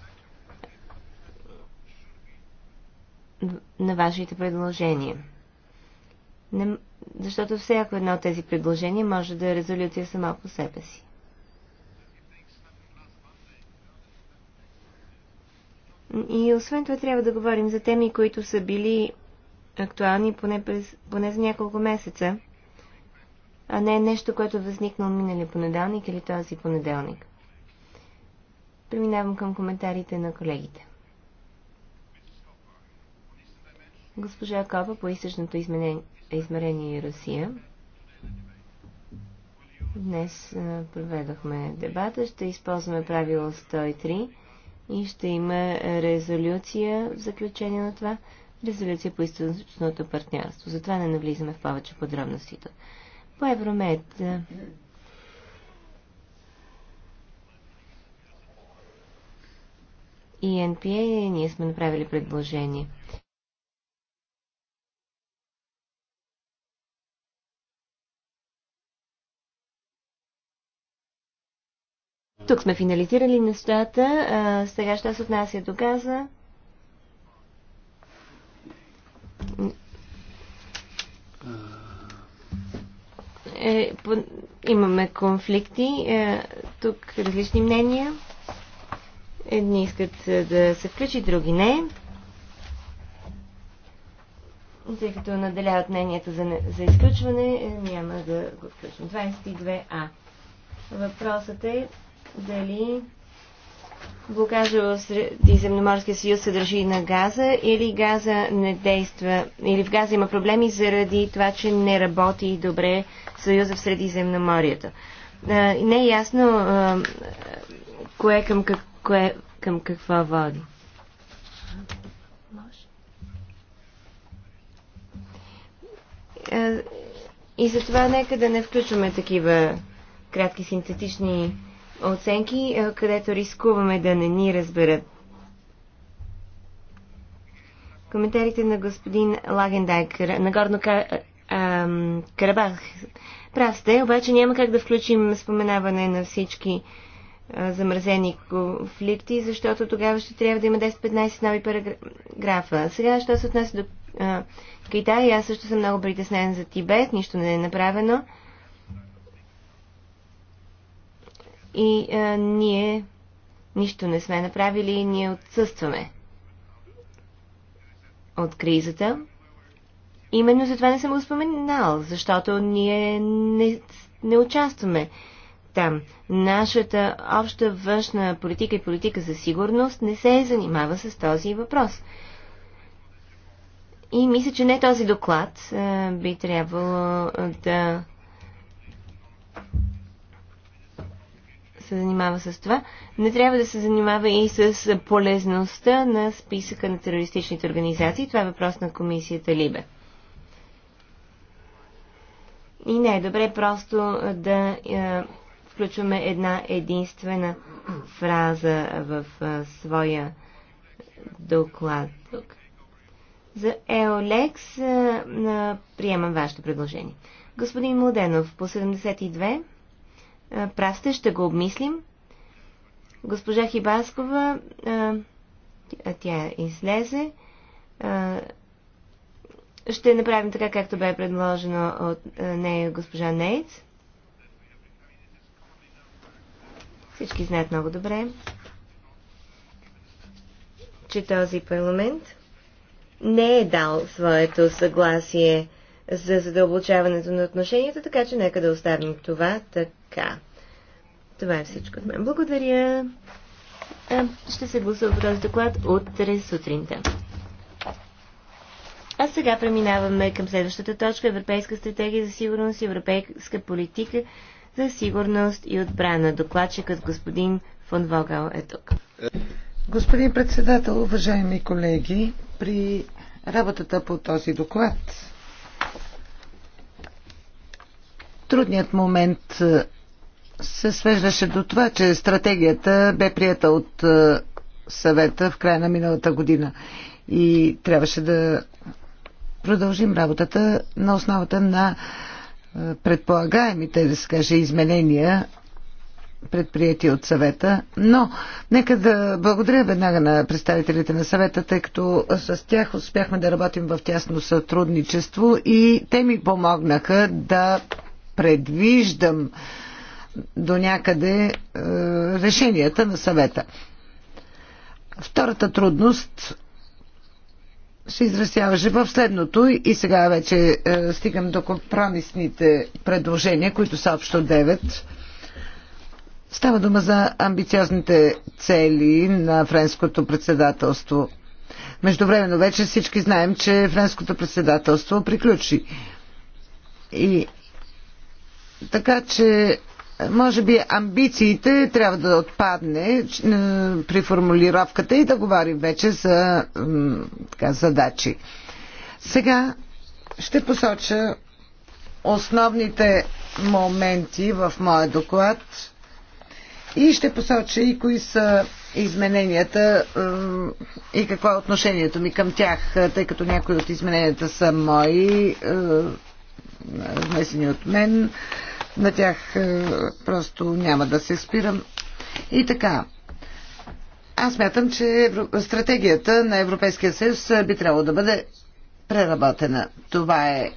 S4: на вашите предложения. Не, защото всяко едно от тези предложения може да е резолюция сама по себе си. И освен това трябва да говорим за теми, които са били актуални поне, през, поне за няколко месеца, а не нещо, което е възникнало минали понеделник или този понеделник. Преминавам към коментарите на колегите. Госпожа Кова по източното измерение и Русия. Днес проведохме дебата. Ще използваме правило 103 и ще има резолюция в заключение на това резолюция по източното партньорство. Затова не навлизаме в повече подробностите. По Евромед е, и НПА, ние сме направили предложение. Тук сме финализирали нещата. Е, сега ще се отнася до газа е, имаме конфликти. Е, тук различни мнения. Едни искат е, да се включи, други не. Тъй като наделяват мнението за, за изключване, е, няма да го включим. 22А. Въпросът е дали блокажа в Средиземноморския съюз се държи на газа или газа не действа, или в газа има проблеми заради това, че не работи добре съюза в Средиземноморието. Не е ясно кое към, как, кое към какво води. И затова нека да не включваме такива кратки синтетични оценки, където рискуваме да не ни разберат. Коментарите на господин Лагендайк, Нагорно Карабах. Прав сте, обаче няма как да включим споменаване на всички замразени конфликти, защото тогава ще трябва да има 10-15 нови параграфа. Сега, що се отнася до а, Китай, аз също съм много притеснен за Тибет, нищо не е направено. и а, е, ние нищо не сме направили и ние отсъстваме от кризата. Именно затова не съм го споменал, защото ние не, не участваме там. Нашата обща външна политика и политика за сигурност не се занимава с този въпрос. И мисля, че не този доклад е, би трябвало е, да се занимава с това, не трябва да се занимава и с полезността на списъка на терористичните организации. Това е въпрос на комисията Либе. И не е добре просто да е, включваме една единствена фраза в е, своя доклад тук. За Еолекс е, е, приемам вашето предложение. Господин Младенов по 72. Прав сте, ще го обмислим. Госпожа Хибаскова, тя излезе. Ще направим така, както бе предложено от нея госпожа Нейц. Всички знаят много добре, че този парламент не е дал своето съгласие за задълбочаването на отношенията, така че нека да оставим това така така. Това е всичко от мен. Благодаря. Ще се гласува по този доклад утре сутринта. А сега преминаваме към следващата точка Европейска стратегия за сигурност и европейска политика за сигурност и отбрана. Докладчикът господин Фон Вогал е тук.
S3: Господин председател, уважаеми колеги, при работата по този доклад трудният момент се свеждаше до това, че стратегията бе прията от е, съвета в края на миналата година и трябваше да продължим работата на основата на е, предполагаемите, да се каже, изменения предприяти от съвета. Но нека да благодаря веднага на представителите на съвета, тъй като с тях успяхме да работим в тясно сътрудничество и те ми помогнаха да предвиждам до някъде е, решенията на съвета. Втората трудност се изразяваше в следното и сега вече е, стигам до компромисните предложения, които са общо 9. Става дума за амбициозните цели на френското председателство. Междувременно вече всички знаем, че френското председателство приключи. И така че може би амбициите трябва да отпадне е, при формулировката и да говорим вече за така, задачи. Сега ще посоча основните моменти в моя доклад и ще посоча и кои са измененията е, и какво е отношението ми към тях, е, тъй като някои от измененията са мои, внесени от мен. На тях е, просто няма да се спирам. И така, аз мятам, че стратегията на Европейския съюз е, би трябвало да бъде преработена. Това е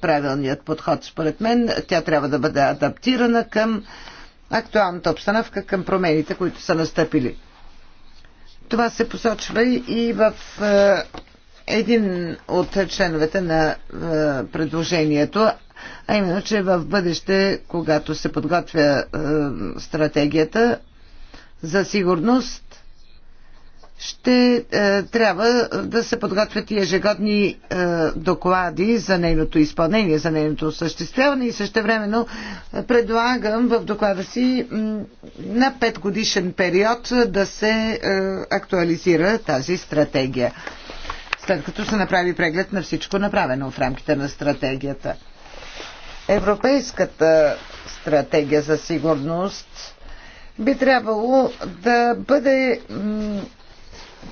S3: правилният подход, според мен. Тя трябва да бъде адаптирана към актуалната обстановка, към промените, които са настъпили. Това се посочва и в е, един от членовете на предложението, а именно, че в бъдеще, когато се подготвя е, стратегията за сигурност, ще е, трябва да се подготвят и ежегодни е, доклади за нейното изпълнение, за нейното осъществяване и същевременно е, предлагам в доклада си на 5 годишен период да се е, актуализира тази стратегия, след като се направи преглед на всичко направено в рамките на стратегията. Европейската стратегия за сигурност би трябвало да бъде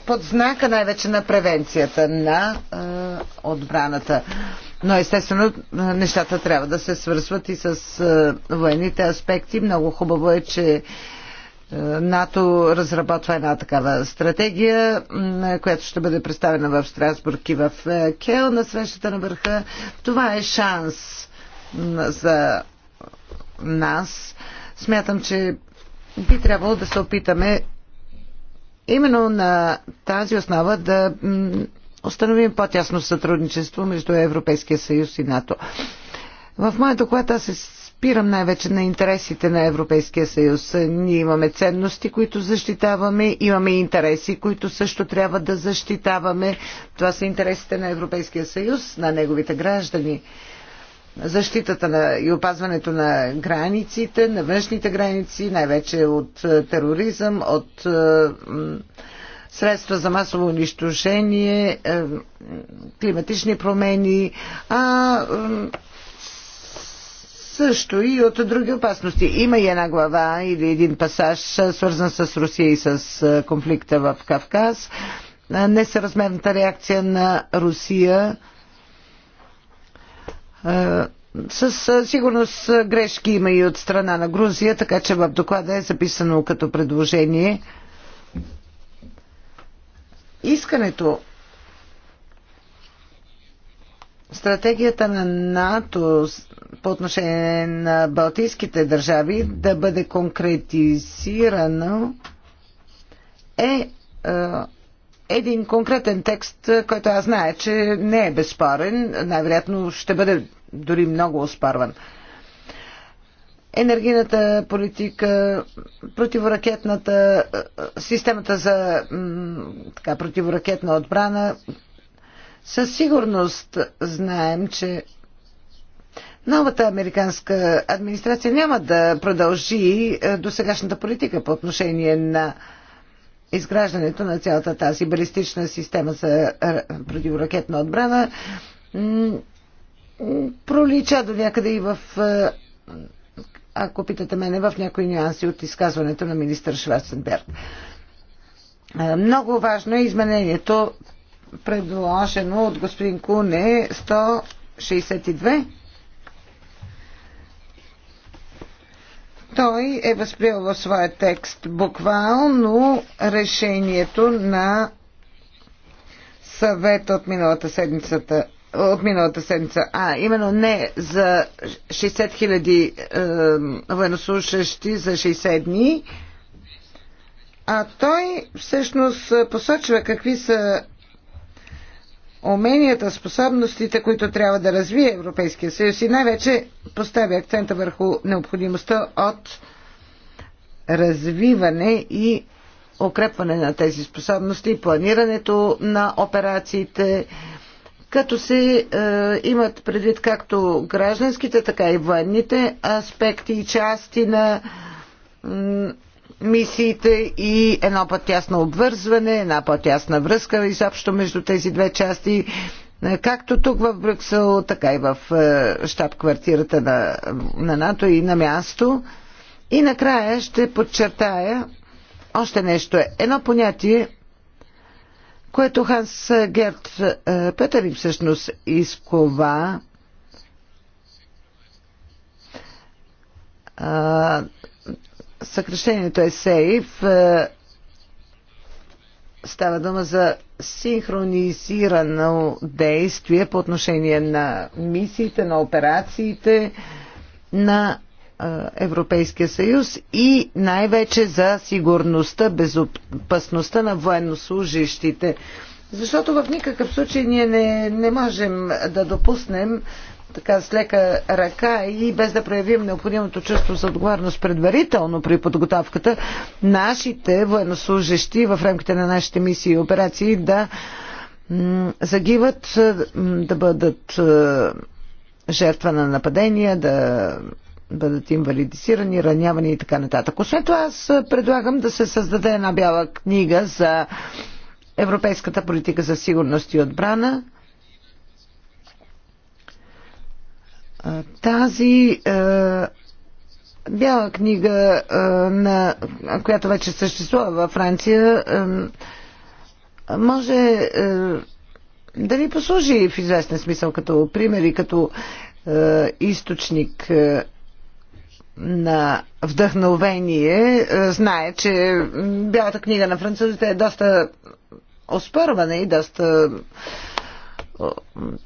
S3: под знака най-вече на превенцията на е, отбраната. Но естествено нещата трябва да се свързват и с е, военните аспекти. Много хубаво е, че е, НАТО разработва една такава стратегия, която ще бъде представена в Страсбург и в Кел на срещата на върха. Това е шанс за нас, смятам, че би трябвало да се опитаме именно на тази основа да установим по-тясно сътрудничество между Европейския съюз и НАТО. В моя доклад аз се спирам най-вече на интересите на Европейския съюз. Ние имаме ценности, които защитаваме, имаме интереси, които също трябва да защитаваме. Това са интересите на Европейския съюз, на неговите граждани защитата на и опазването на границите, на външните граници, най-вече от е, тероризъм, от е, средства за масово унищожение, е, климатични промени, а също и от други опасности. Има и една глава или един пасаж, свързан с Русия и с конфликта в Кавказ. Несъразмерната реакция на Русия е, със сигурност грешки има и от страна на Грузия, така че в доклада е записано като предложение. Искането стратегията на НАТО по отношение на балтийските държави да бъде конкретизирано е, е един конкретен текст, е, който аз знае, че не е безспорен, най-вероятно ще бъде дори много оспорван. Енергийната политика, противоракетната, е, системата за така, противоракетна отбрана, със сигурност знаем, че новата американска администрация няма да продължи е, до сегашната политика по отношение на изграждането на цялата тази балистична система за противоракетна отбрана пролича до някъде и в е, ако питате мене, в някои нюанси от изказването на министър Шварценберг. Е, много важно е изменението предложено от господин Куне 162 Той е възприел в своя текст буквално решението на съвета от миналата седмицата от миналата седмица. А, именно не за 60 хиляди е, военнослушащи за 60 дни, а той всъщност посочва какви са уменията, способностите, които трябва да развие Европейския съюз и най-вече поставя акцента върху необходимостта от развиване и укрепване на тези способности, планирането на операциите, като се е, имат предвид както гражданските, така и военните аспекти и части на мисиите и едно по-тясно обвързване, една по-тясна връзка изобщо между тези две части, е, както тук в Брюксел, така и в е, щаб-квартирата на, на НАТО и на място. И накрая ще подчертая още нещо. е Едно понятие, което Ханс Герт е, Петерин всъщност изкова съкрещението е СЕЙФ. Е, става дума за синхронизирано действие по отношение на мисиите, на операциите на е, Европейския съюз и най-вече за сигурността, безопасността на военнослужащите. Защото в никакъв случай ние не, не можем да допуснем така с лека ръка и без да проявим необходимото чувство за отговорност предварително при подготовката, нашите военнослужащи в рамките на нашите мисии и операции да загиват, е, да бъдат е, жертва на нападения, да бъдат инвалидизирани, ранявани и така нататък. Освен това, аз предлагам да се създаде една бяла книга за европейската политика за сигурност и отбрана – Тази е, бяла книга, е, на, която вече съществува във Франция, е, може е, да ви послужи в известен смисъл като пример и като е, източник. Е, на вдъхновение. Е, знае, че Бялата книга на французите е доста оспървана и доста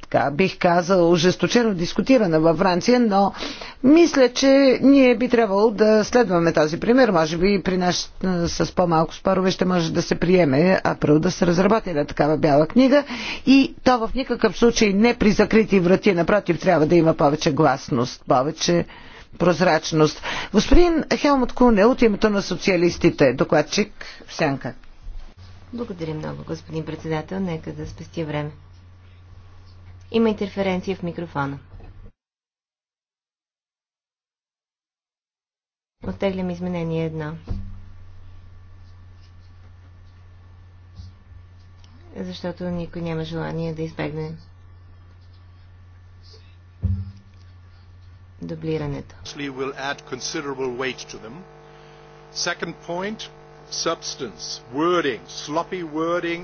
S3: така, бих казал, ожесточено дискутирана във Франция, но мисля, че ние би трябвало да следваме този пример. Може би при нас с по-малко спорове ще може да се приеме април да се разработи на такава бяла книга и то в никакъв случай не при закрити врати. Напротив, трябва да има повече гласност, повече прозрачност. Господин Хелмут Куне от името на социалистите, докладчик в Сянка.
S4: Благодаря много, господин председател. Нека да спести време. Има интерференция в микрофона. Оттеглям изменение едно. Защото никой няма желание да избегне дублирането.
S1: Second point, substance, wording, sloppy wording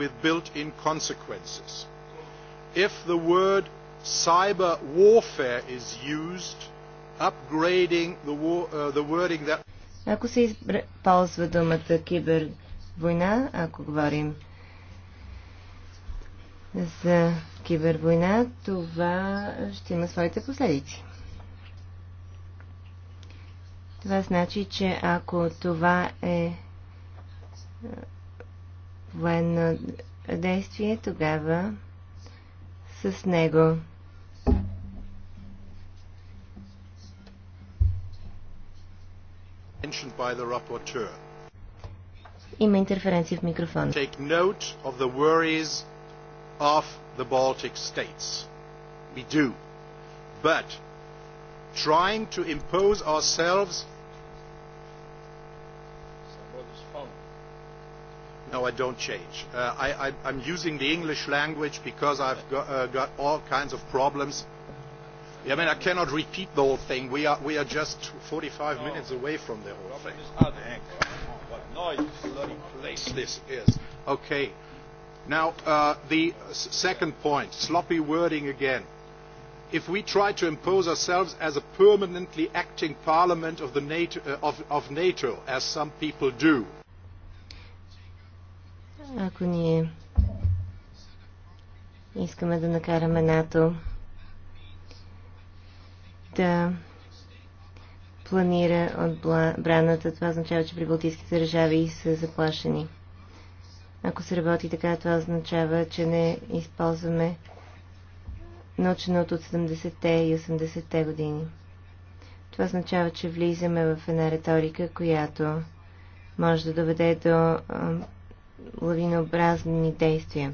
S1: with built-in consequences if the word cyber warfare is used, upgrading the, war, uh, the wording that...
S4: Ако се използва ползва думата кибервойна, ако говорим за кибервойна, това ще има своите последици. Това значи, че ако това е, е военно действие, тогава с него. Има интерференции в микрофона.
S1: Take note of the worries of the Baltic states. We do. But trying to impose ourselves No, I don't change. Uh, I, I, I'm using the English language because I've got, uh, got all kinds of problems. I mean, I cannot repeat the whole thing. We are, we are just 45 no. minutes away from the whole thing. What noise, bloody place this is. Okay. Now, uh, the second point, sloppy wording again. If we try to impose ourselves as a permanently acting parliament of, the NATO, uh, of, of NATO, as some people do,
S4: ако ние искаме да накараме НАТО да планира отбраната, това означава, че прибалтийските държави са заплашени. Ако се работи така, това означава, че не използваме ноченото от 70-те и 80-те години. Това означава, че влизаме в една риторика, която може да доведе до лавинообразни действия,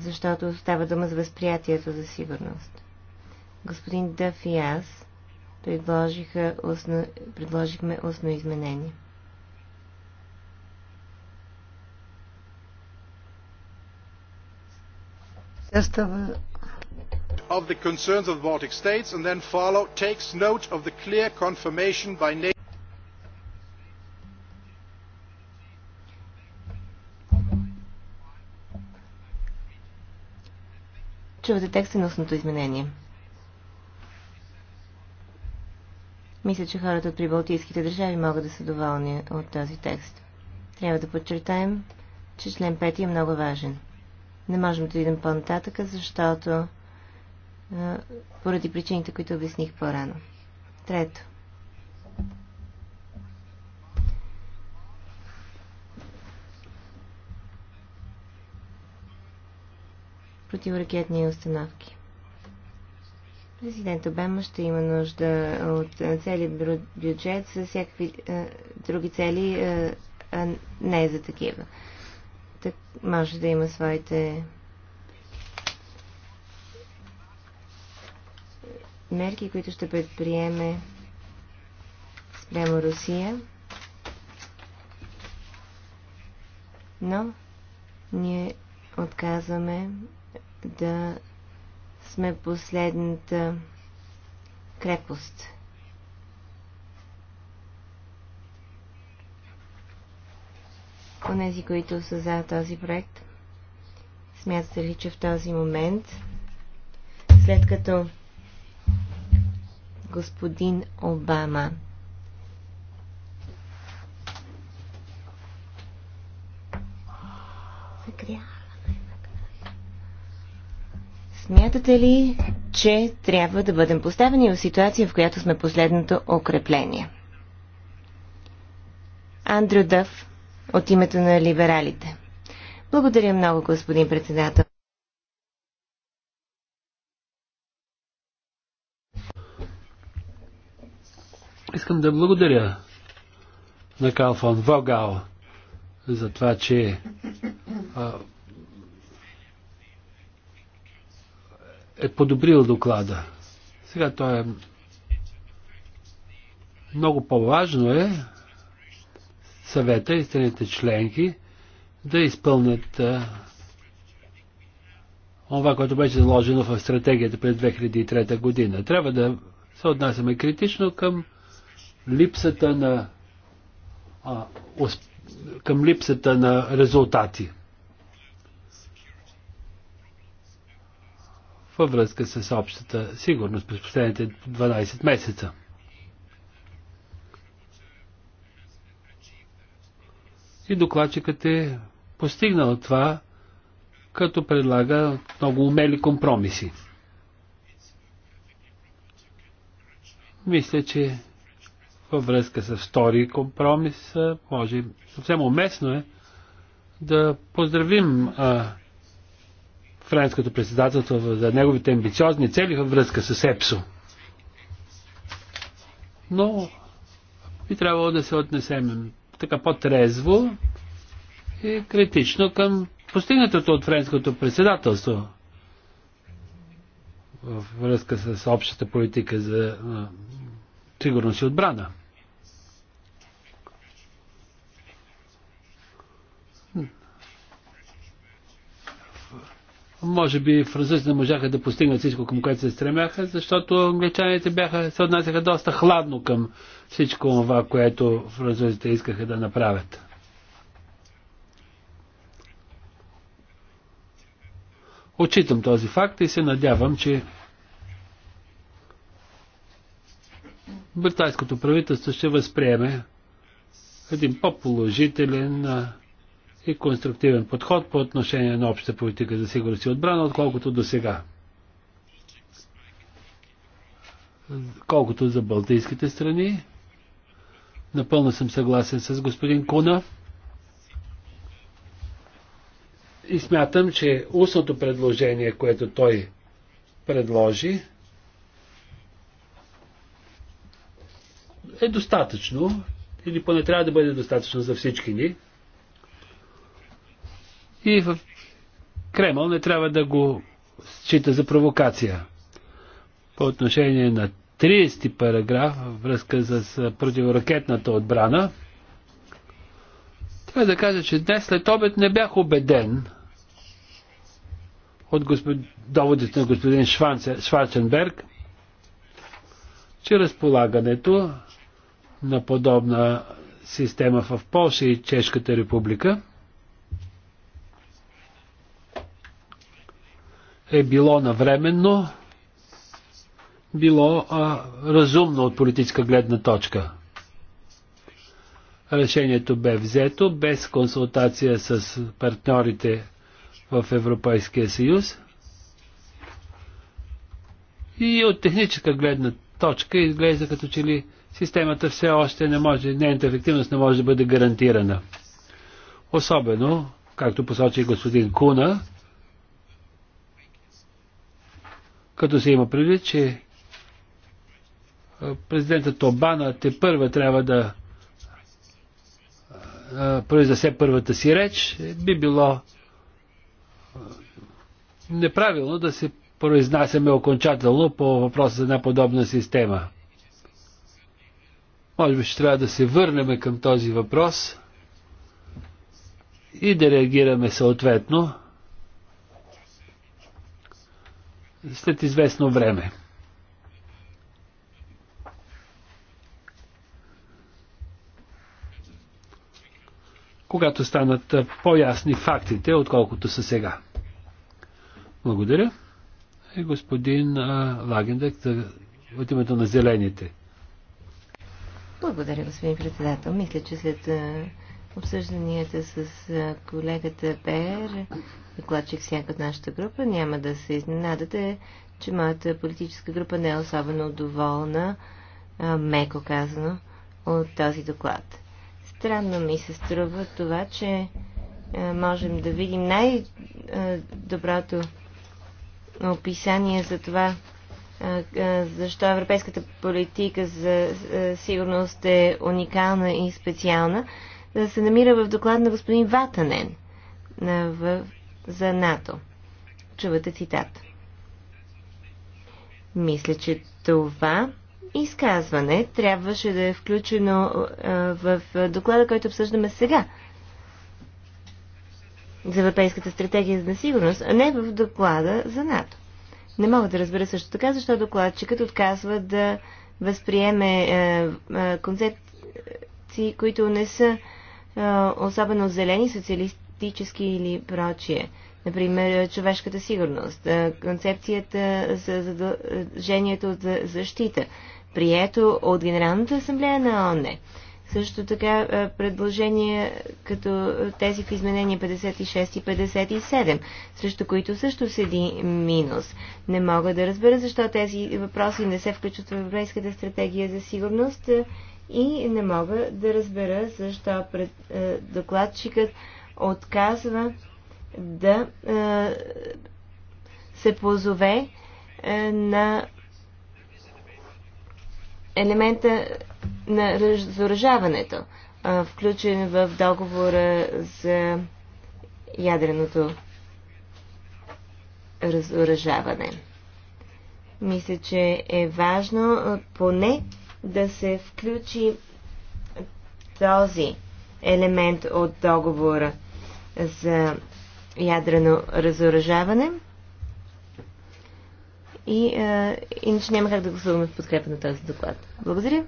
S4: защото става дума за възприятието за сигурност. Господин Дъф и аз предложиха устно, предложихме устно изменение.
S1: of the concerns of the Baltic states and then follow takes note of the clear confirmation by
S4: Чувате текста на устното изменение. Мисля, че хората от прибалтийските държави могат да са доволни от този текст. Трябва да подчертаем, че член 5 е много важен. Не можем да идем по-нататъка, защото поради причините, които обясних по-рано. Трето. противоракетни установки. Президент Обема ще има нужда от целият бюджет за всякакви е, други цели, е, а не за такива. Так, може да има своите мерки, които ще предприеме спрямо Русия. Но ние отказваме да сме последната крепост. Онези, които са за този проект, смятате ли, че в този момент, след като господин Обама Закрях. Смятате ли, че трябва да бъдем поставени в ситуация, в която сме последното укрепление? Андрю Дъв от името на либералите. Благодаря много, господин председател.
S2: Искам да благодаря на Калфон Вогал за това, че е подобрил доклада. Сега той е много по-важно е съвета и страните членки да изпълнят това, което беше заложено в стратегията през 2003 година. Трябва да се отнасяме критично към липсата на а, към липсата на резултати. във връзка с общата сигурност през последните 12 месеца. И докладчикът е постигнал това, като предлага много умели компромиси. Мисля, че във връзка с втори компромис, може съвсем уместно е да поздравим а, френското председателство за неговите амбициозни цели във връзка с ЕПСО. Но би трябвало да се отнесем така по-трезво и критично към постигнатото от френското председателство във връзка с общата политика за сигурност и отбрана. Може би французите не можаха да постигнат всичко, към което се стремяха, защото англичаните бяха, се отнасяха доста хладно към всичко това, което французите искаха да направят. Отчитам този факт и се надявам, че британското правителство ще възприеме един по-положителен и конструктивен подход по отношение на общата политика за сигурност и отбрана, отколкото до сега. Колкото за балтийските страни, напълно съм съгласен с господин Куна и смятам, че устното предложение, което той предложи, е достатъчно, или поне трябва да бъде достатъчно за всички ни и в Кремъл не трябва да го счита за провокация. По отношение на 30 ти параграф връзка с противоракетната отбрана, трябва да кажа, че днес след обед не бях убеден от господ... доводите на господин Шванце... Шварценберг, че разполагането на подобна система в Польша и Чешката република – е било навременно, било а, разумно от политическа гледна точка. Решението бе взето без консултация с партньорите в Европейския съюз и от техническа гледна точка изглежда като че ли системата все още не може, нейната ефективност не може да бъде гарантирана. Особено, както посочи господин Куна, като се има предвид, че президентът Обана те първа трябва да произнесе първата си реч, би било неправилно да се произнасяме окончателно по въпроса за една подобна система. Може би ще трябва да се върнем към този въпрос и да реагираме съответно. след известно време. Когато станат по-ясни фактите, отколкото са сега. Благодаря. И е, господин Лагендек от името на зелените.
S4: Благодаря, господин председател. Мисля, че след Обсъжданията с колегата Пер, докладчик всяка от нашата група, няма да се изненадате, че моята политическа група не е особено доволна, меко казано, от този доклад. Странно ми се струва това, че можем да видим най-доброто описание за това, защо европейската политика за сигурност е уникална и специална се намира в доклад на господин Ватанен в, за НАТО. Чувате цитат. Мисля, че това изказване трябваше да е включено в доклада, който обсъждаме сега за Европейската стратегия за сигурност, а не в доклада за НАТО. Не мога да разбера също така, защо докладчикът отказва да възприеме е, е, концепции, които не са особено зелени, социалистически или прочие. Например, човешката сигурност, концепцията за задължението за защита, прието от Генералната асамблея на ОНЕ. Също така предложения като тези в изменения 56 и 57, срещу които също седи минус. Не мога да разбера защо тези въпроси не се включват в Европейската стратегия за сигурност и не мога да разбера защо пред, е, докладчикът отказва да е, се позове е, на елемента на разоръжаването, е, включен в договора за ядреното разоръжаване. Мисля, че е важно поне да се включи този елемент от договора за ядрено разоръжаване. И а, е, иначе няма как да гласуваме в подкрепа на този доклад. Благодаря.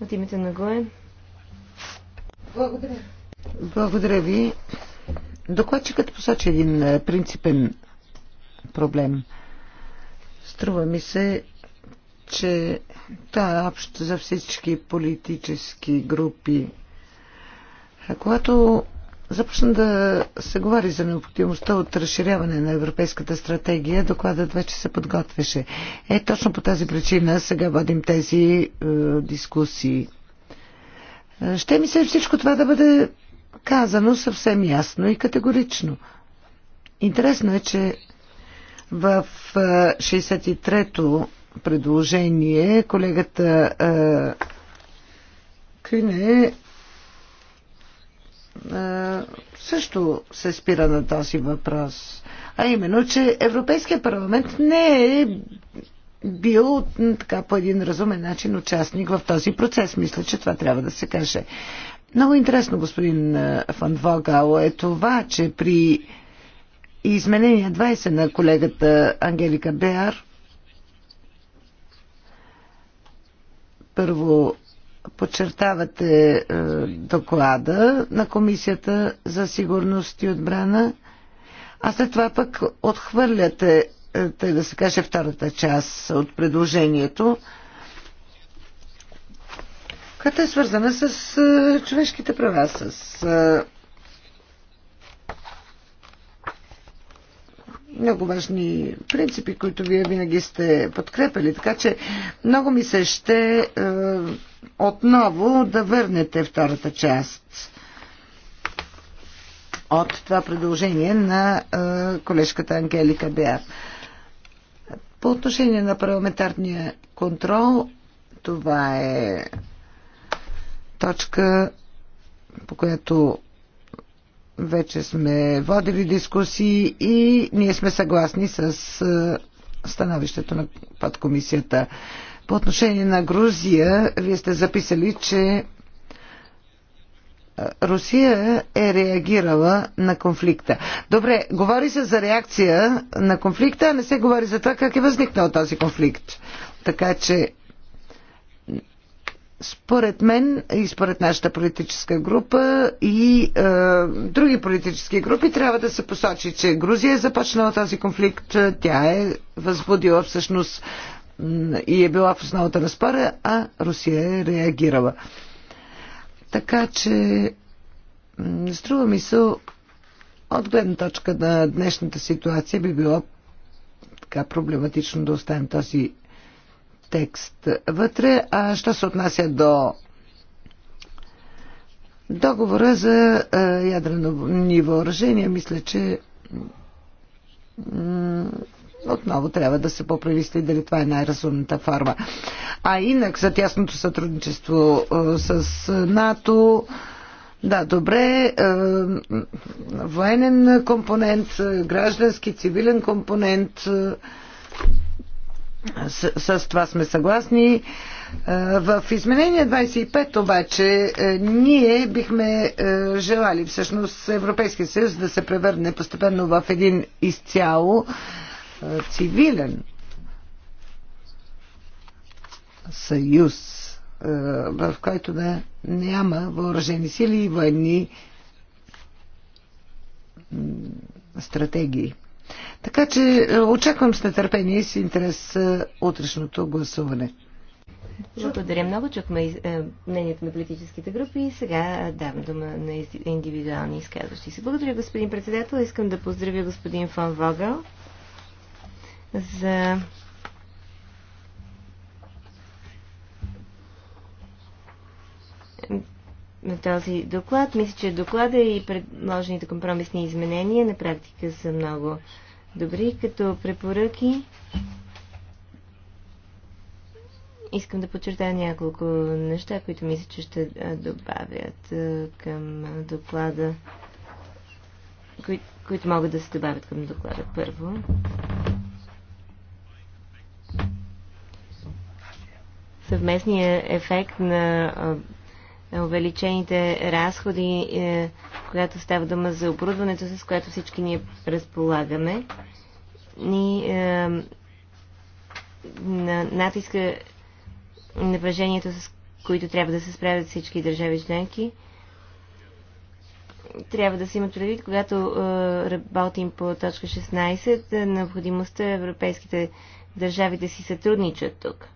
S4: От името на Гоен. Благодаря. Благодаря ви. Докладчикът
S3: посочи един е, принципен проблем. Струва ми се, че това е общо за всички политически групи. А когато започна да се говори за необходимостта от разширяване на европейската стратегия, докладът вече се подготвяше. Е, точно по тази причина сега водим тези е, дискусии. Е, ще ми се всичко това да бъде казано съвсем ясно и категорично. Интересно е, че в 63-то е, предложение. Колегата Кюне също се спира на този въпрос. А именно, че Европейския парламент не е бил така по един разумен начин участник в този процес. Мисля, че това трябва да се каже. Много интересно, господин Фан Вогал, е това, че при изменение 20 на колегата Ангелика Беар Първо, подчертавате е, доклада на Комисията за сигурност и отбрана, а след това пък отхвърляте, е, тъй да се каже, втората част от предложението, която е свързана с е, човешките права, с много важни принципи, които вие винаги сте подкрепили. Така че много ми се ще е, отново да върнете втората част от това предложение на е, колежката Ангелика Беа. По отношение на парламентарния контрол, това е точка, по която вече сме водили дискусии и ние сме съгласни с е, становището на подкомисията. По отношение на Грузия, вие сте записали, че е, Русия е реагирала на конфликта. Добре, говори се за реакция на конфликта, а не се говори за това как е възникнал този конфликт. Така че според мен и според нашата политическа група и е, други политически групи трябва да се посочи, че Грузия е започнала този конфликт, тя е възбудила всъщност и е била в основата на спора, а Русия е реагирала. Така че струва ми се от гледна точка на днешната ситуация би било така проблематично да оставим този текст вътре. А що се отнася до договора за ядрено ниво въоръжение, мисля, че отново трябва да се попревисли дали това е най-разумната форма. А инак за тясното сътрудничество с НАТО, да, добре, военен компонент, граждански, цивилен компонент, с, с това сме съгласни. Е, в изменение 25 обаче е, ние бихме е, желали всъщност Европейския съюз да се превърне постепенно в един изцяло цивилен съюз, в който да няма въоръжени сили и военни стратегии. Така че е, очаквам с нетърпение и с интерес е, утрешното гласуване.
S4: Благодаря много. Чухме е, мнението на политическите групи и сега давам дума на индивидуални изказващи се. Благодаря, господин председател. Искам да поздравя господин Фон Вогъл за на този доклад. Мисля, че доклада и предложените компромисни изменения на практика са много добри. Като препоръки искам да подчертая няколко неща, които мисля, че ще добавят към доклада, кои, които могат да се добавят към доклада. Първо, Съвместният ефект на е, увеличените разходи, е, когато става дума за оборудването, с което всички ние разполагаме, ни е, на натиска напрежението, с които трябва да се справят всички държави членки, трябва да се има предвид, когато е, работим по точка 16, необходимостта европейските държави да си сътрудничат тук.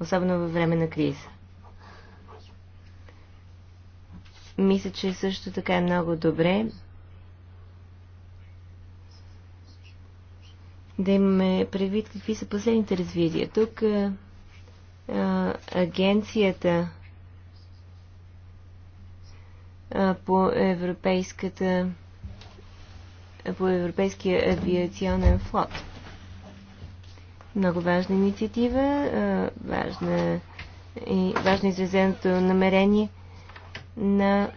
S4: Особено във време на криза. Мисля, че също така е много добре да имаме предвид какви са последните развития. Тук а, а, агенцията а, по европейската по Европейския авиационен флот. Много важна инициатива, важна, и, важно изразеното намерение на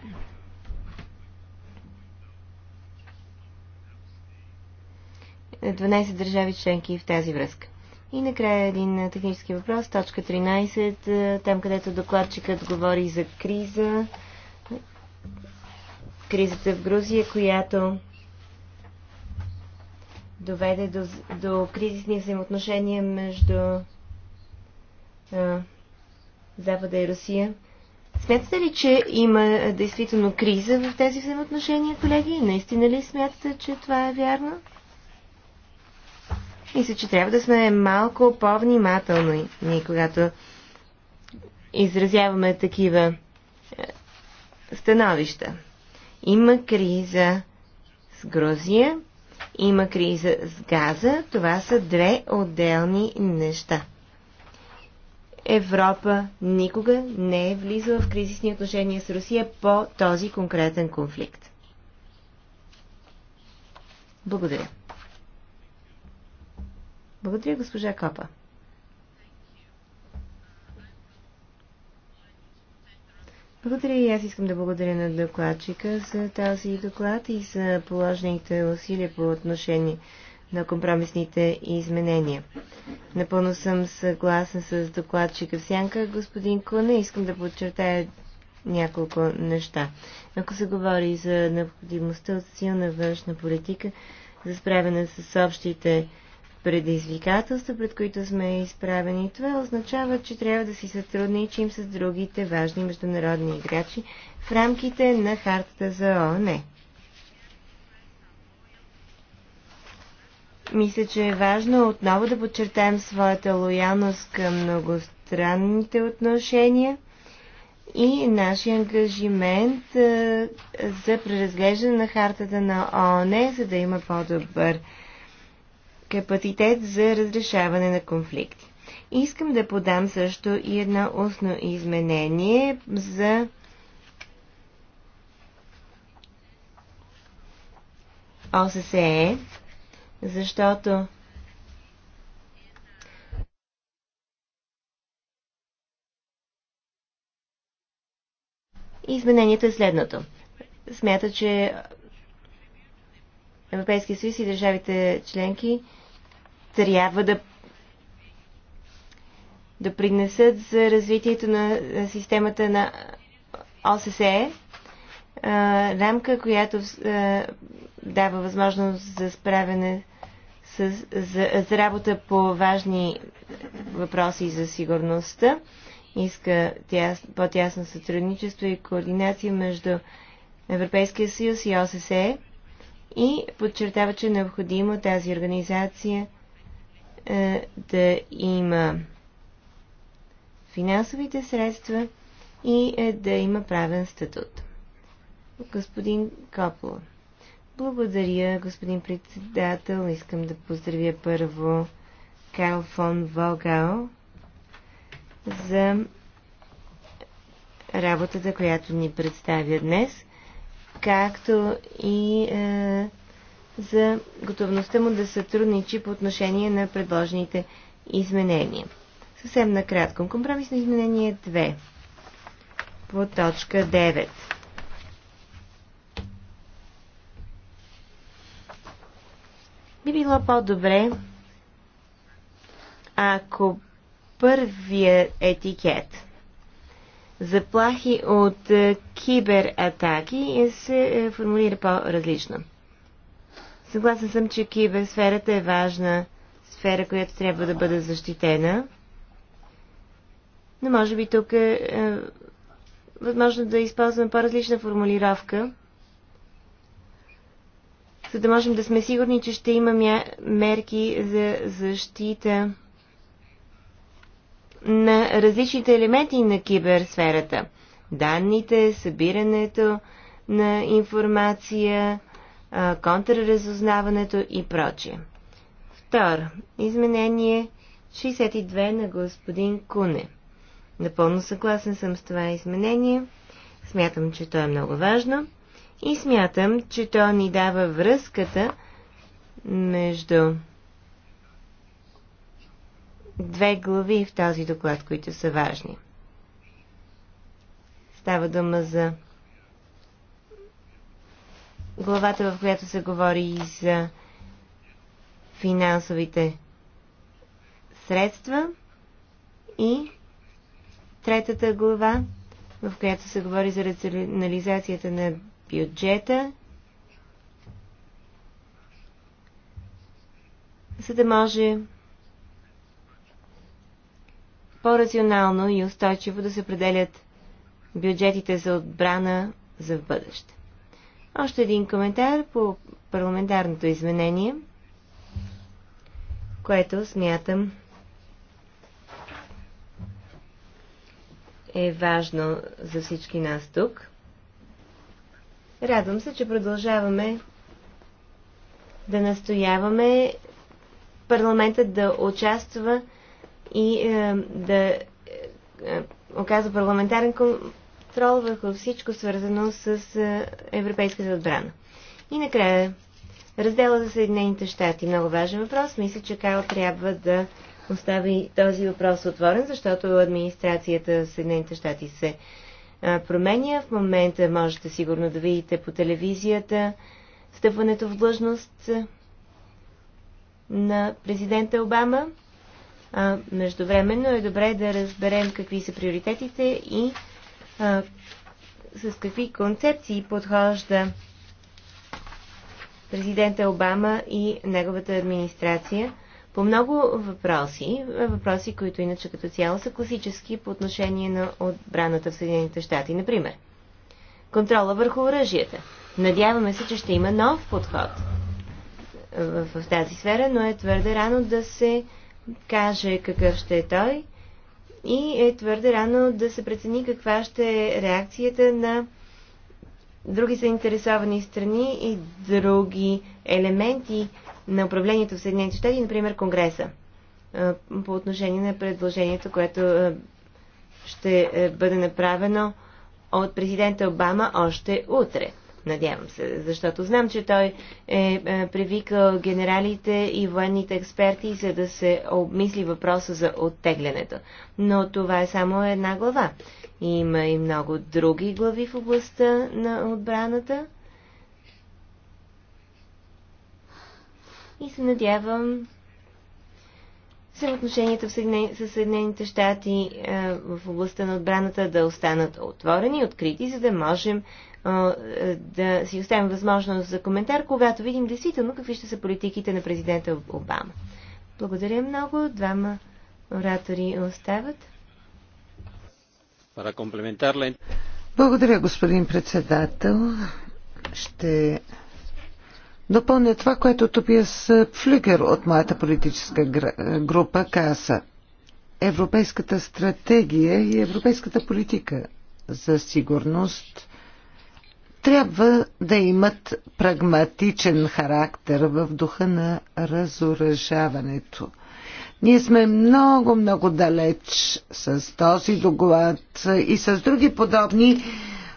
S4: на 12 държави членки в тази връзка. И накрая един технически въпрос, точка 13, е, там където докладчикът говори за криза, кризата в Грузия, която доведе до, до кризисни взаимоотношения между а, е, Запада и Русия. Смятате ли, че има действително криза в тези взаимоотношения, колеги? Наистина ли смятате, че това е вярно? Мисля, че трябва да сме малко по-внимателни, ние когато изразяваме такива становища. Има криза с Грузия, има криза с газа. Това са две отделни неща. Европа никога не е влизала в кризисни отношения с Русия по този конкретен конфликт. Благодаря. Благодаря, госпожа Капа. Благодаря и аз искам да благодаря на докладчика за този доклад и за положените усилия по отношение на компромисните изменения. Напълно съм съгласен с докладчика сянка, господин Куне. Искам да подчертая няколко неща. Ако се говори за необходимостта от силна външна политика за справяне с общите предизвикателства, пред които сме изправени, това означава, че трябва да си сътрудничим с другите важни международни играчи в рамките на хартата за ООН. Мисля, че е важно отново да подчертаем своята лоялност към многостранните отношения и нашия ангажимент за преразглеждане на хартата на ООН, за да има по-добър капацитет за разрешаване на конфликти. Искам да подам също и едно устно изменение за ОССЕ, защото изменението е следното. Смята, че Европейския съюз и държавите членки трябва да да принесат за развитието на системата на ОССЕ, рамка, която дава възможност за справяне за, за работа по важни въпроси за сигурността. Иска тяс, по-тясно сътрудничество и координация между Европейския съюз и ОССЕ и подчертава, че е необходимо тази организация е, да има финансовите средства и е, да има правен статут. Господин Копола. Благодаря, господин председател. Искам да поздравя първо Карл фон Волгал за работата, която ни представя днес, както и е, за готовността му да сътрудничи по отношение на предложените изменения. Съвсем накратко. Компромисни изменение 2 по точка 9. Би било по-добре, ако първия етикет заплахи от е, кибератаки се е, формулира по-различно. Съгласен съм, че киберсферата е важна сфера, която трябва да бъде защитена. Но може би тук е, е възможно да използваме по-различна формулировка за да можем да сме сигурни, че ще има мерки за защита на различните елементи на киберсферата. Данните, събирането на информация, контрразузнаването и прочие. Второ, изменение 62 на господин Куне. Напълно съгласен съм с това изменение. Смятам, че то е много важно. И смятам, че то ни дава връзката между две глави в този доклад, които са важни. Става дума за главата, в която се говори и за финансовите средства и третата глава, в която се говори за рационализацията на бюджета, за да може по-рационално и устойчиво да се определят бюджетите за отбрана за в бъдеще. Още един коментар по парламентарното изменение, което смятам е важно за всички нас тук. Радвам се, че продължаваме да настояваме парламентът да участва и е, да е, е, оказва парламентарен контрол върху всичко свързано с е, европейската отбрана. И накрая, раздела за Съединените щати. Много важен въпрос. Мисля, че Кайл трябва да остави този въпрос отворен, защото администрацията Съединените щати се променя. В момента можете сигурно да видите по телевизията стъпването в длъжност на президента Обама. А, междувременно е добре да разберем какви са приоритетите и а, с какви концепции подхожда президента Обама и неговата администрация по много въпроси, въпроси, които иначе като цяло са класически по отношение на отбраната в Съединените щати, например. Контрола върху оръжията. Надяваме се, че ще има нов подход в, в тази сфера, но е твърде рано да се каже какъв ще е той и е твърде рано да се прецени каква ще е реакцията на други заинтересовани страни и други елементи на управлението в Съединените щати, например Конгреса, по отношение на предложението, което ще бъде направено от президента Обама още утре. Надявам се, защото знам, че той е привикал генералите и военните експерти, за да се обмисли въпроса за оттеглянето. Но това е само една глава. Има и много други глави в областта на отбраната. и се надявам Съотношенията с Съединените щати е, в областта на отбраната да останат отворени и открити, за да можем е, да си оставим възможност за коментар, когато видим действително какви ще са политиките на президента Обама. Благодаря много. Двама оратори остават.
S3: Благодаря, господин председател. Ще допълня това, което Топиас е, Флюгер от моята политическа група каза. Европейската стратегия и европейската политика за сигурност трябва да имат прагматичен характер в духа на разоръжаването. Ние сме много, много далеч с този доклад и с други подобни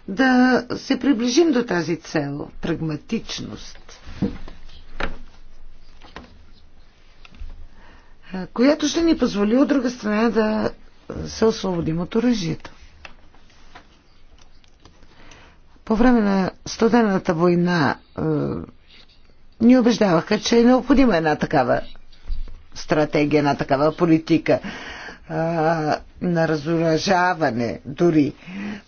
S3: да се приближим до тази цел прагматичност която ще ни позволи от друга страна да се освободим от оръжието. По време на студената война ни убеждаваха, че е необходима една такава стратегия, една такава политика на разоръжаване дори.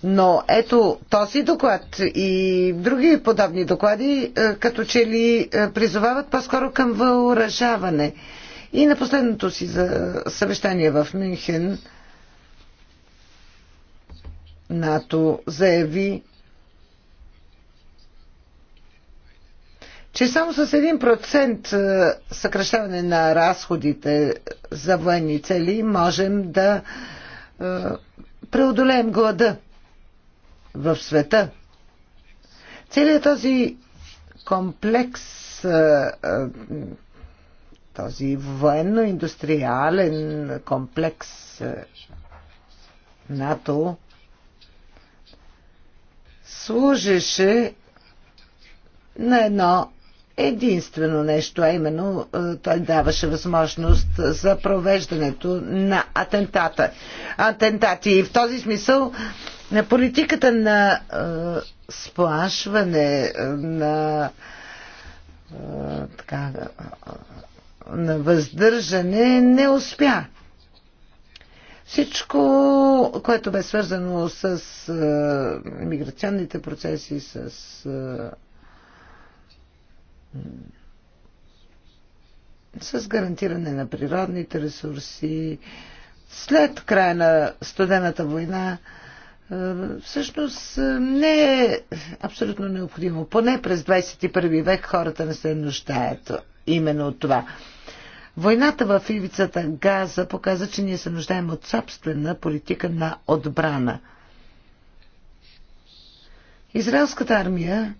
S3: Но ето този доклад и други подобни доклади а, като че ли а, призовават по-скоро към въоръжаване. И на последното си за съвещание в Мюнхен НАТО заяви, че само с 1% е, съкръщаване на разходите за военни цели можем да е, преодолеем глада в света. Целият този комплекс, е, този военно-индустриален комплекс НАТО служеше на едно единствено нещо, а именно е, той даваше възможност за провеждането на атентата. атентати. И в този смисъл на политиката на е, сплашване, е, на, е, така, е, на въздържане не успя. Всичко, което бе свързано с е, миграционните процеси, с. Е, с гарантиране на природните ресурси. След края на студената война е, всъщност е, не е абсолютно необходимо. Поне през 21 век хората не се нуждаят именно от това. Войната в ивицата Газа показа, че ние се нуждаем от собствена политика на отбрана. Израелската армия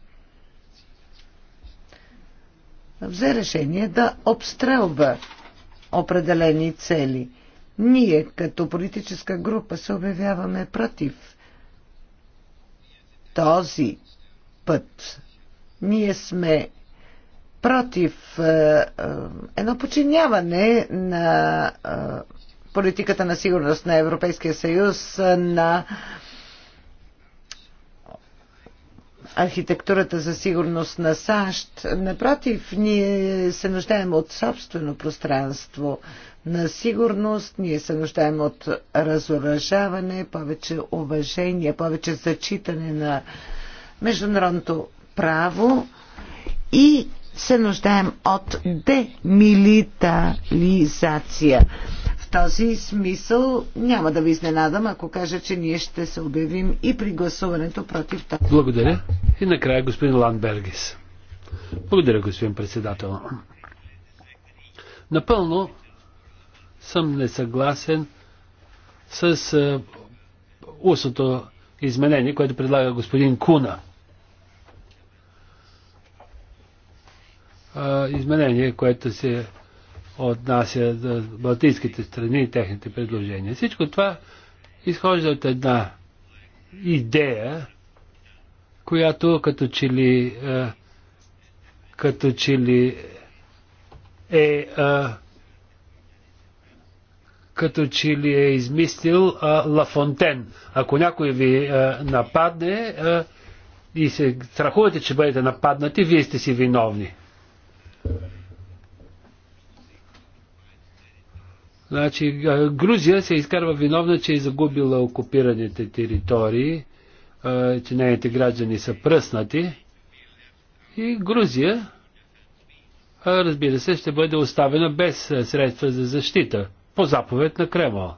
S3: взе решение да обстрелва определени цели. Ние като политическа група се обявяваме против този път. Ние сме против е, е, едно подчиняване на е, политиката на сигурност на Европейския съюз на е, архитектурата за сигурност на САЩ. Напротив, ние се нуждаем от собствено пространство на сигурност, ние се нуждаем от разоръжаване, повече уважение, повече зачитане на международното право и се нуждаем от демилитализация този смисъл няма да ви изненадам, ако кажа, че ние ще се обявим и при гласуването
S2: против това. Благодаря. И накрая господин Ландбергис. Благодаря, господин председател. Напълно съм несъгласен с е, устното изменение, което предлага господин Куна. Е, изменение, което се отнася за балтийските страни и техните предложения. Всичко това изхожда от една идея, която като че ли, е, като че ли е, е като че ли е измислил а, е, Лафонтен. Ако някой ви а, нападне а, и се страхувате, че бъдете нападнати, вие сте си виновни. Значи, Грузия се изкарва виновна, че е загубила окупираните територии, че нейните граждани са пръснати. И Грузия, разбира се, ще бъде оставена без средства за защита, по заповед на Кремъл.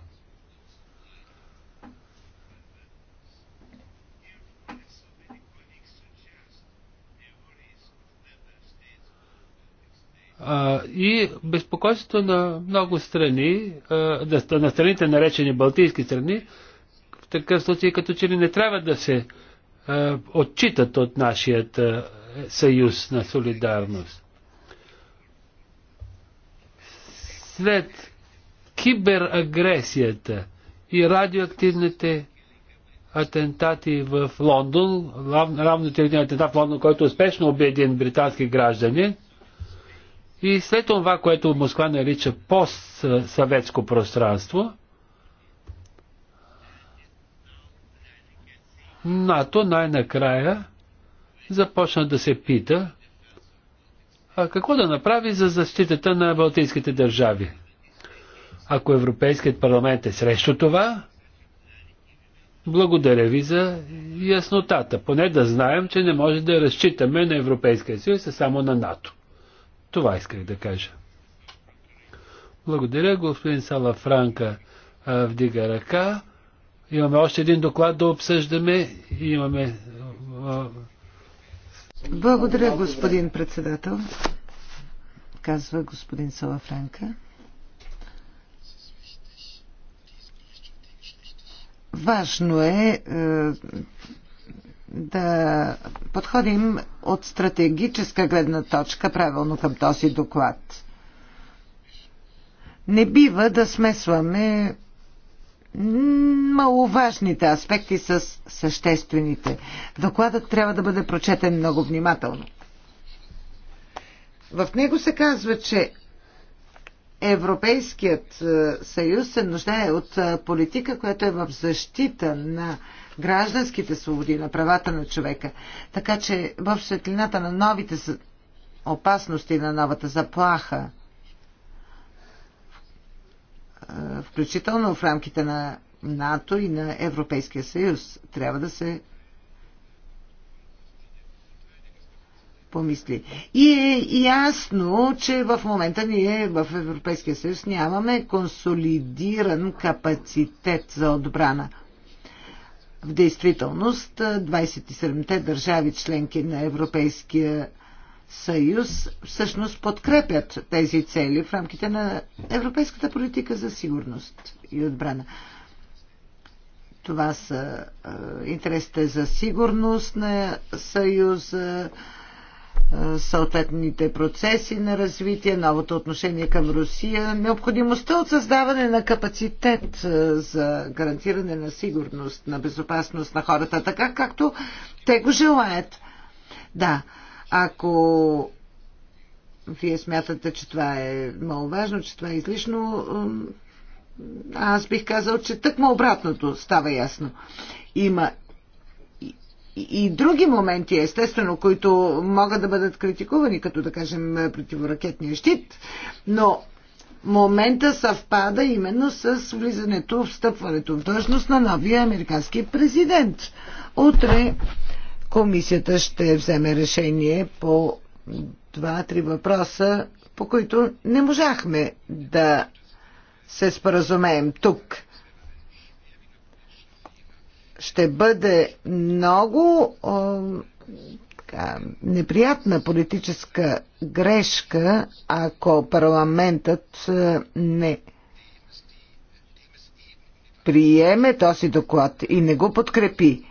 S2: А, и безпокойството на много страни, а, на страните наречени Балтийски страни, в такъв случай като че ли не трябва да се а, отчитат от нашият съюз на солидарност. След киберагресията и радиоактивните атентати в Лондон, равно термин атентат в Лондон, който успешно обеден британски граждани, и след това, което Москва нарича постсъветско пространство, НАТО най-накрая започна да се пита а какво да направи за защитата на балтийските държави. Ако Европейският парламент е срещу това, благодаря ви за яснотата. Поне да знаем, че не може да разчитаме на Европейския съюз, а само на НАТО. Това исках да кажа. Благодаря, господин Салафранка. Вдига ръка. Имаме още един доклад да обсъждаме. Имаме. Благодаря, господин
S3: председател. Казва господин Салафранка. Важно е, е да подходим от стратегическа гледна точка правилно към този доклад. Не бива да смесваме маловажните аспекти с съществените. Докладът трябва да бъде прочетен много внимателно. В него се казва, че Европейският е, съюз се нуждае от е, политика, която е в защита на гражданските свободи, на правата на човека. Така че в светлината на новите опасности, на новата заплаха, включително в рамките на НАТО и на Европейския съюз, трябва да се помисли. И е ясно, че в момента ние в Европейския съюз нямаме консолидиран капацитет за отбрана – в действителност 27-те държави членки на Европейския съюз всъщност подкрепят тези цели в рамките на европейската политика за сигурност и отбрана. Това са интересите за сигурност на Съюза, съответните процеси на развитие, новото отношение към Русия, необходимостта от създаване на капацитет за гарантиране на сигурност, на безопасност на хората, така както те го желаят. Да, ако вие смятате, че това е много важно, че това е излишно, аз бих казал, че тъкмо обратното става ясно. Има и други моменти, естествено, които могат да бъдат критикувани, като да кажем противоракетния щит, но момента съвпада именно с влизането, встъпването в длъжност на новия американски президент. Утре комисията ще вземе решение по два-три въпроса, по които не можахме да се споразумеем тук ще бъде много така, неприятна политическа грешка, ако парламентът не приеме този доклад и не го подкрепи.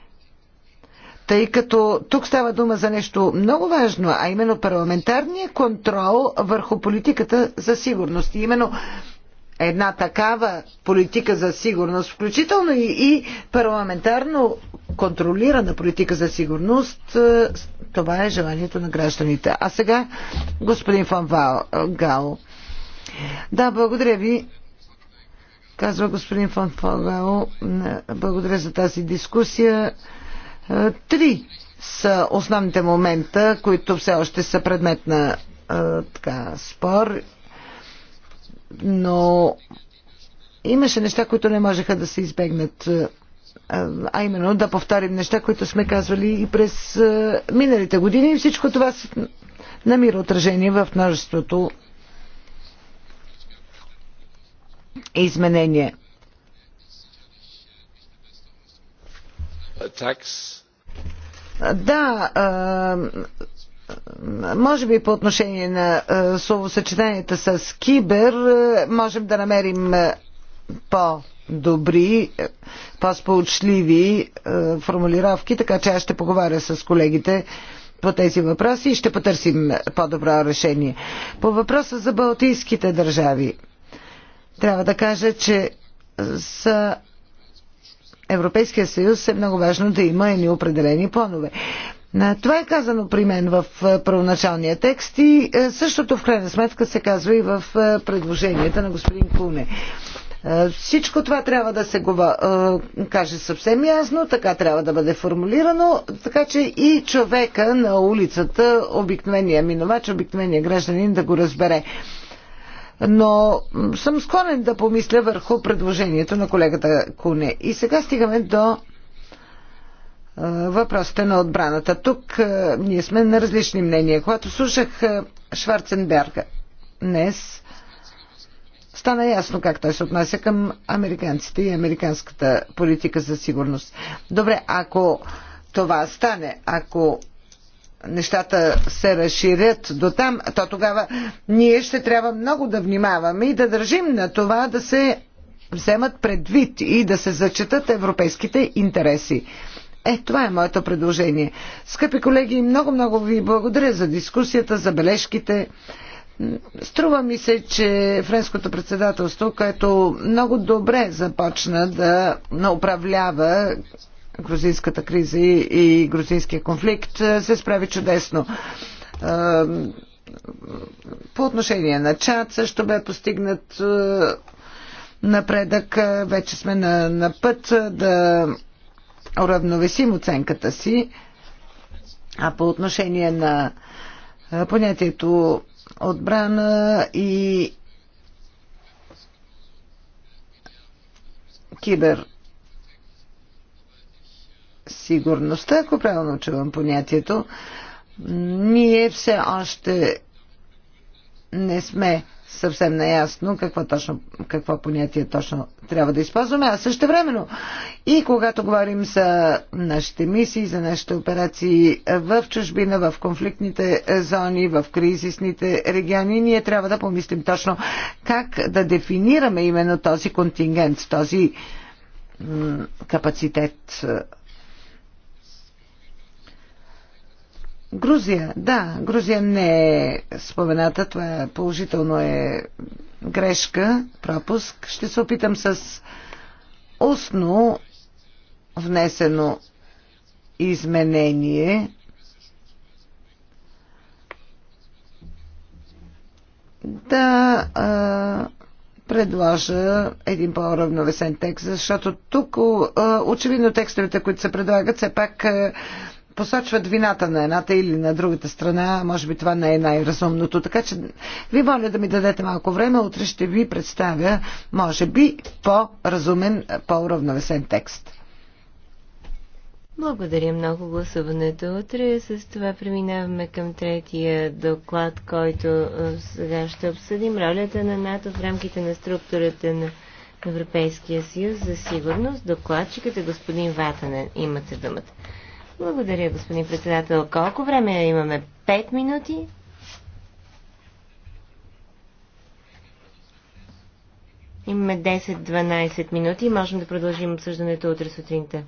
S3: Тъй като тук става дума за нещо много важно, а именно парламентарния контрол върху политиката за сигурност. И именно една такава политика за сигурност, включително и, и парламентарно контролирана политика за сигурност, е, това е желанието на гражданите. А сега господин Фан е, Гал. Да, благодаря ви. Казва господин Фан Фагал. Благодаря за тази дискусия. Е, три са основните момента, които все още са предмет на така, спор но имаше неща, които не можеха да се избегнат. Е, а именно да повторим неща, които сме казвали и през е, миналите години. И всичко това намира отражение в множеството изменения.
S1: Такс.
S3: Да, е, може би по отношение на е, словосъчетанията с кибер е, можем да намерим е, по-добри, по-сполучливи формулировки, така че аз ще поговаря с колегите по тези въпроси и ще потърсим по-добро решение. По въпроса за балтийските държави, трябва да кажа, че за Европейския съюз е много важно да има и определени планове. Това е казано при мен в е, първоначалния текст и е, същото в крайна сметка се казва и в е, предложенията на господин Куне. Всичко това трябва да се каже съвсем ясно, така трябва да бъде формулирано, така че и човека на улицата, обикновения минувач, обикновения гражданин да го разбере. Но съм склонен да помисля върху предложението на колегата Куне. И сега стигаме до въпросите на отбраната. Тук ние сме на различни мнения. Когато слушах Шварценберг днес, стана ясно как той се отнася към американците и американската политика за сигурност. Добре, ако това стане, ако нещата се разширят до там, то тогава ние ще трябва много да внимаваме и да държим на това да се вземат предвид и да се зачитат европейските интереси. Е, това е моето предложение. Скъпи колеги, много-много ви благодаря за дискусията, за бележките. Струва ми се, че френското председателство, което много добре започна да управлява грузинската криза и грузинския конфликт, се справи чудесно. По отношение на чат също бе постигнат напредък. Вече сме на, на път да уравновесим оценката си. А по отношение на понятието отбрана и кибер сигурността, ако правилно чувам понятието, ние все още не сме съвсем неясно какво, точно, какво понятие точно трябва да използваме. А също времено и когато говорим за нашите мисии, за нашите операции в чужбина, в конфликтните е, зони, в кризисните региони, ние трябва да помислим точно как да дефинираме именно този контингент, този капацитет е, Грузия, да, Грузия не е спомената, това положително е грешка, пропуск. Ще се опитам с устно внесено изменение. Да а, предложа един по-равновесен текст, защото тук а, очевидно текстовете, които се предлагат, все пак а, посочват вината на едната или на другата страна. Може би това не е най-разумното. Така че ви моля да ми дадете малко време. Утре ще ви представя, може би, по-разумен, по-уравновесен текст.
S4: Благодаря много гласуването утре. С това преминаваме към третия доклад, който е, сега ще обсъдим. Ролята на НАТО в рамките на структурата на Европейския съюз за сигурност. Докладчикът е господин Ватанен. Имате думата. Благодаря, господин председател. Колко време имаме? Пет минути? Имаме 10-12 минути и можем да продължим обсъждането утре сутринта.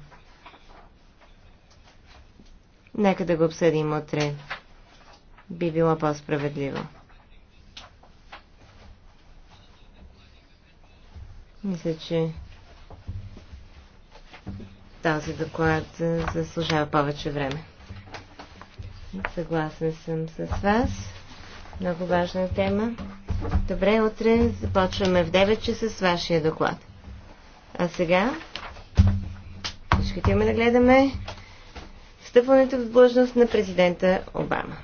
S4: Нека да го обсъдим утре. Би било по-справедливо. Мисля, че този доклад е, заслужава повече време. Съгласен съм с вас. Много важна тема. Добре, утре започваме в 9 часа с вашия доклад. А сега ще отиваме да гледаме встъпването в длъжност на президента Обама.